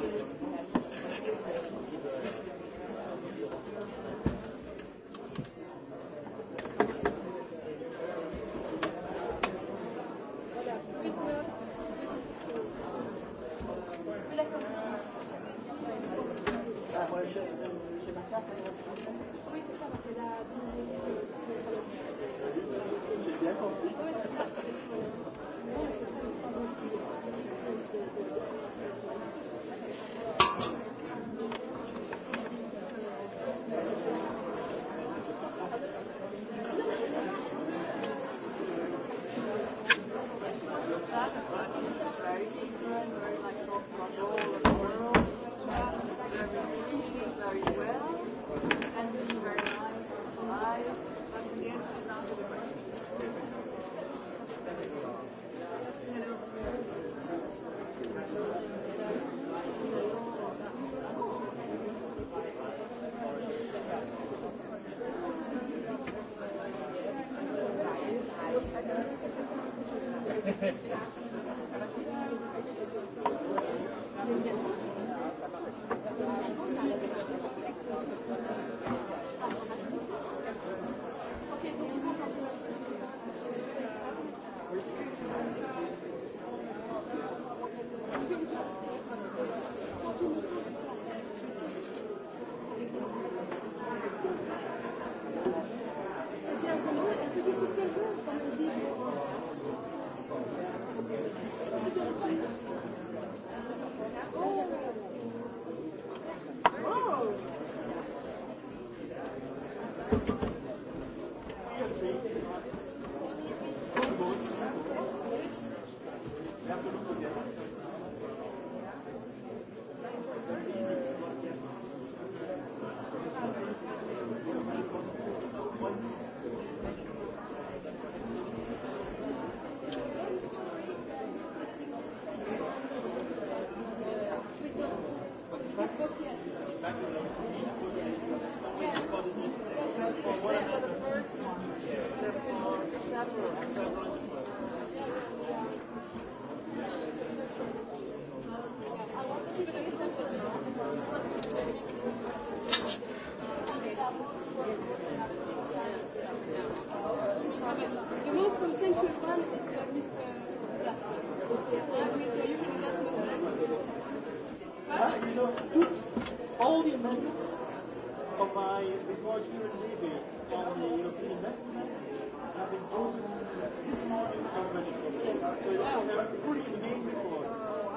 government control. So it's a pretty main report. Yeah.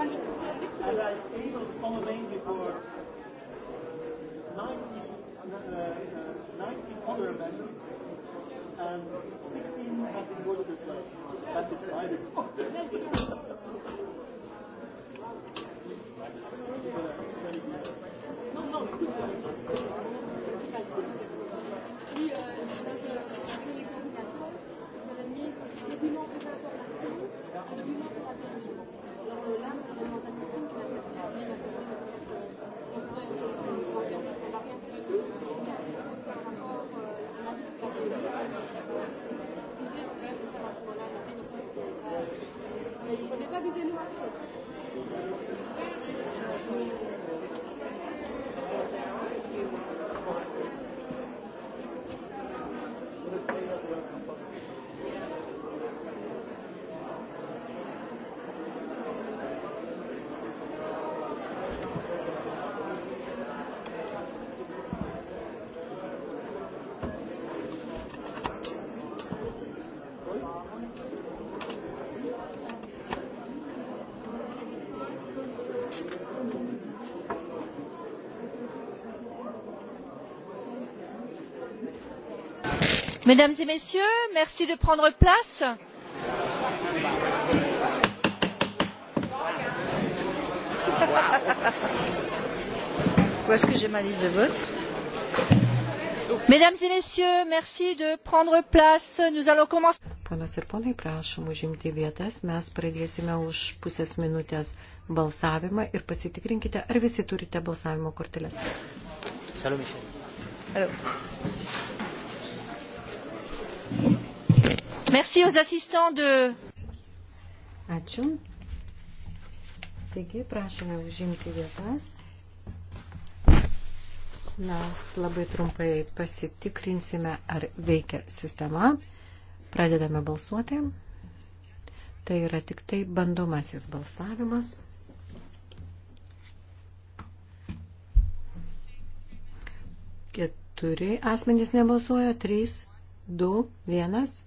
And I think on the main reports, 90, uh, uh, 90 other amendments and 16 have been voted as well. That is my report. No, no, écoute, oui, euh, là, je, l'argument que j'ai encore assez, l'argument qu'on a permis. Alors euh, là, le parlementaire qui m'a permis, mesdames et messieurs merci de prendre place. où est ce que j'ai ma liste de vote? mesdames et messieurs merci de prendre place nous allons commencer. Panas ir ponai, prašom užimti vietas, mes pradėsime už pusės minutės balsavimą ir pasitikrinkite, ar visi turite balsavimo korteles. Salut, Michel. Hello. Merci aux assistants de. Ačiū. Taigi, prašome užimti vietas. Mes labai trumpai pasitikrinsime, ar veikia sistema. Pradedame balsuoti. Tai yra tik tai bandomasis balsavimas. Keturi asmenys nebalsuoja. Trys, du, vienas.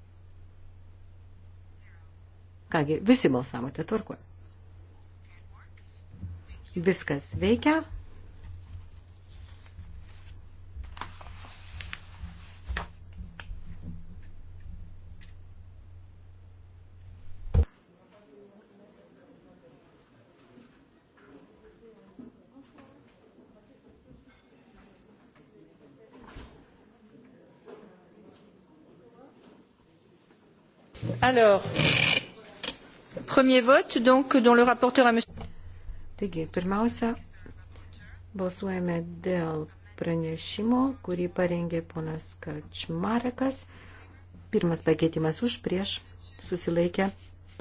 Kągi, visi balsavote tvarkuoju. Viskas veikia. Alors, premier vote, donc, dont le rapporteur a monsieur. Taigi, pirmiausia, balsuojame dėl pranešimo, kurį parengė ponas Kačmarekas. Pirmas pakeitimas už prieš susilaikė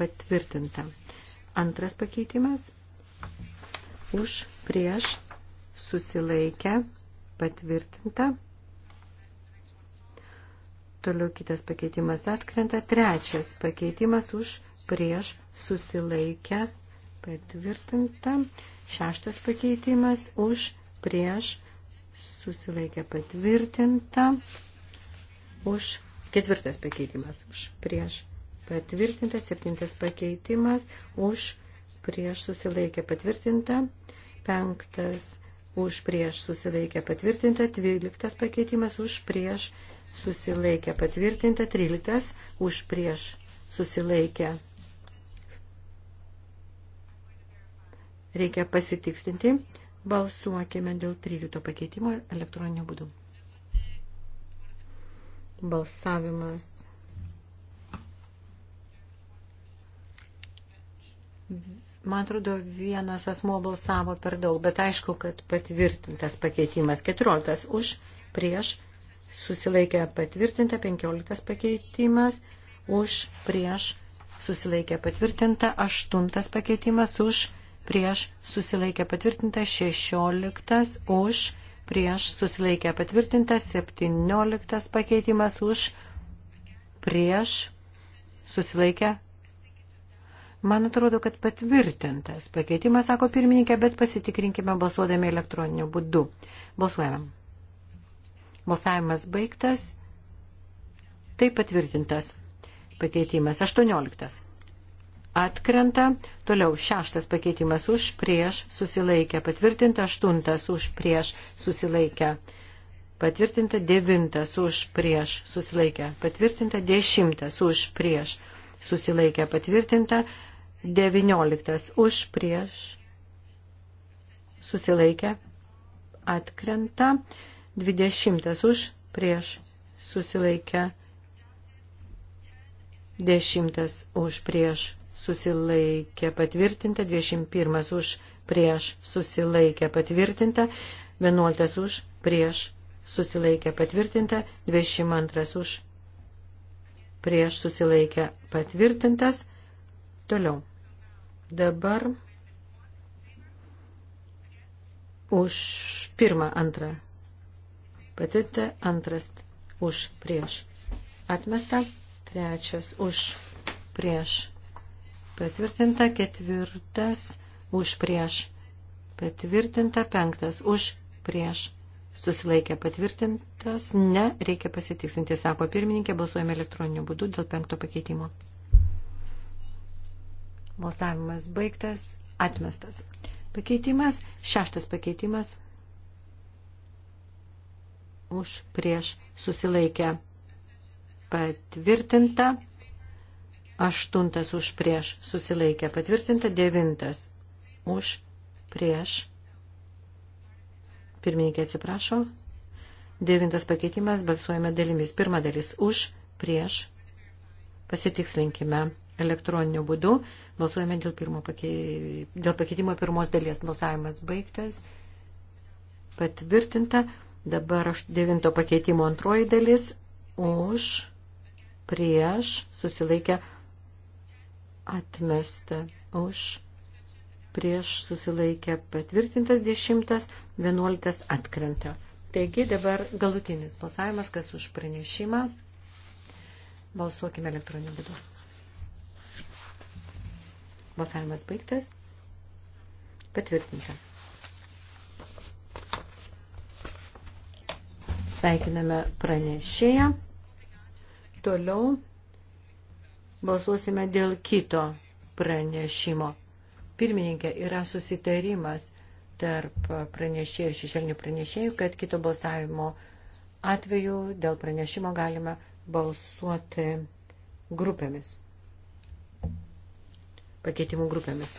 patvirtinta. Antras pakeitimas už prieš susilaikę patvirtinta. Toliau kitas pakeitimas atkrenta. Trečias pakeitimas už prieš susilaikę patvirtinta. Šeštas pakeitimas už prieš susilaikę patvirtinta. Už ketvirtas pakeitimas už prieš patvirtinta. Septintas pakeitimas už prieš susilaikę patvirtinta. Penktas už prieš susilaikę patvirtinta. Dvyliktas pakeitimas už prieš susilaikę patvirtinta. Tryliktas už prieš susilaikę reikia pasitikstinti. Balsuokime dėl 13 pakeitimo elektroniniu būdu. Balsavimas. Man atrodo, vienas asmo balsavo per daug, bet aišku, kad patvirtintas pakeitimas 14 už, prieš, susilaikė patvirtinta 15 pakeitimas, už, prieš, susilaikė patvirtinta 8 pakeitimas už, prieš prieš susilaikę patvirtinta 16, už prieš susilaikę patvirtinta 17 pakeitimas, už prieš susilaikę. Man atrodo, kad patvirtintas pakeitimas, sako pirmininkė, bet pasitikrinkime balsuodami elektroniniu būdu. Balsuojame. Balsavimas baigtas. Tai patvirtintas pakeitimas. 18 atkrenta. Toliau šeštas pakeitimas už prieš susilaikę patvirtinta, aštuntas už prieš susilaikę patvirtinta, devintas už prieš susilaikę patvirtinta, dešimtas už prieš susilaikę patvirtinta, devynioliktas už prieš susilaikę atkrenta, dvidešimtas už prieš susilaikę, dešimtas už prieš susilaikė patvirtinta, 21 už prieš susilaikė patvirtinta, 11 už prieš susilaikė patvirtinta, 22 už prieš susilaikė patvirtintas. Toliau. Dabar už pirmą antrą. Patirti antras už prieš. Atmesta. Trečias už prieš Patvirtinta ketvirtas už prieš. Patvirtinta penktas už prieš. Susilaikė patvirtintas. Ne, reikia pasitiksinti, sako pirmininkė. Balsuojame elektroniniu būdu dėl penkto pakeitimo. Balsavimas baigtas. Atmestas. Pakeitimas. Šeštas pakeitimas. Už prieš. Susilaikė patvirtinta aštuntas už prieš susilaikė patvirtinta, devintas už prieš. Pirmininkė atsiprašo. Devintas pakeitimas balsuojame dalimis. Pirma dalis už prieš. Pasitikslinkime elektroniniu būdu. Balsuojame dėl, pakei... dėl pakeitimo pirmos dalies. Balsavimas baigtas. Patvirtinta. Dabar aš devinto pakeitimo antroji dalis už prieš susilaikę atmesta už prieš susilaikę patvirtintas dešimtas, vienuoliktas atkrenta. Taigi dabar galutinis balsavimas, kas už pranešimą. Balsuokime elektroniniu būdu. Balsavimas baigtas. Patvirtinta. Sveikiname pranešėją. Toliau balsuosime dėl kito pranešimo. Pirmininkė yra susitarimas tarp pranešėjų ir šešėlinių pranešėjų, kad kito balsavimo atveju dėl pranešimo galima balsuoti grupėmis. Pakeitimų grupėmis.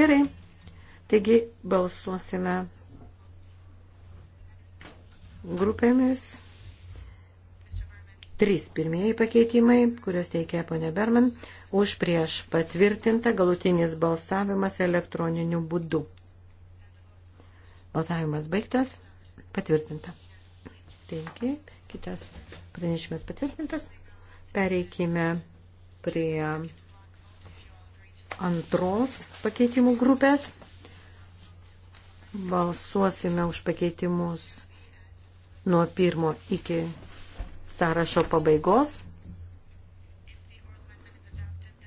Gerai. Taigi balsuosime grupėmis. Trys pirmieji pakeitimai, kuriuos teikia ponė Berman, už prieš patvirtinta galutinis balsavimas elektroniniu būdu. Balsavimas baigtas, patvirtinta. Taigi, kitas pranešimas patvirtintas. Pereikime prie antros pakeitimų grupės. Balsuosime už pakeitimus nuo pirmo iki sąrašo pabaigos.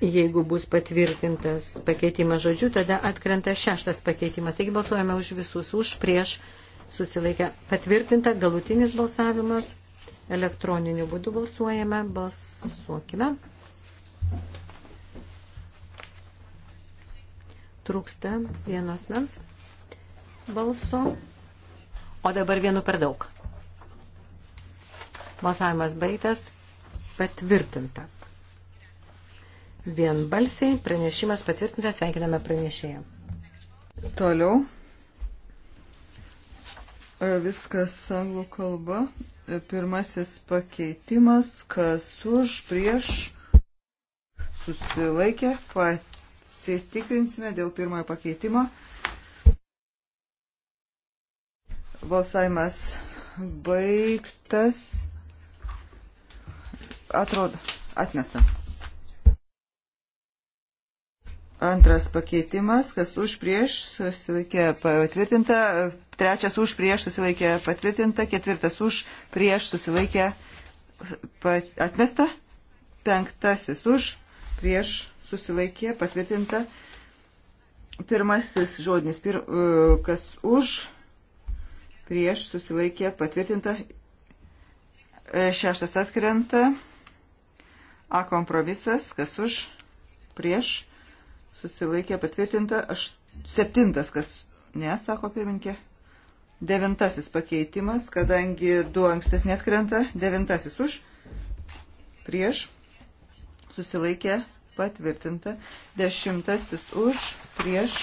Jeigu bus patvirtintas pakeitimas žodžiu, tada atkrenta šeštas pakeitimas. Taigi balsuojame už visus, už prieš susilaikę. Patvirtinta galutinis balsavimas. Elektroniniu būdu balsuojame. Balsuokime. Trūksta vienos mens balso. O dabar vienu per daug. Balsavimas baigtas. Patvirtinta. Vienbalsiai pranešimas patvirtintas. Sveikiname pranešėją. Toliau. E, viskas anglų kalba. E, pirmasis pakeitimas, kas už, prieš, susilaikė, pasitikrinsime dėl pirmojo pakeitimo. Balsavimas baigtas atrodo atmesta. Antras pakeitimas, kas už prieš susilaikė patvirtinta, trečias už prieš susilaikė patvirtinta, ketvirtas už prieš susilaikė atmesta, penktasis už prieš susilaikė patvirtinta, pirmasis žodinis, pir, e, kas už prieš susilaikė patvirtinta, e, šeštas atkrenta. A kompromisas, kas už, prieš, susilaikė patvirtinta, aš, septintas, kas ne, sako pirminkė. Devintasis pakeitimas, kadangi du ankstesnės krenta, devintasis už, prieš, susilaikė patvirtinta, dešimtasis už, prieš,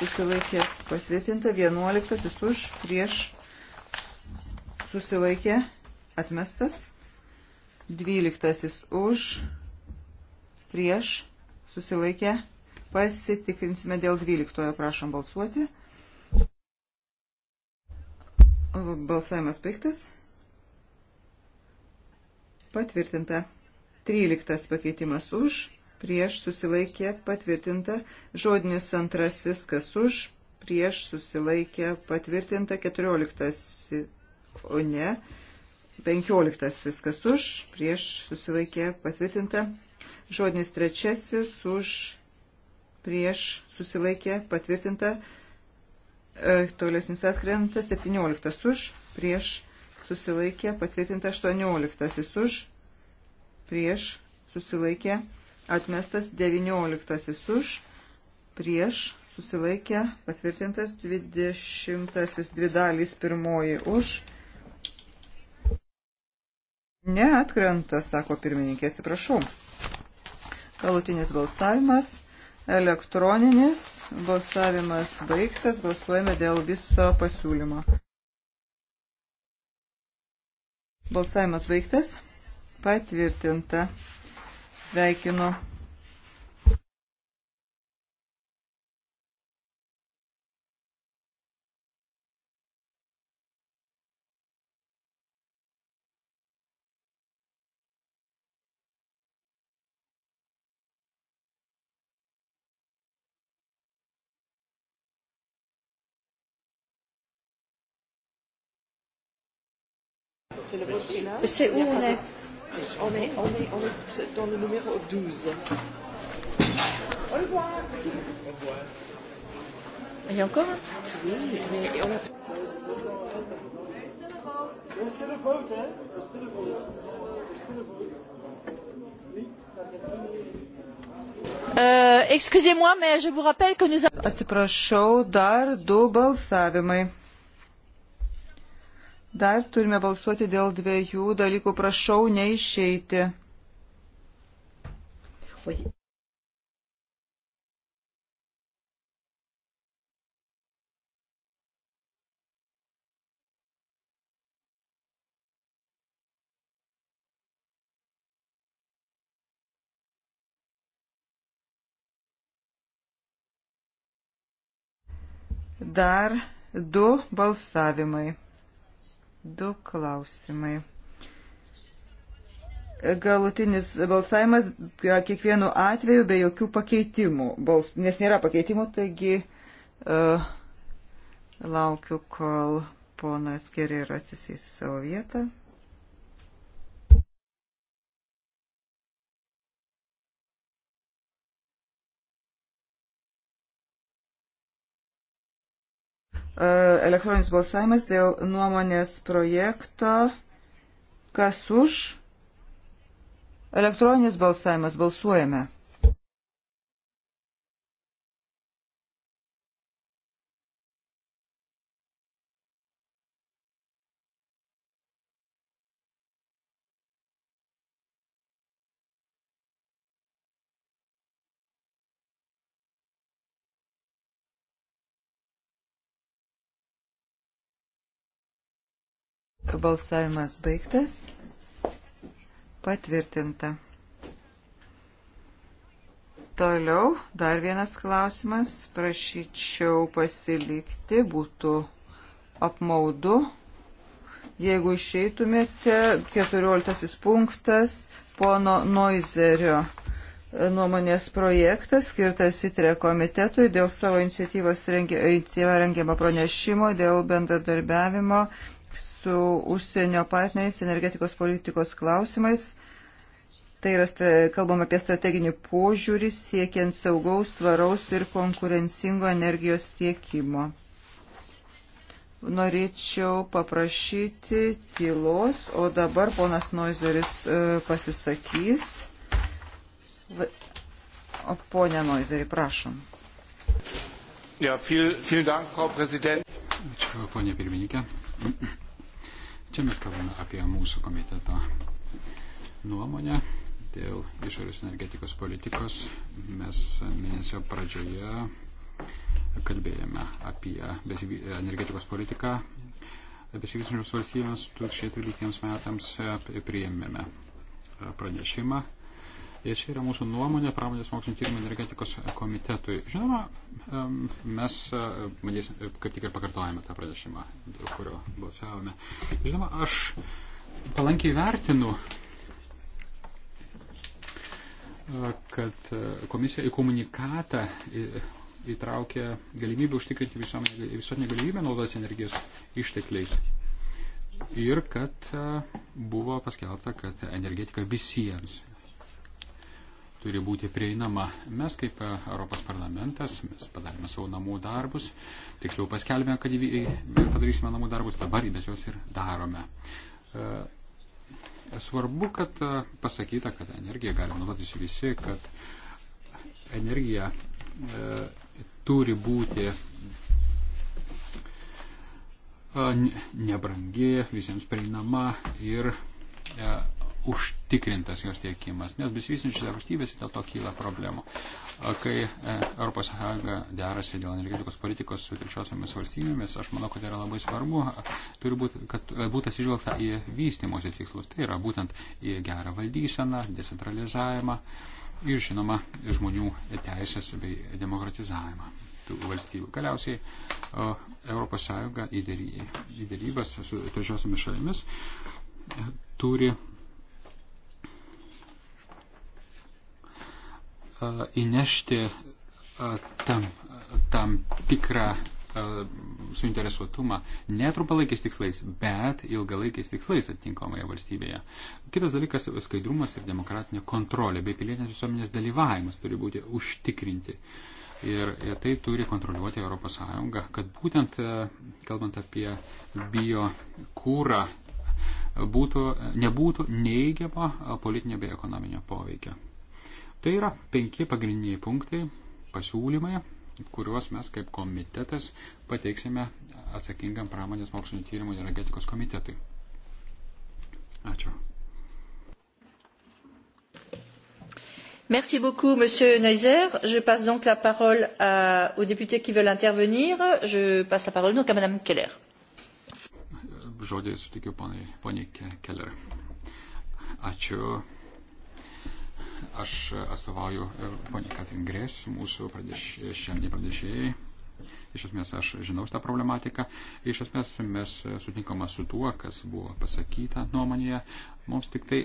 susilaikė patvirtinta, vienuoliktasis už, prieš, susilaikė atmestas. Dvyliktasis už, prieš, susilaikę. Pasitikrinsime dėl dvyliktojo, prašom balsuoti. Balsavimas baigtas. Patvirtinta. Tryliktas pakeitimas už, prieš susilaikė patvirtinta. Žodinis antrasis, kas už, prieš susilaikė patvirtinta. Keturioliktas, o ne. Penkioliktasis, kas už, prieš susilaikė patvirtinta. Žodinis trečiasis, už, prieš susilaikė patvirtinta. E, tolesnis atkrenta, septynioliktas už, prieš susilaikė patvirtinta. Aštuonioliktasis už, prieš susilaikė atmestas. Devynioliktasis už, prieš susilaikė patvirtintas. Dvidešimtasis dvi dalys pirmoji už Ne, atkrenta, sako pirmininkė, atsiprašau. Galutinis balsavimas, elektroninis, balsavimas baigtas, balsuojame dėl viso pasiūlymo. Balsavimas baigtas, patvirtinta. Sveikinu c'est le vote final. C'est où on est on est, on, est, on est dans le numéro 12. Au revoir. Il y a encore Oui, mais on a... There's still a vote, eh? There's still a vote. There's still a vote. Oui, ça a été mis. Atsiprašau, dar du balsavimai. Dar turime balsuoti dėl dviejų dalykų. Prašau neišeiti. Oi. Dar du balsavimai. Du klausimai. Galutinis balsavimas kiekvienu atveju be jokių pakeitimų, Bals, nes nėra pakeitimų, taigi uh, laukiu, kol ponas Gerė ir atsisės į savo vietą. E, elektroninis balsavimas dėl nuomonės projekto. Kas už? Elektroninis balsavimas. Balsuojame. Balsavimas baigtas. Patvirtinta. Toliau dar vienas klausimas. Prašyčiau pasilikti, būtų apmaudu. Jeigu išeitumėte, 14 punktas pono Noizerio nuomonės projektas skirtas įtre komitetui dėl savo iniciatyvos rengi, rengiamo pranešimo, dėl bendradarbiavimo su užsienio partneriais energetikos politikos klausimais. Tai yra, kalbam apie strateginį požiūrį siekiant saugaus, tvaraus ir konkurencingo energijos tiekimo. Norėčiau paprašyti tylos, o dabar ponas Noizeris e, pasisakys. O ponė Noizerį, prašom. Ja, viel, viel Dank, Frau Präsident. Ačiū, ponė pirmininkė. Čia mes kalbame apie mūsų komiteto nuomonę dėl išorės energetikos politikos. Mes mėnesio pradžioje kalbėjome apie energetikos politiką besivystančiams valstybėms 2013 metams e, priėmėme pranešimą Ir čia yra mūsų nuomonė pramonės mokslinio tyrimo energetikos komitetui. Žinoma, mes e, bandysim, e, kaip tik ir pakartojame tą pranešimą, dėl kurio balsavome. Žinoma, aš palankiai vertinu, e, kad komisija į komunikatą įtraukė galimybę užtikrinti visuotinę galimybę naudotis energijos ištekliais. Ir kad buvo paskelbta, kad energetika visiems turi būti prieinama. Mes kaip e, Europos parlamentas, mes padarėme savo namų darbus, tiksliau paskelbėme, kad e, padarysime namų darbus, dabar mes juos ir darome. E, svarbu, kad pasakyta, kad energiją galima naudotis visi, kad energija turi būti nebrangi, visiems prieinama ir užtikrintas jos tiekimas, nes besivysinčiose valstybėse dėl to kyla problemų. Kai ES derasi dėl energetikos politikos su trečiosiomis valstybėmis, aš manau, kad yra labai svarbu, turi būti, kad e, būtų atsižvelgta į vystimosi tikslus, tai yra būtent į gerą valdyseną, decentralizavimą ir, žinoma, žmonių teisės bei demokratizavimą tų valstybių. Galiausiai ES į dėrybas su trečiosiomis šalimis e, turi įnešti tam, tam tikrą suinteresuotumą ne trumpalaikiais tikslais, bet ilgalaikiais tikslais atitinkamoje valstybėje. Kitas dalykas - skaidrumas ir demokratinė kontrolė bei pilietinės visuomenės dalyvavimas turi būti užtikrinti. Ir, ir tai turi kontroliuoti ES, kad būtent, kalbant apie bio kūrą, būtų, nebūtų neigiamo politinio bei ekonominio poveikio. Tai yra penki pagrindiniai punktai, pasiūlymai, kuriuos mes kaip komitetas pateiksime atsakingam pramonės mokslinio tyrimų ir energetikos komitetui. Ačiū. Merci beaucoup, Monsieur Neuser. Je passe donc la parole à, euh, aux députés qui veulent intervenir. Je passe la parole donc à Madame Keller. Žodį sutikiu poniai Keller. Ačiū Aš atstovauju e, poniai Katrin Grės, mūsų pradėš, šiandien pradėšėjai. Iš esmės aš žinau tą problematiką. Iš esmės mes sutinkama su tuo, kas buvo pasakyta nuomonėje. Mums tik tai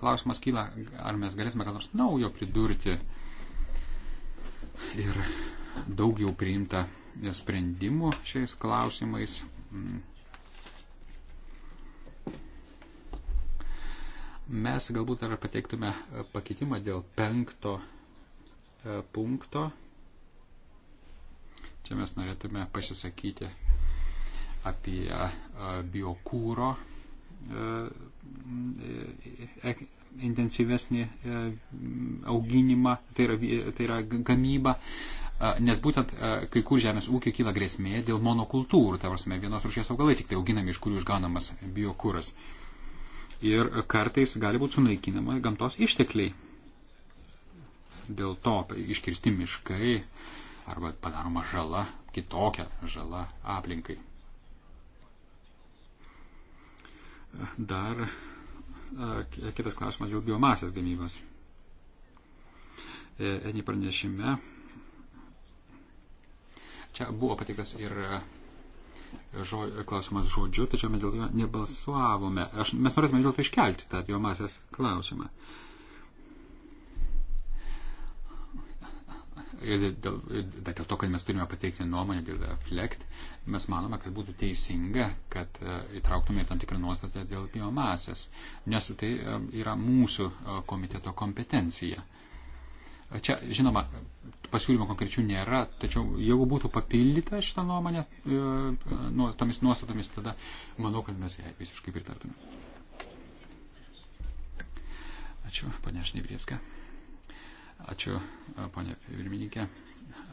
klausimas kyla, ar mes galėtume ką nors naujo pridurti ir daugiau priimta sprendimų šiais klausimais. Mm. Mes galbūt dar pateiktume e, pakeitimą dėl penkto e, punkto. Čia mes norėtume pasisakyti apie e, biokūro intensyvesnį auginimą, tai yra, tai yra gamybą, nes būtent kai kur žemės ūkio kyla grėsmė dėl monokultūrų, tai varsime, vienos rūšies augalai tik tai auginami, iš kurių išgaunamas biokūras. Uh, ir kartais gali būti sunaikinama gamtos ištekliai. Dėl to tai iškirsti miškai arba padaroma žala, kitokia žala aplinkai. Dar kitas klausimas dėl biomasės gamybos. E, eni pranešime. Čia buvo pateiktas ir žo, klausimas žodžiu, tačiau mes dėl jo nebalsuavome. Aš, mes norėtume dėl to iškelti tą biomasės klausimą. Ir dėl, dėl to, kad mes turime pateikti nuomonę dėl flekt, mes manome, kad būtų teisinga, kad e, įtrauktume ir tam tikrą nuostatą dėl biomasės, nes tai e, yra mūsų e, komiteto kompetencija. Uh, Čia, žinoma, pasiūlymo konkrečių nėra, tačiau jeigu būtų papildyta šitą nuomonę e, nu, tomis nuostatomis, tada manau, kad mes jai visiškai pritartume. Ačiū, ponia Šnybrieska. Ačiū, e, ponia pirmininkė.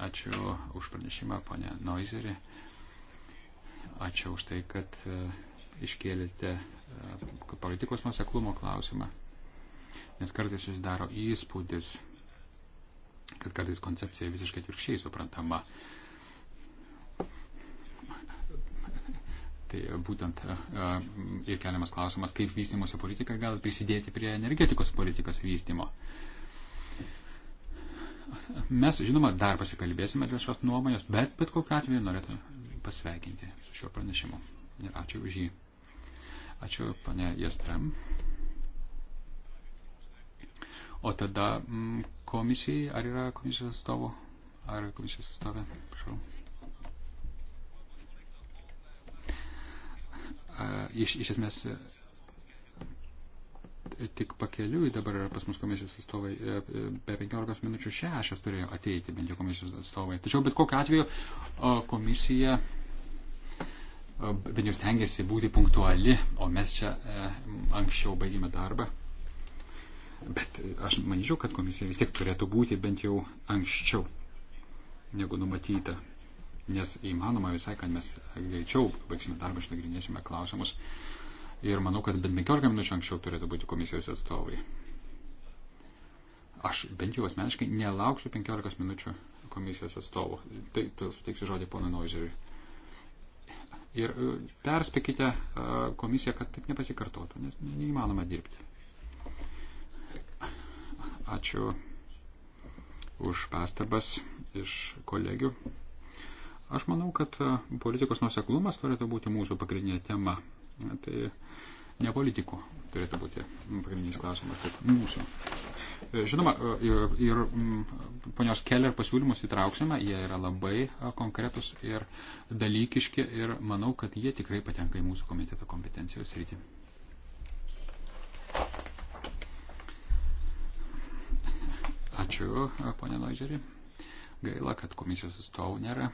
Ačiū už pranešimą, ponia Noizerį. Ačiū už tai, kad e, iškėlėte politikos nuseklumo klausimą. Nes kartais susidaro įspūdis, kad kartais koncepcija visiškai atvirkščiai suprantama. Tai būtent e, e, ir keliamas klausimas, kaip vystimosi politika gali prisidėti prie energetikos politikos vystymo. Mes, žinoma, dar pasikalbėsime dėl šios nuomonės, bet bet kokiu atveju norėtume pasveikinti su šiuo pranešimu. Ir ačiū už jį. Ačiū, pane Jestram. O tada mm, komisijai, ar yra komisijos atstovų, ar komisijos atstovė, prašau. Iš, iš esmės tik pakeliui dabar yra pas mus komisijos atstovai, e, e, be 15 minučių šešias turėjo ateiti bent jau komisijos atstovai. Tačiau bet kokiu atveju komisija bent jau stengiasi būti punktuali, o mes čia e, anksčiau baigėme darbą. Bet e, aš manyčiau, kad komisija vis tiek turėtų būti bent jau anksčiau negu numatyta. Nes įmanoma visai, kad mes greičiau baigsime darbą, išnagrinėsime klausimus. Ir manau, kad bent 15 minučių anksčiau turėtų būti komisijos atstovai. Aš bent jau asmeniškai nelauksiu 15 minučių komisijos atstovo. Tai suteiksiu žodį ponui Noizeriui. Ir e, perspėkite e, komisiją, kad taip nepasikartotų, nes neįmanoma dirbti. Ačiū už pastabas iš kolegių. Aš manau, kad e, politikos nuseklumas turėtų būti mūsų pagrindinė tema. Tai ne politikų turėtų būti pagrindinis klausimas, bet mūsų. E, žinoma, e, ir, ir mm, ponios Keller pasiūlymus įtrauksime, jie yra labai konkretus ir dalykiški ir manau, kad jie tikrai patenka į mūsų komiteto kompetencijos rytį. Ačiū, ponė Noižerį. Gaila, kad komisijos atstovų nėra.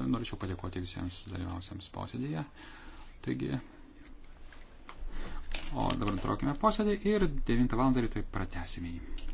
Norėčiau padėkoti visiems dalyvausiams posėdėje. Taigi, o dabar nutraukime posėdį ir 9 val. rytoj pratęsime jį.